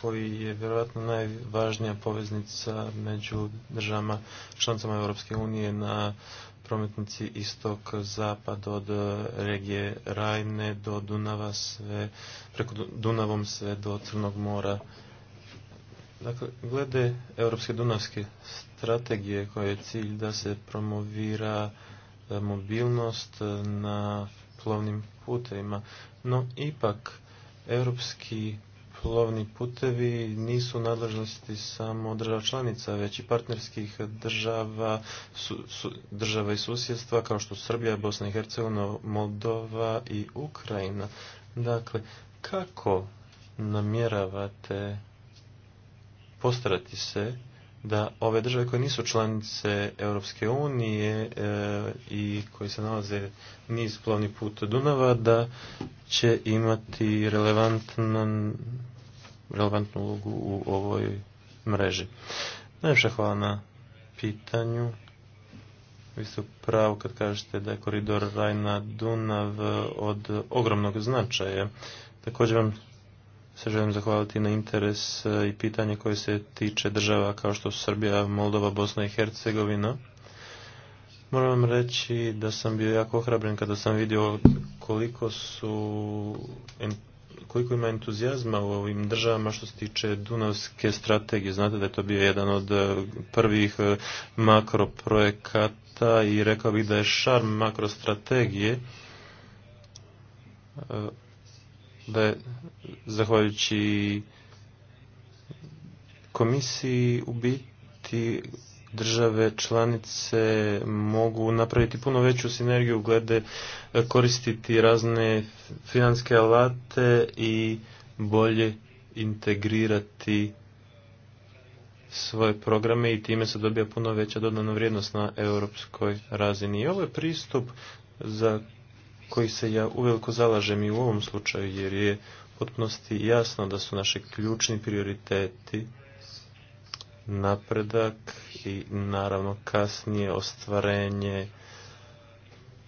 koji je vjerojatno najvažnija poveznica među državama članicama Europske unije na prometnici istok-zapad od e, regije Rajne do Dunava sve, preko Dunavom sve do Crnog mora. Dakle, glede Europske dunavske strategije koja je cilj da se promovira e, mobilnost e, na plovnim putevima. No, ipak, europski plovni putevi nisu nadležnosti samo država članica, već i partnerskih država, su, su, država i susjedstva kao što Srbija, Bosna i Hercegovina, Moldova i Ukrajina. Dakle, kako namjeravate postarati se da ove države koje nisu članice Europske unije e, i koje se nalaze niz plovni put Dunava da će imati relevantnu, relevantnu ulogu u ovoj mreži. Najljepša hvala na pitanju. Vi ste pravo kad kažete da je koridor Rajna-Dunav od ogromnog značaja. Također vam se želim zahvaliti na interes e, i pitanje koje se tiče država kao što su Srbija, Moldova, Bosna i Hercegovina. Moram vam reći da sam bio jako ohrabren kada sam vidio koliko su koliko ima entuzijazma u ovim državama što se tiče Dunavske strategije. Znate da je to bio jedan od e, prvih e, makroprojekata i rekao bih da je šarm makrostrategije da je zahvaljujući komisiji u biti države članice mogu napraviti puno veću sinergiju glede e, koristiti razne financijske alate i bolje integrirati svoje programe i time se dobija puno veća dodana vrijednost na europskoj razini. I ovo je pristup za koji se ja uveliko zalažem i u ovom slučaju jer je potpunosti jasno da su naši ključni prioriteti napredak i naravno kasnije ostvarenje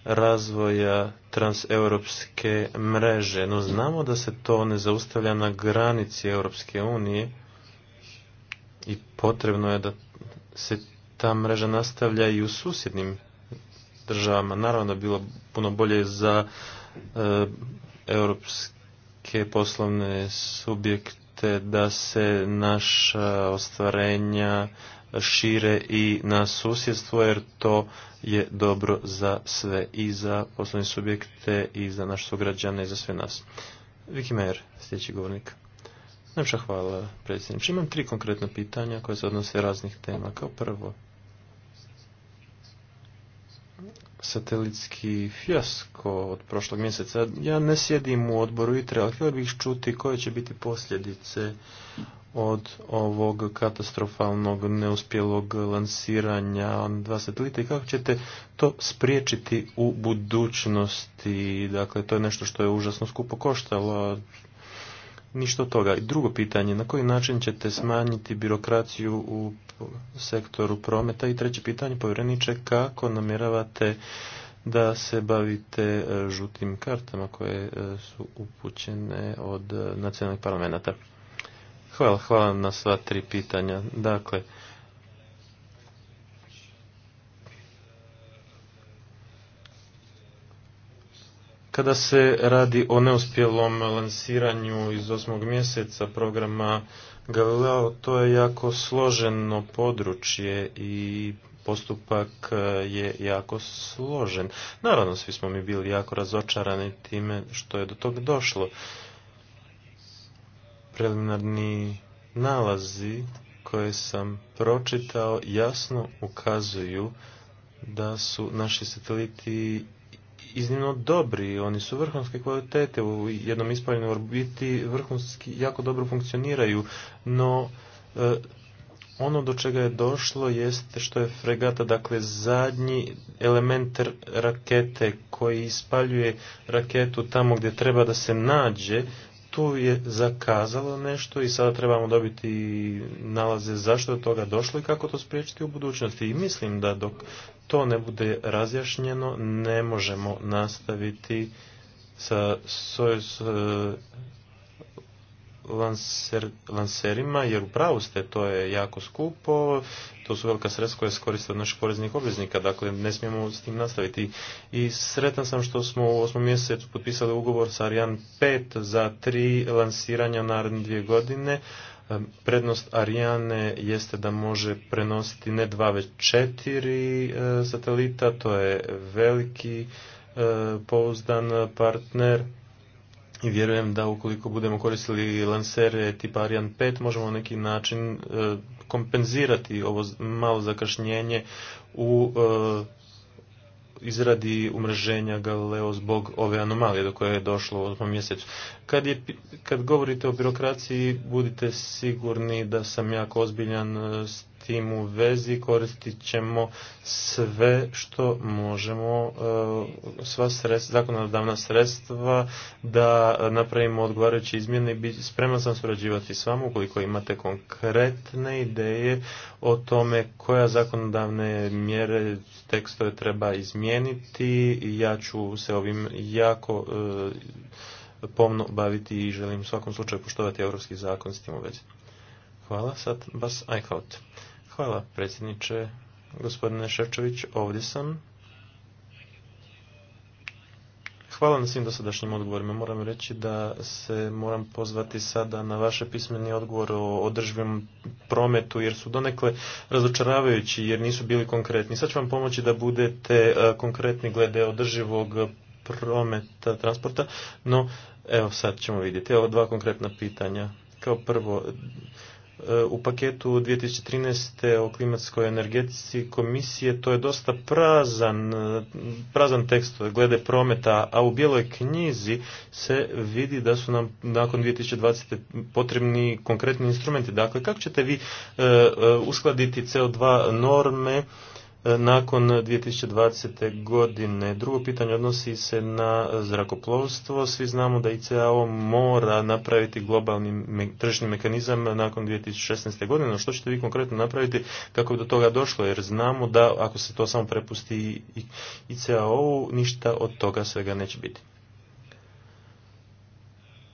razvoja transeuropske mreže. No znamo da se to ne zaustavlja na granici Europske unije i potrebno je da se ta mreža nastavlja i u susjednim državama. Naravno da bi bilo puno bolje za e, europske poslovne subjekte da se naša ostvarenja šire i na susjedstvo jer to je dobro za sve i za poslovne subjekte i za naše sugrađane i za sve nas. Viki Majer, sljedeći govornik. Najpša hvala predsjedniče. Imam tri konkretna pitanja koje se odnose raznih tema. Kao prvo, satelitski fijasko od prošlog mjeseca. Ja ne sjedim u odboru ITRE, ali htio bih čuti koje će biti posljedice od ovog katastrofalnog neuspjelog lansiranja dva satelita i kako ćete to spriječiti u budućnosti. Dakle, to je nešto što je užasno skupo koštalo, ništa od toga. I drugo pitanje, na koji način ćete smanjiti birokraciju u sektoru prometa? I treće pitanje, povjereniče, kako namjeravate da se bavite e, žutim kartama koje e, su upućene od e, nacionalnih parlamenta? Hvala, hvala na sva tri pitanja. Dakle, Kada se radi o neuspjelom lansiranju iz osmog mjeseca programa Galileo, to je jako složeno područje i postupak e, je jako složen. Naravno, svi smo mi bili jako razočarani time što je do toga došlo. Preliminarni nalazi koje sam pročitao jasno ukazuju da su naši sateliti iznimno dobri, oni su vrhunske kvalitete u jednom ispaljenom orbiti, vrhunski jako dobro funkcioniraju, no e, ono do čega je došlo jeste što je fregata, dakle zadnji element rakete koji ispaljuje raketu tamo gdje treba da se nađe, tu je zakazalo nešto i sada trebamo dobiti nalaze zašto je toga došlo i kako to spriječiti u budućnosti. I mislim da dok to ne bude razjašnjeno ne možemo nastaviti sa s lanser, lanserima, jer u pravu ste, to je jako skupo, to su velika sredstva koja se koriste od naših poreznih obveznika, dakle ne smijemo s tim nastaviti. I sretan sam što smo u osmom mjesecu potpisali ugovor sa Ariane 5 za tri lansiranja naredne dvije godine, Prednost Ariane jeste da može prenositi ne dva već četiri e, satelita, to je veliki e, pouzdan partner i vjerujem da ukoliko budemo koristili lansere tipa Ariane 5 možemo na neki način e, kompenzirati ovo malo zakašnjenje u e, izradi umreženja Galileo zbog ove anomalije do koje je došlo u ovom mjesecu. Kad, je, kad govorite o birokraciji, budite sigurni da sam jako ozbiljan e, s tim u vezi koristit ćemo sve što možemo, e, sva sredstva, zakonodavna sredstva da napravimo odgovarajuće izmjene i spreman sam surađivati s vama ukoliko imate konkretne ideje o tome koja zakonodavne mjere tekstove treba izmijeniti. Ja ću se ovim jako e, pomno baviti i želim u svakom slučaju poštovati europski zakon s tim u vezi. Hvala, sad vas Hvala predsjedniče, gospodine Ševčević, ovdje sam. Hvala na svim dosadašnjim odgovorima. Moram reći da se moram pozvati sada na vaše pismeni odgovor o održivom prometu, jer su donekle razočaravajući, jer nisu bili konkretni. Sad ću vam pomoći da budete e, konkretni glede održivog prometa, transporta, no evo sad ćemo vidjeti. Evo dva konkretna pitanja. Kao prvo, u paketu 2013. o klimatskoj energetici komisije, to je dosta prazan, prazan tekst glede prometa, a u bijeloj knjizi se vidi da su nam nakon 2020. potrebni konkretni instrumenti. Dakle, kako ćete vi e, e, uskladiti CO2 norme E, nakon 2020. godine. Drugo pitanje odnosi se na zrakoplovstvo. Svi znamo da ICAO mora napraviti globalni tržišni mekanizam nakon 2016. godine. što ćete vi konkretno napraviti kako bi do toga došlo? Jer znamo da ako se to samo prepusti icao ništa od toga svega neće biti.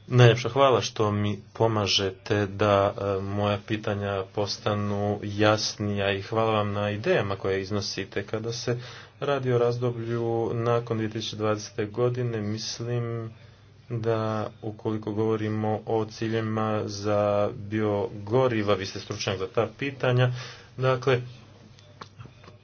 Najljepša hvala što mi pomažete da e, moja pitanja postanu jasnija i hvala vam na idejama koje iznosite. Kada se radi o razdoblju nakon 2020. godine, mislim da ukoliko govorimo o ciljima za biogoriva, vi ste stručnjak za ta pitanja, dakle,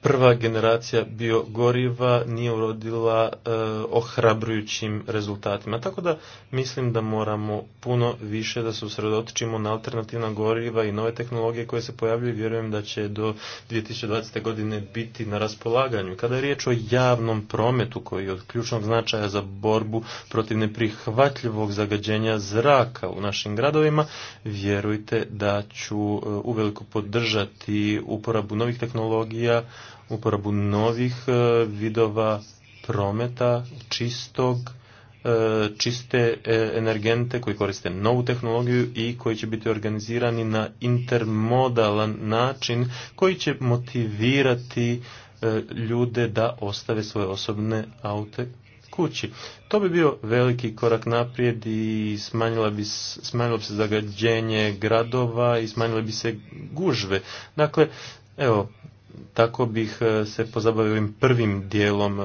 prva generacija biogoriva nije urodila e, ohrabrujućim rezultatima. Tako da mislim da moramo puno više da se usredotočimo na alternativna goriva i nove tehnologije koje se pojavljuju. Vjerujem da će do 2020. godine biti na raspolaganju. Kada je riječ o javnom prometu koji je od ključnog značaja za borbu protiv neprihvatljivog zagađenja zraka u našim gradovima, vjerujte da ću e, uveliko podržati uporabu novih tehnologija uporabu novih e, vidova prometa, čistog, e, čiste e, energente koji koriste novu tehnologiju i koji će biti organizirani na intermodalan način koji će motivirati ljude da ostave svoje osobne aute kući. To bi bio veliki korak naprijed i smanjilo bi, smanjilo bi se zagađenje gradova i smanjile bi se gužve. Dakle, evo, tako bih e, se pozabavio ovim prvim dijelom e,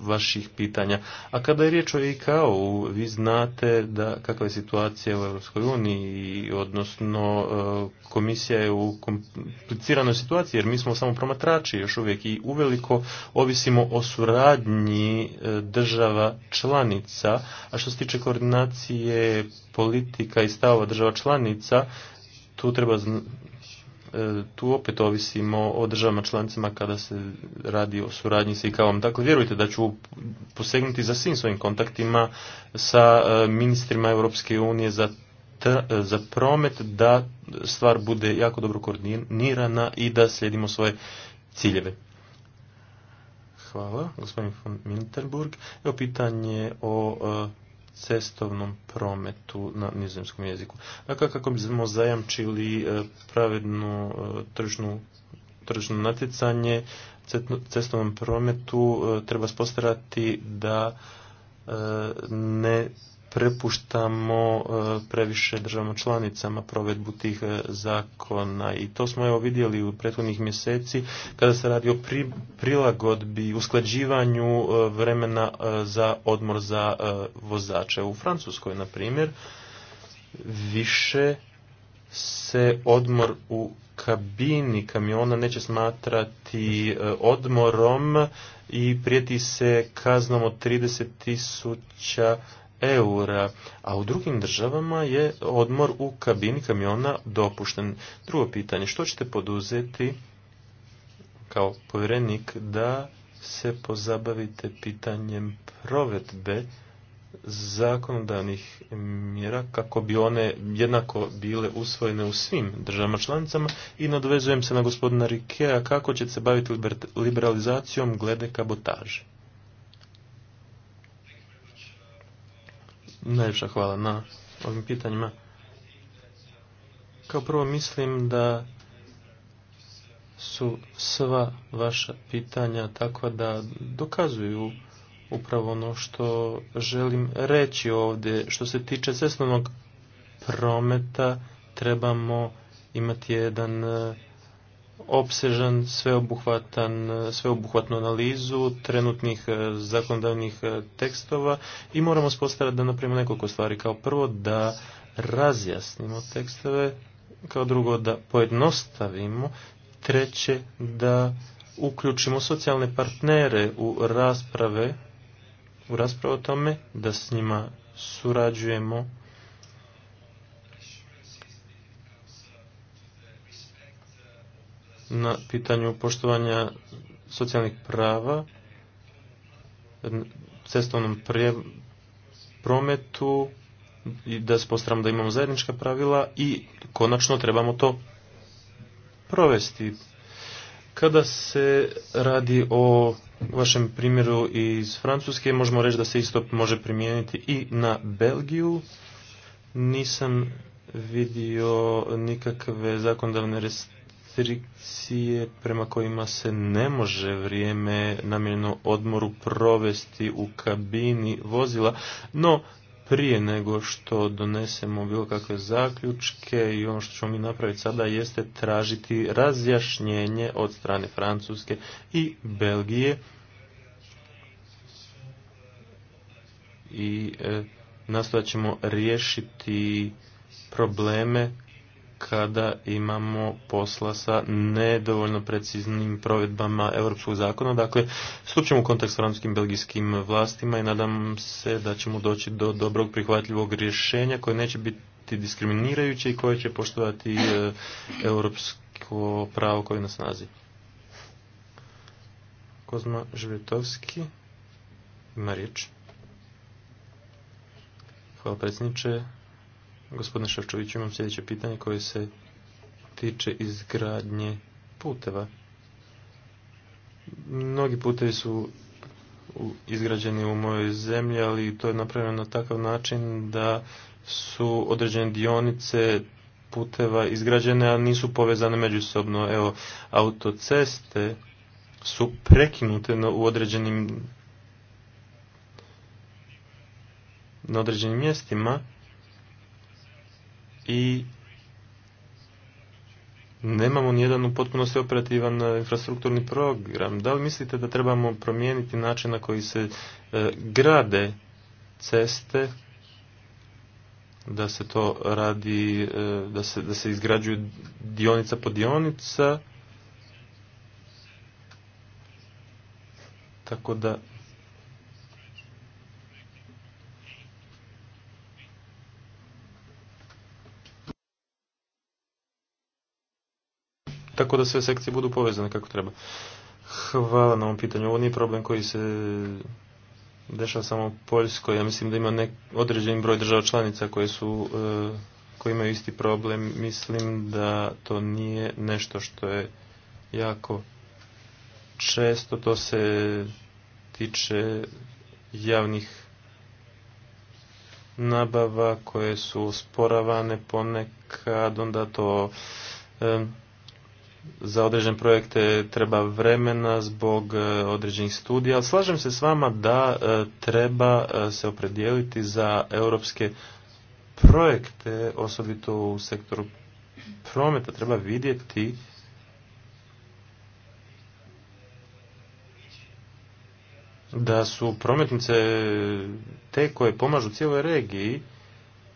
vaših pitanja. A kada je riječ o IKO, vi znate da kakva je situacija u Europskoj uniji, odnosno e, komisija je u kompliciranoj situaciji, jer mi smo samo promatrači još uvijek i uveliko ovisimo o suradnji država članica, a što se tiče koordinacije politika i stavova država članica, tu treba E, tu opet ovisimo o državama članicama kada se radi o suradnji s ICAO-om. Dakle, vjerujte da ću posegnuti za svim svojim kontaktima sa e, ministrima Europske unije za, e, za promet da stvar bude jako dobro koordinirana i da slijedimo svoje ciljeve. Hvala, gospodin von Minterburg. Evo pitanje o cestovnom prometu na nizozemskom jeziku. Dakle, kako bismo zajamčili e, pravednu e, tržnu, tržno natjecanje cestovnom prometu, e, treba spostarati da ne prepuštamo e, previše državama članicama provedbu tih e, zakona i to smo evo vidjeli u prethodnih mjeseci kada se radi o pri, prilagodbi, usklađivanju e, vremena za odmor za vozače. U Francuskoj, na primjer, više se odmor u kabini kamiona neće smatrati odmorom i prijeti se kaznom od 30 tisuća eura, a u drugim državama je odmor u kabini kamiona dopušten. Drugo pitanje, što ćete poduzeti kao povjerenik da se pozabavite pitanjem provedbe zakonodavnih mjera kako bi one jednako bile usvojene u svim državama članicama i nadvezujem se na gospodina Rikea kako ćete se baviti liberalizacijom glede kabotaže. Najljepša hvala na ovim pitanjima. Kao prvo mislim da su sva vaša pitanja takva da dokazuju upravo ono što želim reći ovdje. Što se tiče cestovnog prometa trebamo imati jedan opsežan, sveobuhvatan, sveobuhvatnu analizu trenutnih e, zakonodavnih e, tekstova i moramo spostaviti da napravimo nekoliko stvari. Kao prvo da razjasnimo tekstove, kao drugo da pojednostavimo, treće da uključimo socijalne partnere u rasprave, u raspravu o tome, da s njima surađujemo na pitanju poštovanja socijalnih prava, cestovnom prometu i da se da imamo zajednička pravila i konačno trebamo to provesti. Kada se radi o vašem primjeru iz Francuske, možemo reći da se isto može primijeniti i na Belgiju. Nisam vidio nikakve zakonodavne restrikcije prema kojima se ne može vrijeme namjerno odmoru provesti u kabini vozila, no prije nego što donesemo bilo kakve zaključke i ono što ćemo mi napraviti sada jeste tražiti razjašnjenje od strane Francuske i Belgije i e, nastojat ćemo riješiti probleme kada imamo posla sa nedovoljno preciznim provedbama europskog zakona. Dakle, stupćemo u kontakt s francuskim belgijskim vlastima i nadam se da ćemo doći do dobrog prihvatljivog rješenja koje neće biti diskriminirajuće i koje će poštovati e, europsko pravo koje nas nazi. Kozma Žvjetovski ima riječ. Hvala predsjedniče. Gospodine Ševčoviću, imam sljedeće pitanje koje se tiče izgradnje puteva. Mnogi putevi su izgrađeni u mojoj zemlji, ali to je napravljeno na takav način da su određene dionice puteva izgrađene, a nisu povezane međusobno. Evo, autoceste su prekinute u određenim na određenim mjestima i nemamo nijedan u potpunosti operativan e, infrastrukturni program. Da li mislite da trebamo promijeniti način na koji se e, grade ceste, da se to radi, e, da se, da se izgrađuju dionica po dionica, tako da tako da sve sekcije budu povezane kako treba. Hvala na ovom pitanju. Ovo nije problem koji se dešava samo u Poljskoj. Ja mislim da ima nek, određen broj država članica koje su e, koji imaju isti problem. Mislim da to nije nešto što je jako često. To se tiče javnih nabava koje su sporavane ponekad. Onda to e, za određene projekte treba vremena zbog e, određenih studija. Slažem se s vama da e, treba e, se opredijeliti za europske projekte, osobito u sektoru prometa. Treba vidjeti da su prometnice te koje pomažu cijeloj regiji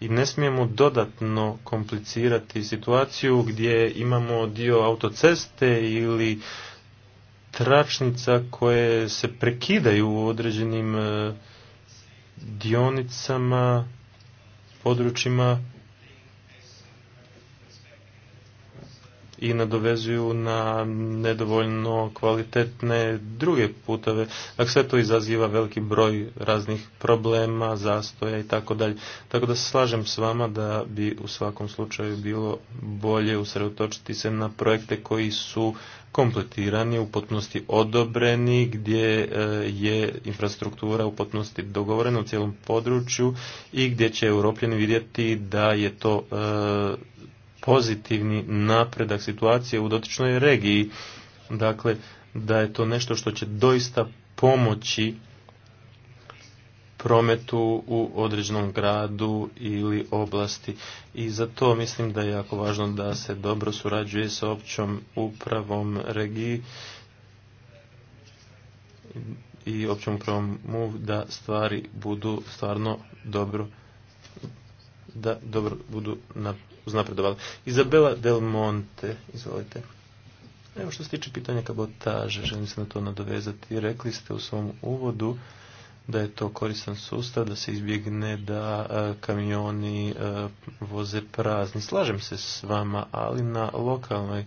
i ne smijemo dodatno komplicirati situaciju gdje imamo dio autoceste ili tračnica koje se prekidaju u određenim e, dionicama, područjima i nadovezuju na nedovoljno kvalitetne druge putove. Dakle, sve to izaziva veliki broj raznih problema, zastoja i tako dalje. Tako da se slažem s vama da bi u svakom slučaju bilo bolje usredotočiti se na projekte koji su kompletirani, u potpunosti odobreni, gdje e, je infrastruktura u potnosti dogovorena u cijelom području i gdje će europljeni vidjeti da je to e, pozitivni napredak situacije u dotičnoj regiji. Dakle, da je to nešto što će doista pomoći prometu u određenom gradu ili oblasti. I za to mislim da je jako važno da se dobro surađuje sa općom upravom regiji i općom upravom MUV da stvari budu stvarno dobro da dobro budu uznapredovali. Izabela Del Monte, izvolite. Evo što se tiče pitanja kabotaže, želim se na to nadovezati. Rekli ste u svom uvodu da je to koristan sustav, da se izbjegne da e, kamioni e, voze prazni. Slažem se s vama, ali na lokalnoj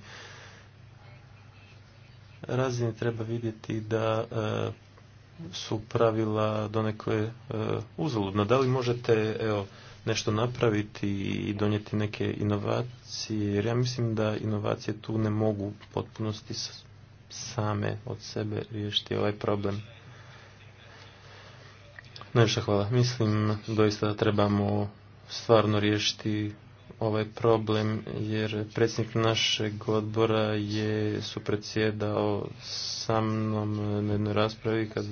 razini treba vidjeti da e, su pravila donekle uzaludna. Da li možete evo, nešto napraviti i donijeti neke inovacije, jer ja mislim da inovacije tu ne mogu u potpunosti same od sebe riješiti ovaj problem. Najviše hvala. Mislim doista da trebamo stvarno riješiti ovaj problem jer predsjednik našeg odbora je supredsjedao sa mnom na jednoj raspravi kad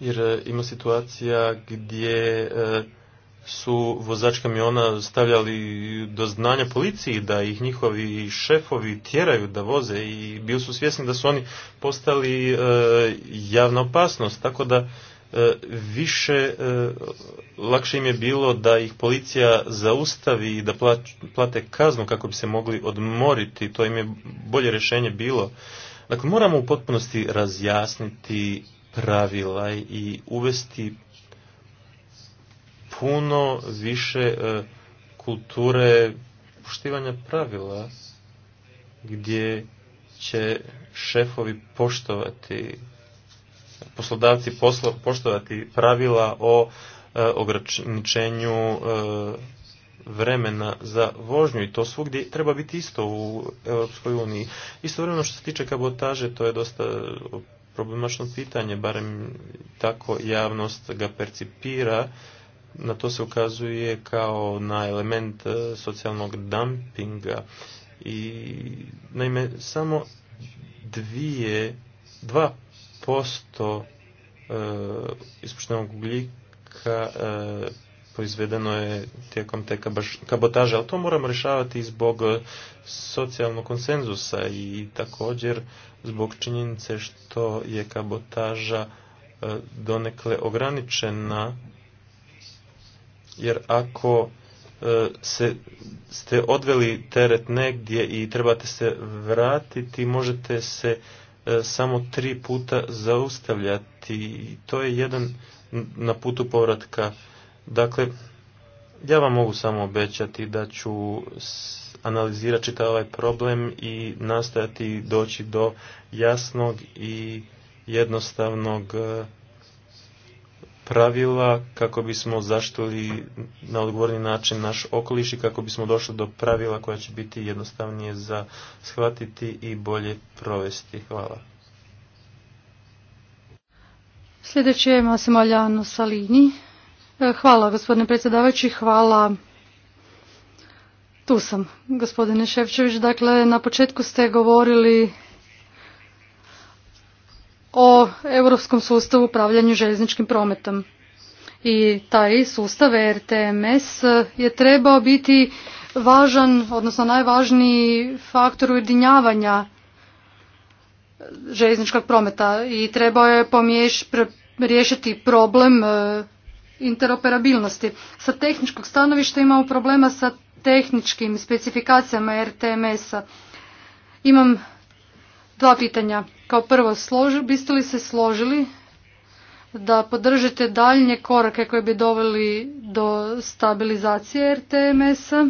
jer e, ima situacija gdje e, su vozač kamiona stavljali do znanja policiji da ih njihovi šefovi tjeraju da voze i bili su svjesni da su oni postali e, javna opasnost, tako da e, više lakše im je bilo da ih policija zaustavi i da plate kaznu kako bi se mogli odmoriti, to im je bolje rješenje bilo. Dakle, moramo u potpunosti razjasniti pravila i uvesti puno više e, kulture poštivanja pravila gdje će šefovi poštovati poslodavci poštovati pravila o e, ograničenju e, vremena za vožnju i to svugdje treba biti isto u Europskoj uniji. Istovremeno što se tiče kabotaže, to je dosta problematično pitanje, barem tako javnost ga percipira, na to se ukazuje kao na element e, socijalnog dumpinga. I, naime, samo dvije, dva posto e, ispuštenog ugljika e, izvedeno je tijekom te kabotaže, ali to moramo rješavati zbog e, socijalnog konsenzusa i također zbog činjenice što je kabotaža e, donekle ograničena, jer ako e, se, ste odveli teret negdje i trebate se vratiti, možete se samo tri puta zaustavljati. i To je jedan na putu povratka Dakle, ja vam mogu samo obećati da ću analizirati čitav ovaj problem i nastojati doći do jasnog i jednostavnog e, pravila kako bismo zaštili na odgovorni način naš okoliš i kako bismo došli do pravila koja će biti jednostavnije za shvatiti i bolje provesti. Hvala. Sljedeći je Masimaljano Salini E, hvala gospodine predsjedavajući, hvala. Tu sam, gospodine Ševčević. Dakle, na početku ste govorili o europskom sustavu upravljanju željezničkim prometom. I taj sustav e RTMS je trebao biti važan, odnosno najvažniji faktor ujedinjavanja željezničkog prometa i trebao je pomiješ, riješiti problem e, interoperabilnosti. Sa tehničkog stanovišta imamo problema sa tehničkim specifikacijama RTMS-a. Imam dva pitanja. Kao prvo, biste li se složili da podržite daljnje korake koje bi doveli do stabilizacije RTMS-a,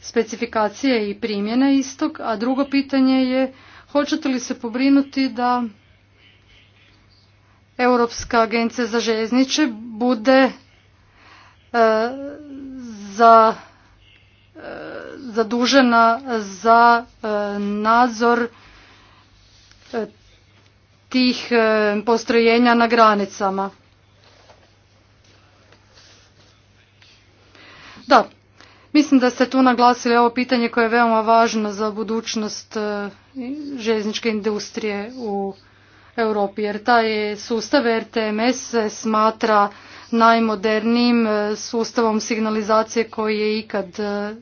specifikacije i primjene istog, a drugo pitanje je hoćete li se pobrinuti da Europska agencija za željeznice bude E, za e, zadužena za e, nadzor tih postrojenja na granicama. Da, mislim da ste tu naglasili ovo pitanje koje je veoma važno za budućnost željezničke industrije u Europi, jer taj sustav RTMS se smatra najmodernijim e, sustavom signalizacije koji je ikad e,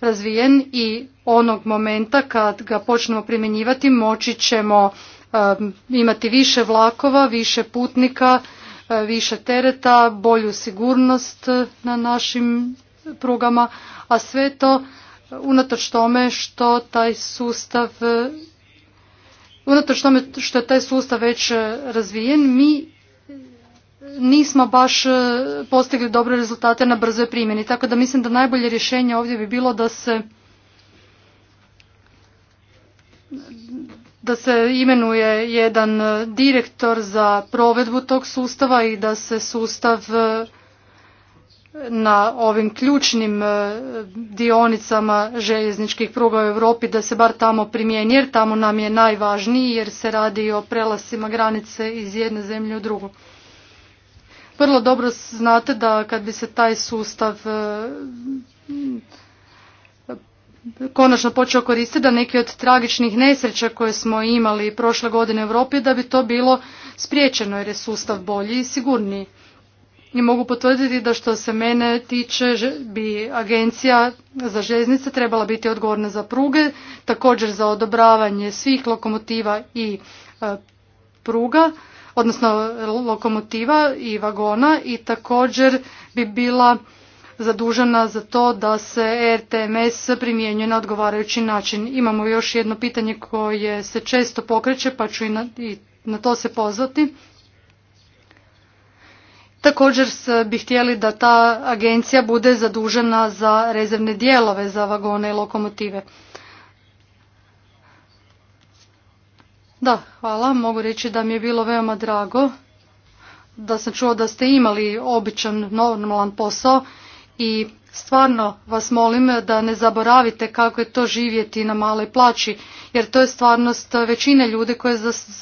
razvijen i onog momenta kad ga počnemo primjenjivati moći ćemo e, imati više vlakova, više putnika, više tereta, bolju sigurnost na našim prugama, a sve to unatoč tome što taj sustav Unatoč tome što je taj sustav već razvijen, mi nismo baš e, postigli dobre rezultate na brzoj primjeni. Tako da mislim da najbolje rješenje ovdje bi bilo da se da se imenuje jedan e, direktor za provedbu tog sustava i da se sustav e, na ovim ključnim dionicama željezničkih pruga u Europi da se bar tamo primijeni jer tamo nam je najvažniji jer se radi o prelasima granice iz jedne zemlje u drugu. Vrlo dobro znate da kad bi se taj sustav e, konačno počeo koristiti, da neki od tragičnih nesreća koje smo imali prošle godine u Europi, da bi to bilo spriječeno jer je sustav bolji i sigurniji. I mogu potvrditi da što se mene tiče bi agencija za željeznice trebala biti odgovorna za pruge, također za odobravanje svih lokomotiva i e, pruga odnosno lokomotiva i vagona i također bi bila zadužena za to da se RTMS primjenjuje na odgovarajući način. Imamo još jedno pitanje koje se često pokreće pa ću i na, i na to se pozvati. Također bi htjeli da ta agencija bude zadužena za rezervne dijelove za vagone i lokomotive. Da, hvala. Mogu reći da mi je bilo veoma drago da sam čuo da ste imali običan, normalan posao i stvarno vas molim da ne zaboravite kako je to živjeti na maloj plaći, jer to je stvarnost većine ljudi koje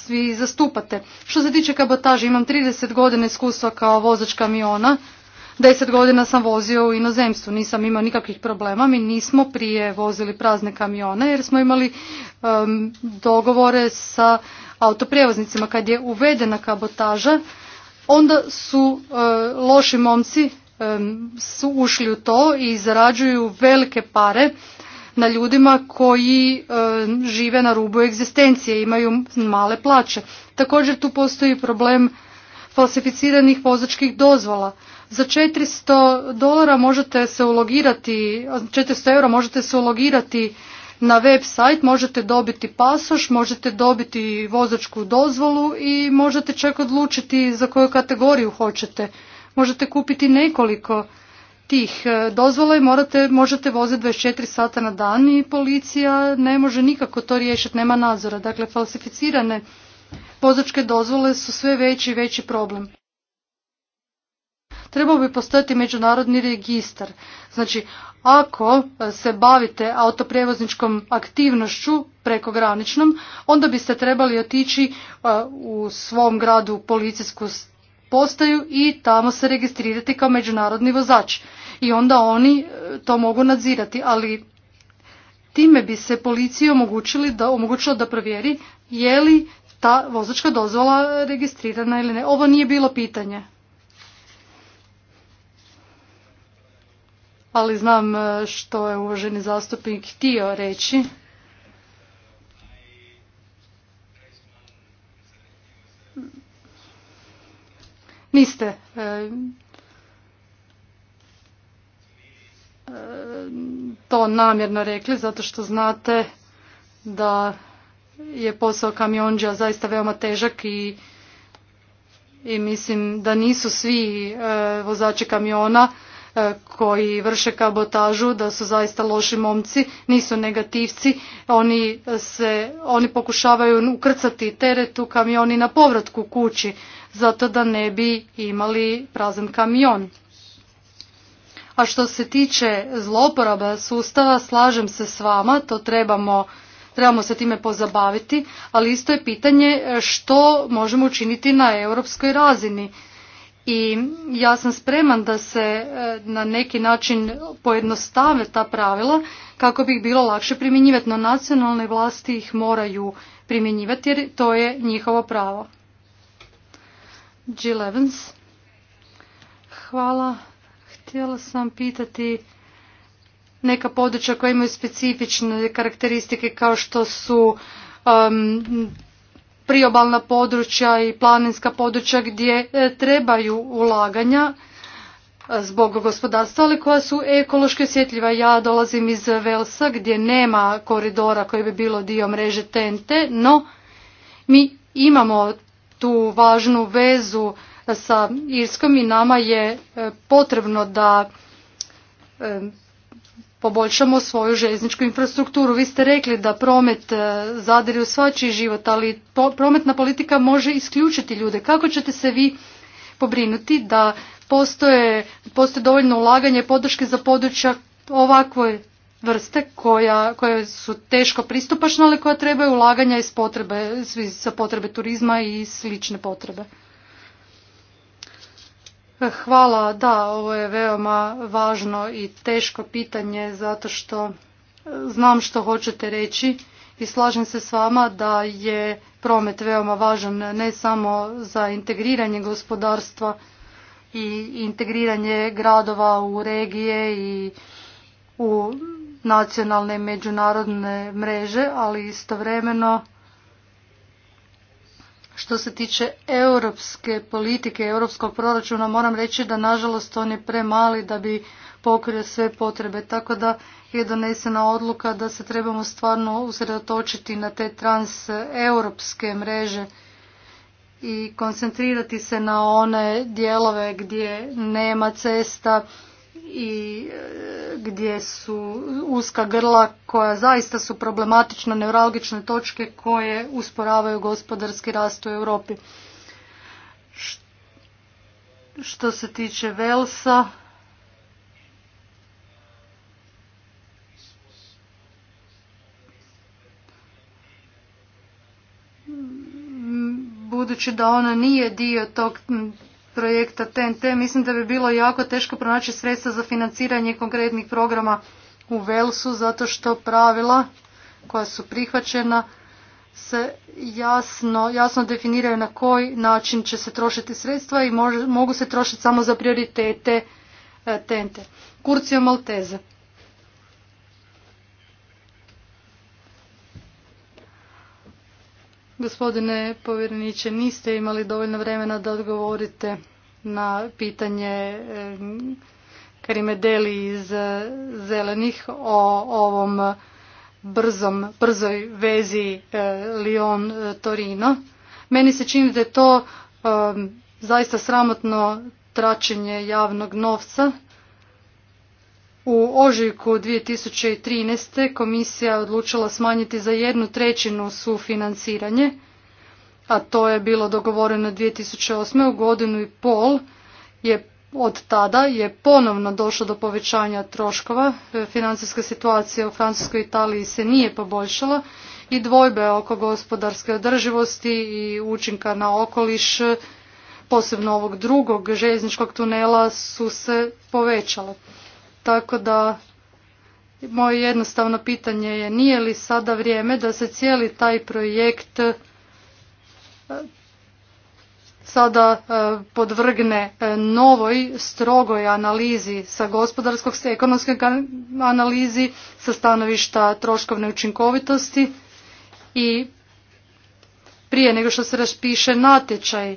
vi zastupate. Što se tiče kabotaže, imam 30 godina iskustva kao vozač kamiona Deset godina sam vozio u inozemstvu, nisam imao nikakvih problema, mi nismo prije vozili prazne kamione jer smo imali dogovore sa autoprijevoznicima. Kad je uvedena kabotaža, onda su e, loši momci su ušli u to i zarađuju velike pare na ljudima koji žive na rubu egzistencije, imaju male plaće. Također tu postoji problem falsificiranih vozačkih dozvola. Za 400 dolara možete se ulogirati, 400 eura možete se ulogirati na web sajt, možete dobiti pasoš, možete dobiti vozačku dozvolu i možete čak odlučiti za koju kategoriju hoćete. Možete kupiti nekoliko tih e, dozvola i morate, možete voziti 24 sata na dan i policija ne može nikako to riješiti, nema nadzora. Dakle, falsificirane vozačke dozvole su sve veći i veći problem trebao bi postojati međunarodni registar. Znači, ako e, se bavite autoprijevozničkom aktivnošću prekograničnom, onda biste trebali otići e, u svom gradu policijsku postaju i tamo se registrirati kao međunarodni vozač. I onda oni e, to mogu nadzirati, ali time bi se policiji omogućili da, omogućilo da provjeri je li ta vozačka dozvola registrirana ili ne. Ovo nije bilo pitanje. ali znam e, što je uvaženi zastupnik htio reći. Niste. E, e, to namjerno rekli, zato što znate da je posao kamionđa zaista veoma težak i, i mislim da nisu svi vozači kamiona koji vrše kabotažu da su zaista loši momci, nisu negativci, oni, se, oni pokušavaju ukrcati teret u kamioni na povratku kući zato da ne bi imali prazan kamion. A što se tiče zloporaba sustava, slažem se s vama, to trebamo trebamo se time pozabaviti, ali isto je pitanje što možemo učiniti na europskoj razini i ja sam spreman da se e, na neki način pojednostave ta pravila kako bi ih bilo lakše primjenjivati, no nacionalne vlasti ih moraju primjenjivati jer to je njihovo pravo. Jill Evans. Hvala. Htjela sam pitati neka područja koja imaju specifične karakteristike kao što su priobalna područja i planinska područja gdje e, trebaju ulaganja e, zbog gospodarstva, ali koja su ekološki osjetljiva. Ja dolazim iz Velsa gdje nema koridora koji bi bilo dio mreže TNT, no mi imamo tu važnu vezu sa Irskom i nama je e, potrebno da poboljšamo svoju željezničku infrastrukturu. Vi ste rekli da promet e, zadiri u svačiji život, ali prometna politika može isključiti ljude. Kako ćete se vi pobrinuti da postoje, dovoljno ulaganje podrške za područja ovakve vrste koja, koje su teško pristupačne, ali koja trebaju ulaganja iz potrebe, za potrebe turizma i slične potrebe? Hvala, da, ovo je veoma važno i teško pitanje zato što e, znam što hoćete reći i slažem se s vama da je promet veoma važan ne samo za integriranje gospodarstva i integriranje gradova u regije i u nacionalne međunarodne mreže, ali istovremeno što se tiče europske politike, europskog proračuna, moram reći da nažalost on je premali da bi pokrio sve potrebe. Tako da je donesena odluka da se trebamo stvarno usredotočiti na te transeuropske mreže i koncentrirati se na one dijelove gdje nema cesta, i e, gdje su uska grla koja zaista su problematične, neuralgične točke koje usporavaju gospodarski rast u Europi. Što se tiče Velsa, budući da ona nije dio tog projekta TNT, mislim da bi bilo jako teško pronaći sredstva za financiranje konkretnih programa u Velsu, zato što pravila koja su prihvaćena se jasno, jasno definiraju na koji način će se trošiti sredstva i mogu se trošiti samo za prioritete TNT. Eh, Kurcio Malteze. Gospodine povjereniče, niste imali dovoljno vremena da odgovorite na pitanje Karime Deli iz eh, Zelenih o ovom brzom, brzoj vezi eh, Lyon-Torino. Meni se čini da je to zaista sramotno tračenje javnog novca u ožujku 2013. komisija je odlučila smanjiti za jednu trećinu sufinanciranje, a to je bilo dogovoreno 2008. u godinu i pol je od tada je ponovno došlo do povećanja troškova. E, financijska situacija u Francuskoj i Italiji se nije poboljšala i dvojbe oko gospodarske održivosti i učinka na okoliš, posebno ovog drugog željezničkog tunela, su se povećale. Tako da moje jednostavno pitanje je nije li sada vrijeme da se cijeli taj projekt e, sada e, podvrgne e, novoj strogoj analizi sa gospodarskog, i ekonomskog analizi, sa stanovišta troškovne učinkovitosti i prije nego što se raspiše natječaj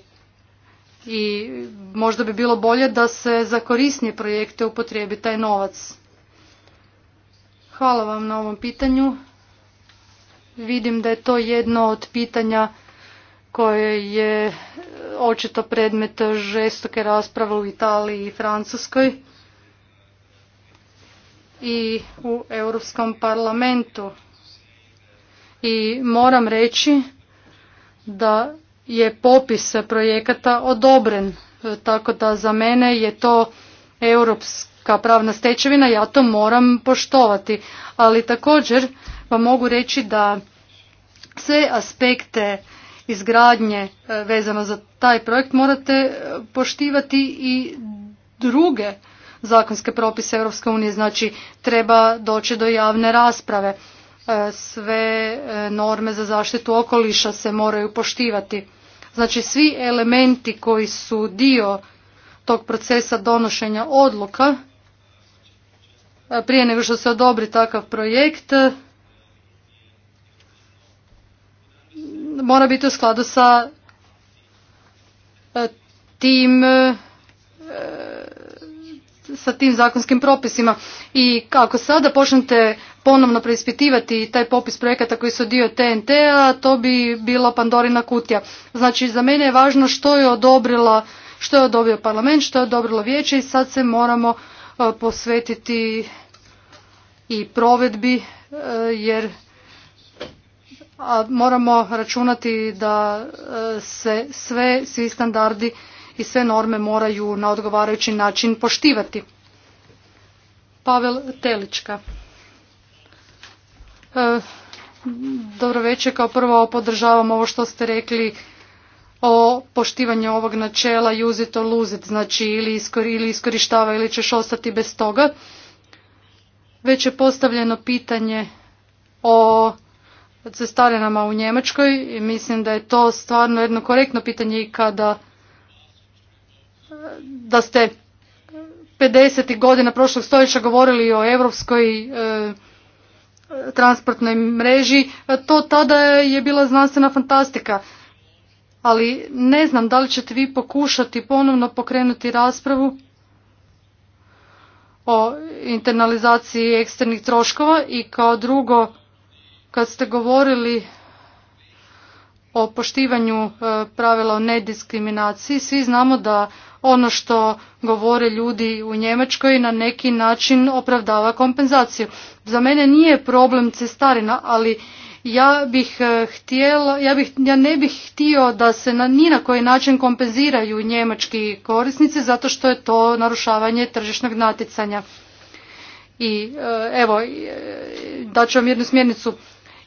i možda bi bilo bolje da se za korisnije projekte upotrijebi taj novac. Hvala vam na ovom pitanju. Vidim da je to jedno od pitanja koje je e, očito predmet žestoke rasprave u Italiji i Francuskoj i u Europskom parlamentu. I moram reći da je popis projekata odobren, tako da za mene je to europska pravna stečevina, ja to moram poštovati. Ali također vam mogu reći da sve aspekte izgradnje e, vezano za taj projekt morate e, poštivati i druge zakonske propise Europske unije, znači treba doći do javne rasprave. E, sve norme za zaštitu okoliša se moraju poštivati. Znači svi elementi koji su dio tog procesa donošenja odluka prije nego što se odobri takav projekt mora biti u skladu sa tim sa tim zakonskim propisima i kako sada počnete ponovno preispitivati taj popis projekata koji su dio TNT-a, to bi bila Pandorina kutija. Znači, za mene je važno što je odobrila, što je odobrio parlament, što je odobrilo vijeće i sad se moramo e, posvetiti i provedbi, e, jer moramo računati da e, se sve, svi standardi i sve norme moraju na odgovarajući način poštivati. Pavel Telička. E, dobro večer, kao prvo podržavam ovo što ste rekli o poštivanju ovog načela use it or lose it, znači ili, iskor, ili iskorištava ili ćeš ostati bez toga. Već je postavljeno pitanje o cestarinama u Njemačkoj i mislim da je to stvarno jedno korektno pitanje i kada da ste 50. godina prošlog stoljeća govorili o europskoj e, transportnoj mreži, to tada je bila znanstvena fantastika. Ali ne znam da li ćete vi pokušati ponovno pokrenuti raspravu o internalizaciji eksternih troškova i kao drugo kad ste govorili o poštivanju e, pravila o nediskriminaciji. Svi znamo da ono što govore ljudi u Njemačkoj na neki način opravdava kompenzaciju. Za mene nije problem cestarina, ali ja bih e, htjela, ja, bih, ja ne bih htio da se na, ni na koji način kompenziraju njemački korisnici zato što je to narušavanje tržišnog natjecanja. I e, evo, daću vam jednu smjernicu.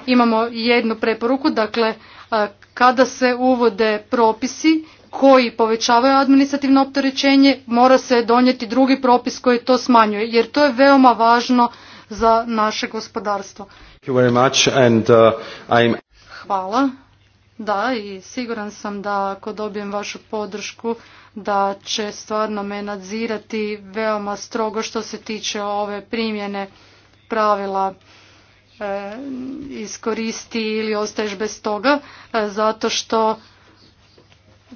Imamo jednu preporuku, dakle kada se uvode propisi koji povećavaju administrativno opterećenje, mora se donijeti drugi propis koji to smanjuje, jer to je veoma važno za naše gospodarstvo. Uh, Hvala. Da, i siguran sam da ako dobijem vašu podršku, da će stvarno me nadzirati veoma strogo što se tiče ove primjene pravila Eh, iskoristi ili ostaješ bez toga eh, zato što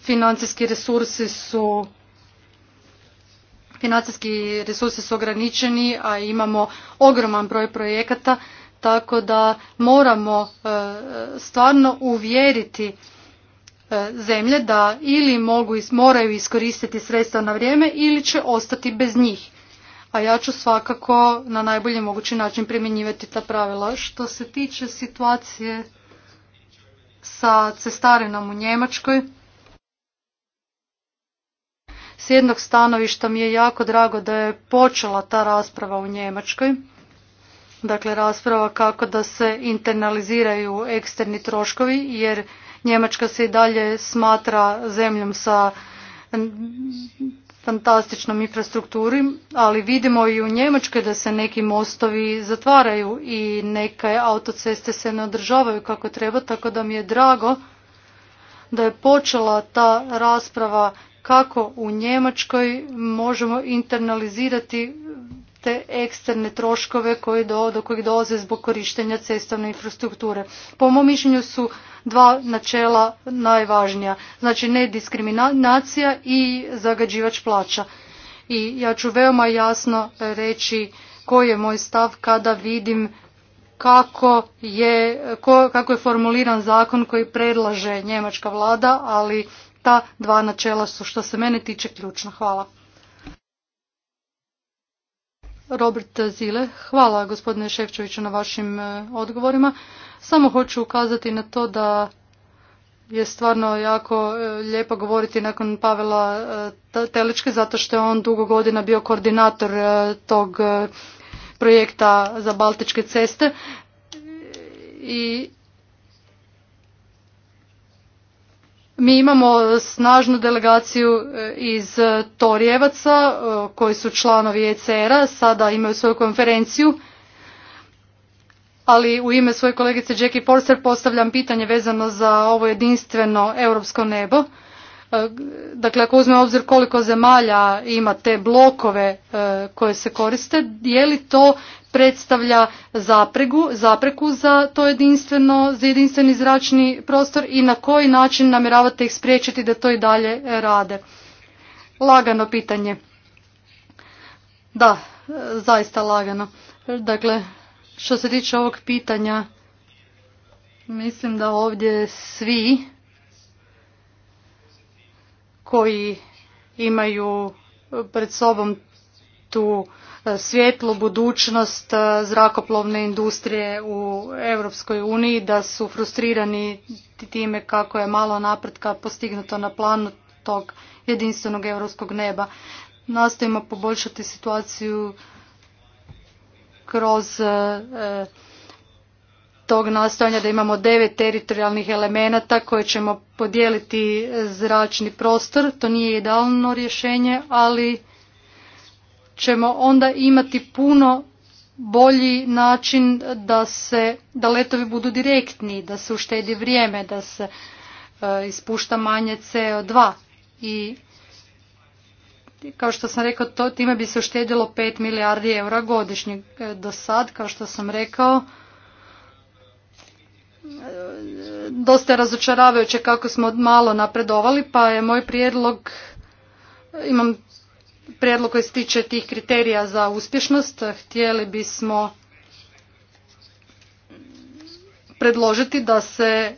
financijski resursi su financijski resursi su ograničeni a imamo ogroman broj projekata tako da moramo eh, stvarno uvjeriti zemlje da ili mogu moraju iskoristiti sredstva na vrijeme ili će ostati bez njih a ja ću svakako na najbolji mogući način primjenjivati ta pravila. Što se tiče situacije sa cestarinom u Njemačkoj, s jednog stanovišta mi je jako drago da je počela ta rasprava u Njemačkoj. Dakle, rasprava kako da se internaliziraju eksterni troškovi, jer Njemačka se i dalje smatra zemljom sa fantastičnom infrastrukturi, ali vidimo i u Njemačkoj da se neki mostovi zatvaraju i neke autoceste se ne održavaju kako treba, tako da mi je drago da je počela ta rasprava kako u Njemačkoj možemo internalizirati te eksterne troškove koji do, do kojih dolaze zbog korištenja cestovne infrastrukture. Po mom mišljenju su dva načela najvažnija. Znači nediskriminacija i zagađivač plaća. I ja ću veoma jasno reći koji je moj stav kada vidim kako je, kako je formuliran zakon koji predlaže njemačka vlada, ali ta dva načela su što se mene tiče ključna. Hvala. Robert Zile. Hvala gospodine Ševčeviću na vašim e, odgovorima. Samo hoću ukazati na to da je stvarno jako e, lijepo govoriti nakon Pavela e, Teličke zato što je on dugo godina bio koordinator tog projekta za Baltičke ceste i Mi imamo snažnu delegaciju e, iz e, Torijevaca e, koji su članovi ECR-a, sada imaju svoju konferenciju, ali u ime svoje kolegice Jackie Forster postavljam pitanje vezano za ovo jedinstveno europsko nebo. Dakle, ako uzmemo obzir koliko zemalja ima te blokove koje se koriste, je li to predstavlja zapregu, zapreku za to jedinstveno, za jedinstveni zračni prostor i na koji način namjeravate ih spriječiti da to i dalje e, rade? Lagano pitanje. Da, e, zaista lagano. Dakle, što se tiče ovog pitanja, mislim da ovdje svi koji imaju pred sobom tu svjetlu budućnost e, zrakoplovne industrije u Europskoj uniji, da su frustrirani time kako je malo napretka postignuto na planu tog jedinstvenog europskog neba. Nastojimo poboljšati situaciju kroz e, e, tog nastojanja da imamo devet teritorijalnih elemenata koje ćemo podijeliti zračni prostor. To nije idealno rješenje, ali ćemo onda imati puno bolji način da se da letovi budu direktni, da se uštedi vrijeme, da se e, ispušta manje CO2 i kao što sam rekao, to, time bi se uštedilo 5 milijardi eura godišnje. E, do sad, kao što sam rekao, e, dosta je razočaravajuće kako smo malo napredovali, pa je moj prijedlog, imam prijedlog koji se tiče tih kriterija za uspješnost. Htjeli bismo predložiti da se e,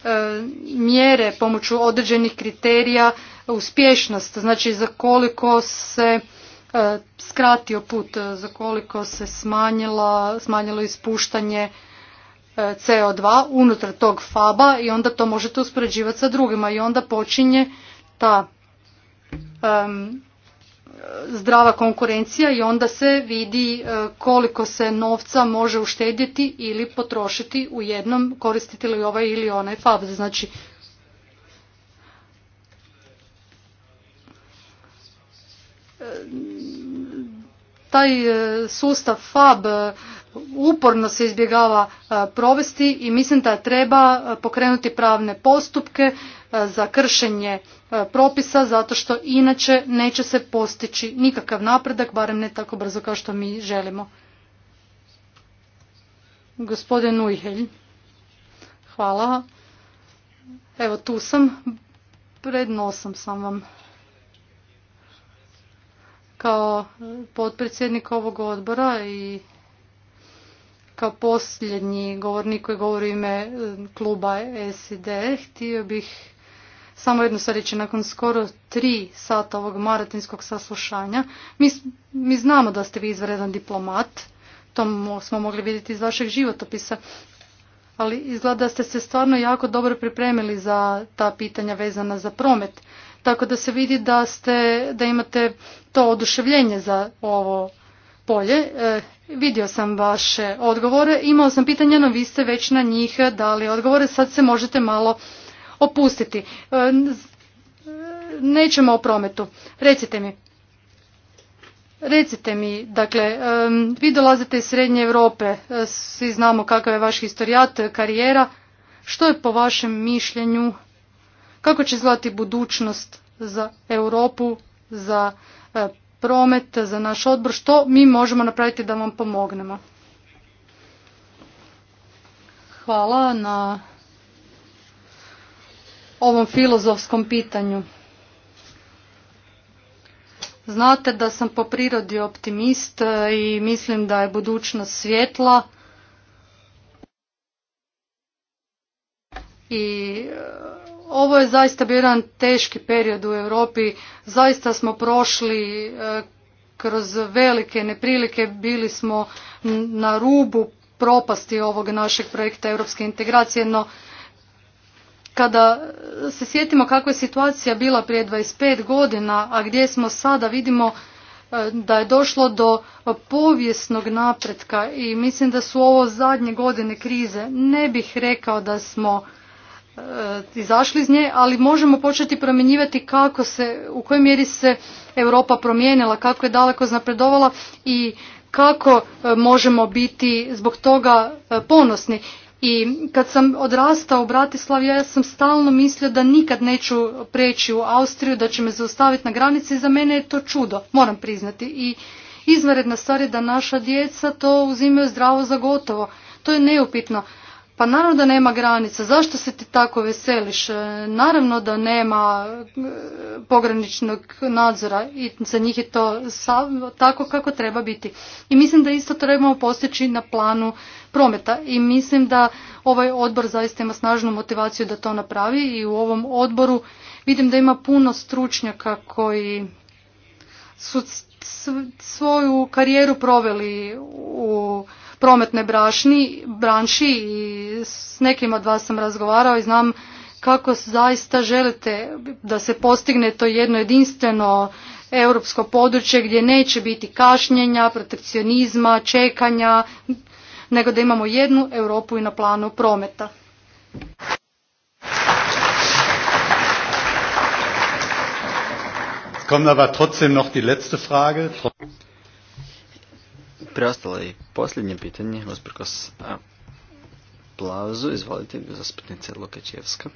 mjere pomoću određenih kriterija uspješnost, znači za koliko se e, skratio put, za koliko se smanjilo, smanjilo ispuštanje e, CO2 unutar tog faba i onda to možete uspoređivati sa drugima i onda počinje ta zdrava konkurencija i onda se vidi e, koliko se novca može uštedjeti ili potrošiti u jednom koristiti li ovaj ili onaj fab. Znači, e, taj e, sustav fab uporno se izbjegava e, provesti i mislim da treba e, pokrenuti pravne postupke e, za kršenje propisa zato što inače neće se postići nikakav napredak, barem ne tako brzo kao što mi želimo. Gospodin Ujhelj, hvala. Evo tu sam, pred sam vam. Kao potpredsjednik ovog odbora i kao posljednji govornik koji govori ime e, kluba e SID, htio bih samo jednu stvar reći, nakon skoro tri sata ovog maratinskog saslušanja, mi, mi znamo da ste vi izvredan diplomat, to smo mogli vidjeti iz vašeg životopisa, ali izgleda da ste se stvarno jako dobro pripremili za ta pitanja vezana za promet, tako da se vidi da, ste, da imate to oduševljenje za ovo polje. E, vidio sam vaše odgovore, imao sam pitanja, no vi ste već na njih dali odgovore, sad se možete malo opustiti. E, e, nećemo o prometu. Recite mi, Recite mi, dakle, vi dolazite iz Srednje Europe, svi znamo kakav je vaš historijat, karijera. Što je po vašem mišljenju, kako će izgledati budućnost za Europu, za promet, za naš odbor, što mi možemo napraviti da vam pomognemo. Hvala na ovom filozofskom pitanju. Znate da sam po prirodi optimist e, i mislim da je budućnost svjetla i e, ovo je zaista bio jedan teški period u Europi. Zaista smo prošli e, kroz velike neprilike, bili smo na rubu propasti ovog našeg projekta europske integracije, no kada se sjetimo kakva je situacija bila prije 25 godina, a gdje smo sada, vidimo e, da je došlo do povijesnog napretka i mislim da su ovo zadnje godine krize. Ne bih rekao da smo E, izašli iz nje, ali možemo početi promjenjivati kako se, u kojoj mjeri se Europa promijenila, kako je daleko napredovala i kako e, možemo biti zbog toga e, ponosni. I kad sam odrastao u Bratislavi, ja sam stalno mislio da nikad neću preći u Austriju, da će me zaustaviti na granici i za mene je to čudo, moram priznati. I izvanredna stvar je da naša djeca to uzimaju zdravo za gotovo. To je neupitno. Pa naravno da nema granica. Zašto se ti tako veseliš? E, naravno da nema e, pograničnog nadzora i za njih je to tako kako treba biti. I mislim da isto trebamo postići na planu prometa i mislim da ovaj odbor zaista ima snažnu motivaciju da to napravi i u ovom odboru vidim da ima puno stručnjaka koji su svoju karijeru proveli u prometnoj branši i s nekim od vas sam razgovarao i znam kako zaista želite da se postigne to jedno jedinstveno europsko područje gdje neće biti kašnjenja, protekcionizma, čekanja, nego da imamo jednu Europu i na planu prometa. kommt aber trotzdem noch die letzte Frage. Preostalo i posljednje pitanje, usprkos aplauzu. Izvolite, zastupnice Lukačevska.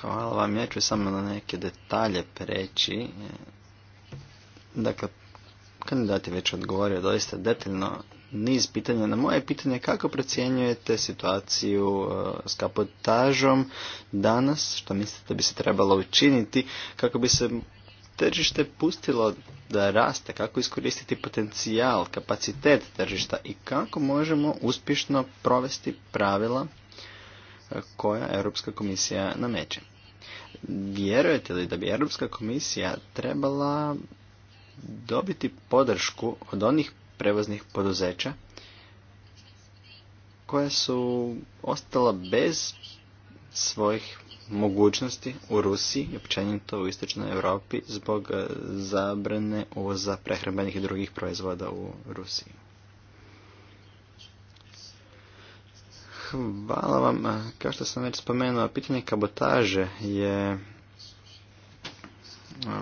Hvala vam. Ja ću samo na neke detalje preći. Dakle, kandidat je već odgovorio doista detaljno niz pitanja. Na moje pitanje kako procjenjujete situaciju e, s kapotažom danas, što mislite da bi se trebalo učiniti kako bi se tržište pustilo da raste, kako iskoristiti potencijal, kapacitet tržišta i kako možemo uspješno provesti pravila e, koja Europska komisija nameće. Vjerujete li da bi Europska komisija trebala dobiti podršku od onih prevoznih poduzeća koja su ostala bez svojih mogućnosti u Rusiji i općenito u istočnoj Europi zbog eh, zabrane uvoza prehrambenih i drugih proizvoda u Rusiji. Hvala vam. Kao što sam već spomenuo, pitanje kabotaže je eh,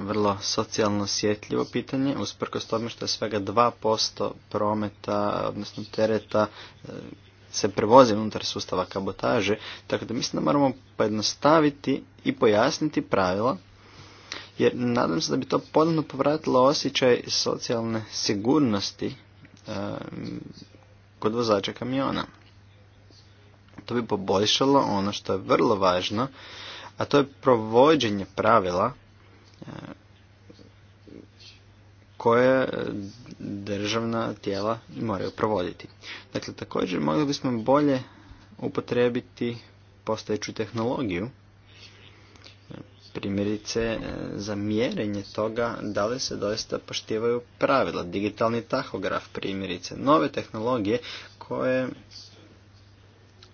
vrlo socijalno osjetljivo pitanje, usprkos tome što je svega 2% prometa, odnosno tereta eh, se prevozi unutar sustava kabotaže, tako da mislim da moramo pojednostaviti i pojasniti pravila, jer nadam se da bi to ponovno povratilo osjećaj socijalne sigurnosti eh, kod vozača kamiona. To bi poboljšalo ono što je vrlo važno, a to je provođenje pravila eh, koje državna tijela moraju provoditi. Dakle, također mogli bismo bolje upotrebiti postojeću tehnologiju, primjerice e, za mjerenje toga da li se doista poštivaju pravila, digitalni tahograf primjerice, nove tehnologije koje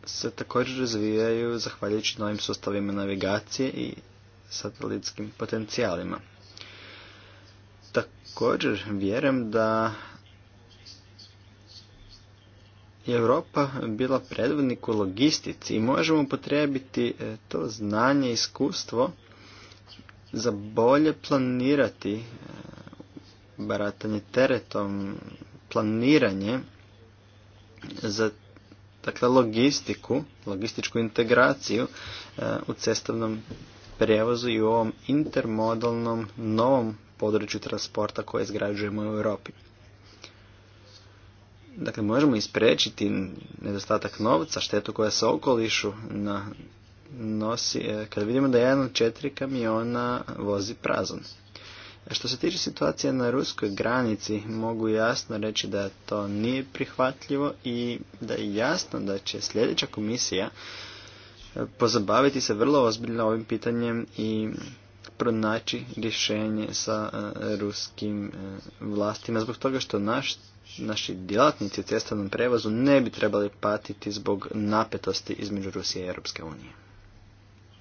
se također razvijaju zahvaljujući novim sustavima navigacije i satelitskim potencijalima. Također vjerujem da je Europa bila predvodnik u logistici i možemo potrebiti e, to znanje i iskustvo za bolje planirati e, baratanje teretom, planiranje za dakle, logistiku, logističku integraciju e, u cestovnom prijevozu i u ovom intermodalnom novom području transporta koje izgrađujemo u Europi. Dakle, možemo isprečiti nedostatak novca, štetu koja se okolišu na nosi, e, kad vidimo da jedan od četiri kamiona vozi prazon. E, što se tiče situacije na ruskoj granici, mogu jasno reći da to nije prihvatljivo i da je jasno da će sljedeća komisija e, pozabaviti se vrlo ozbiljno ovim pitanjem i pronaći rješenje sa e, ruskim e, vlastima zbog toga što naš, naši djelatnici u cestovnom prevozu ne bi trebali patiti zbog napetosti između Rusije i Europske unije.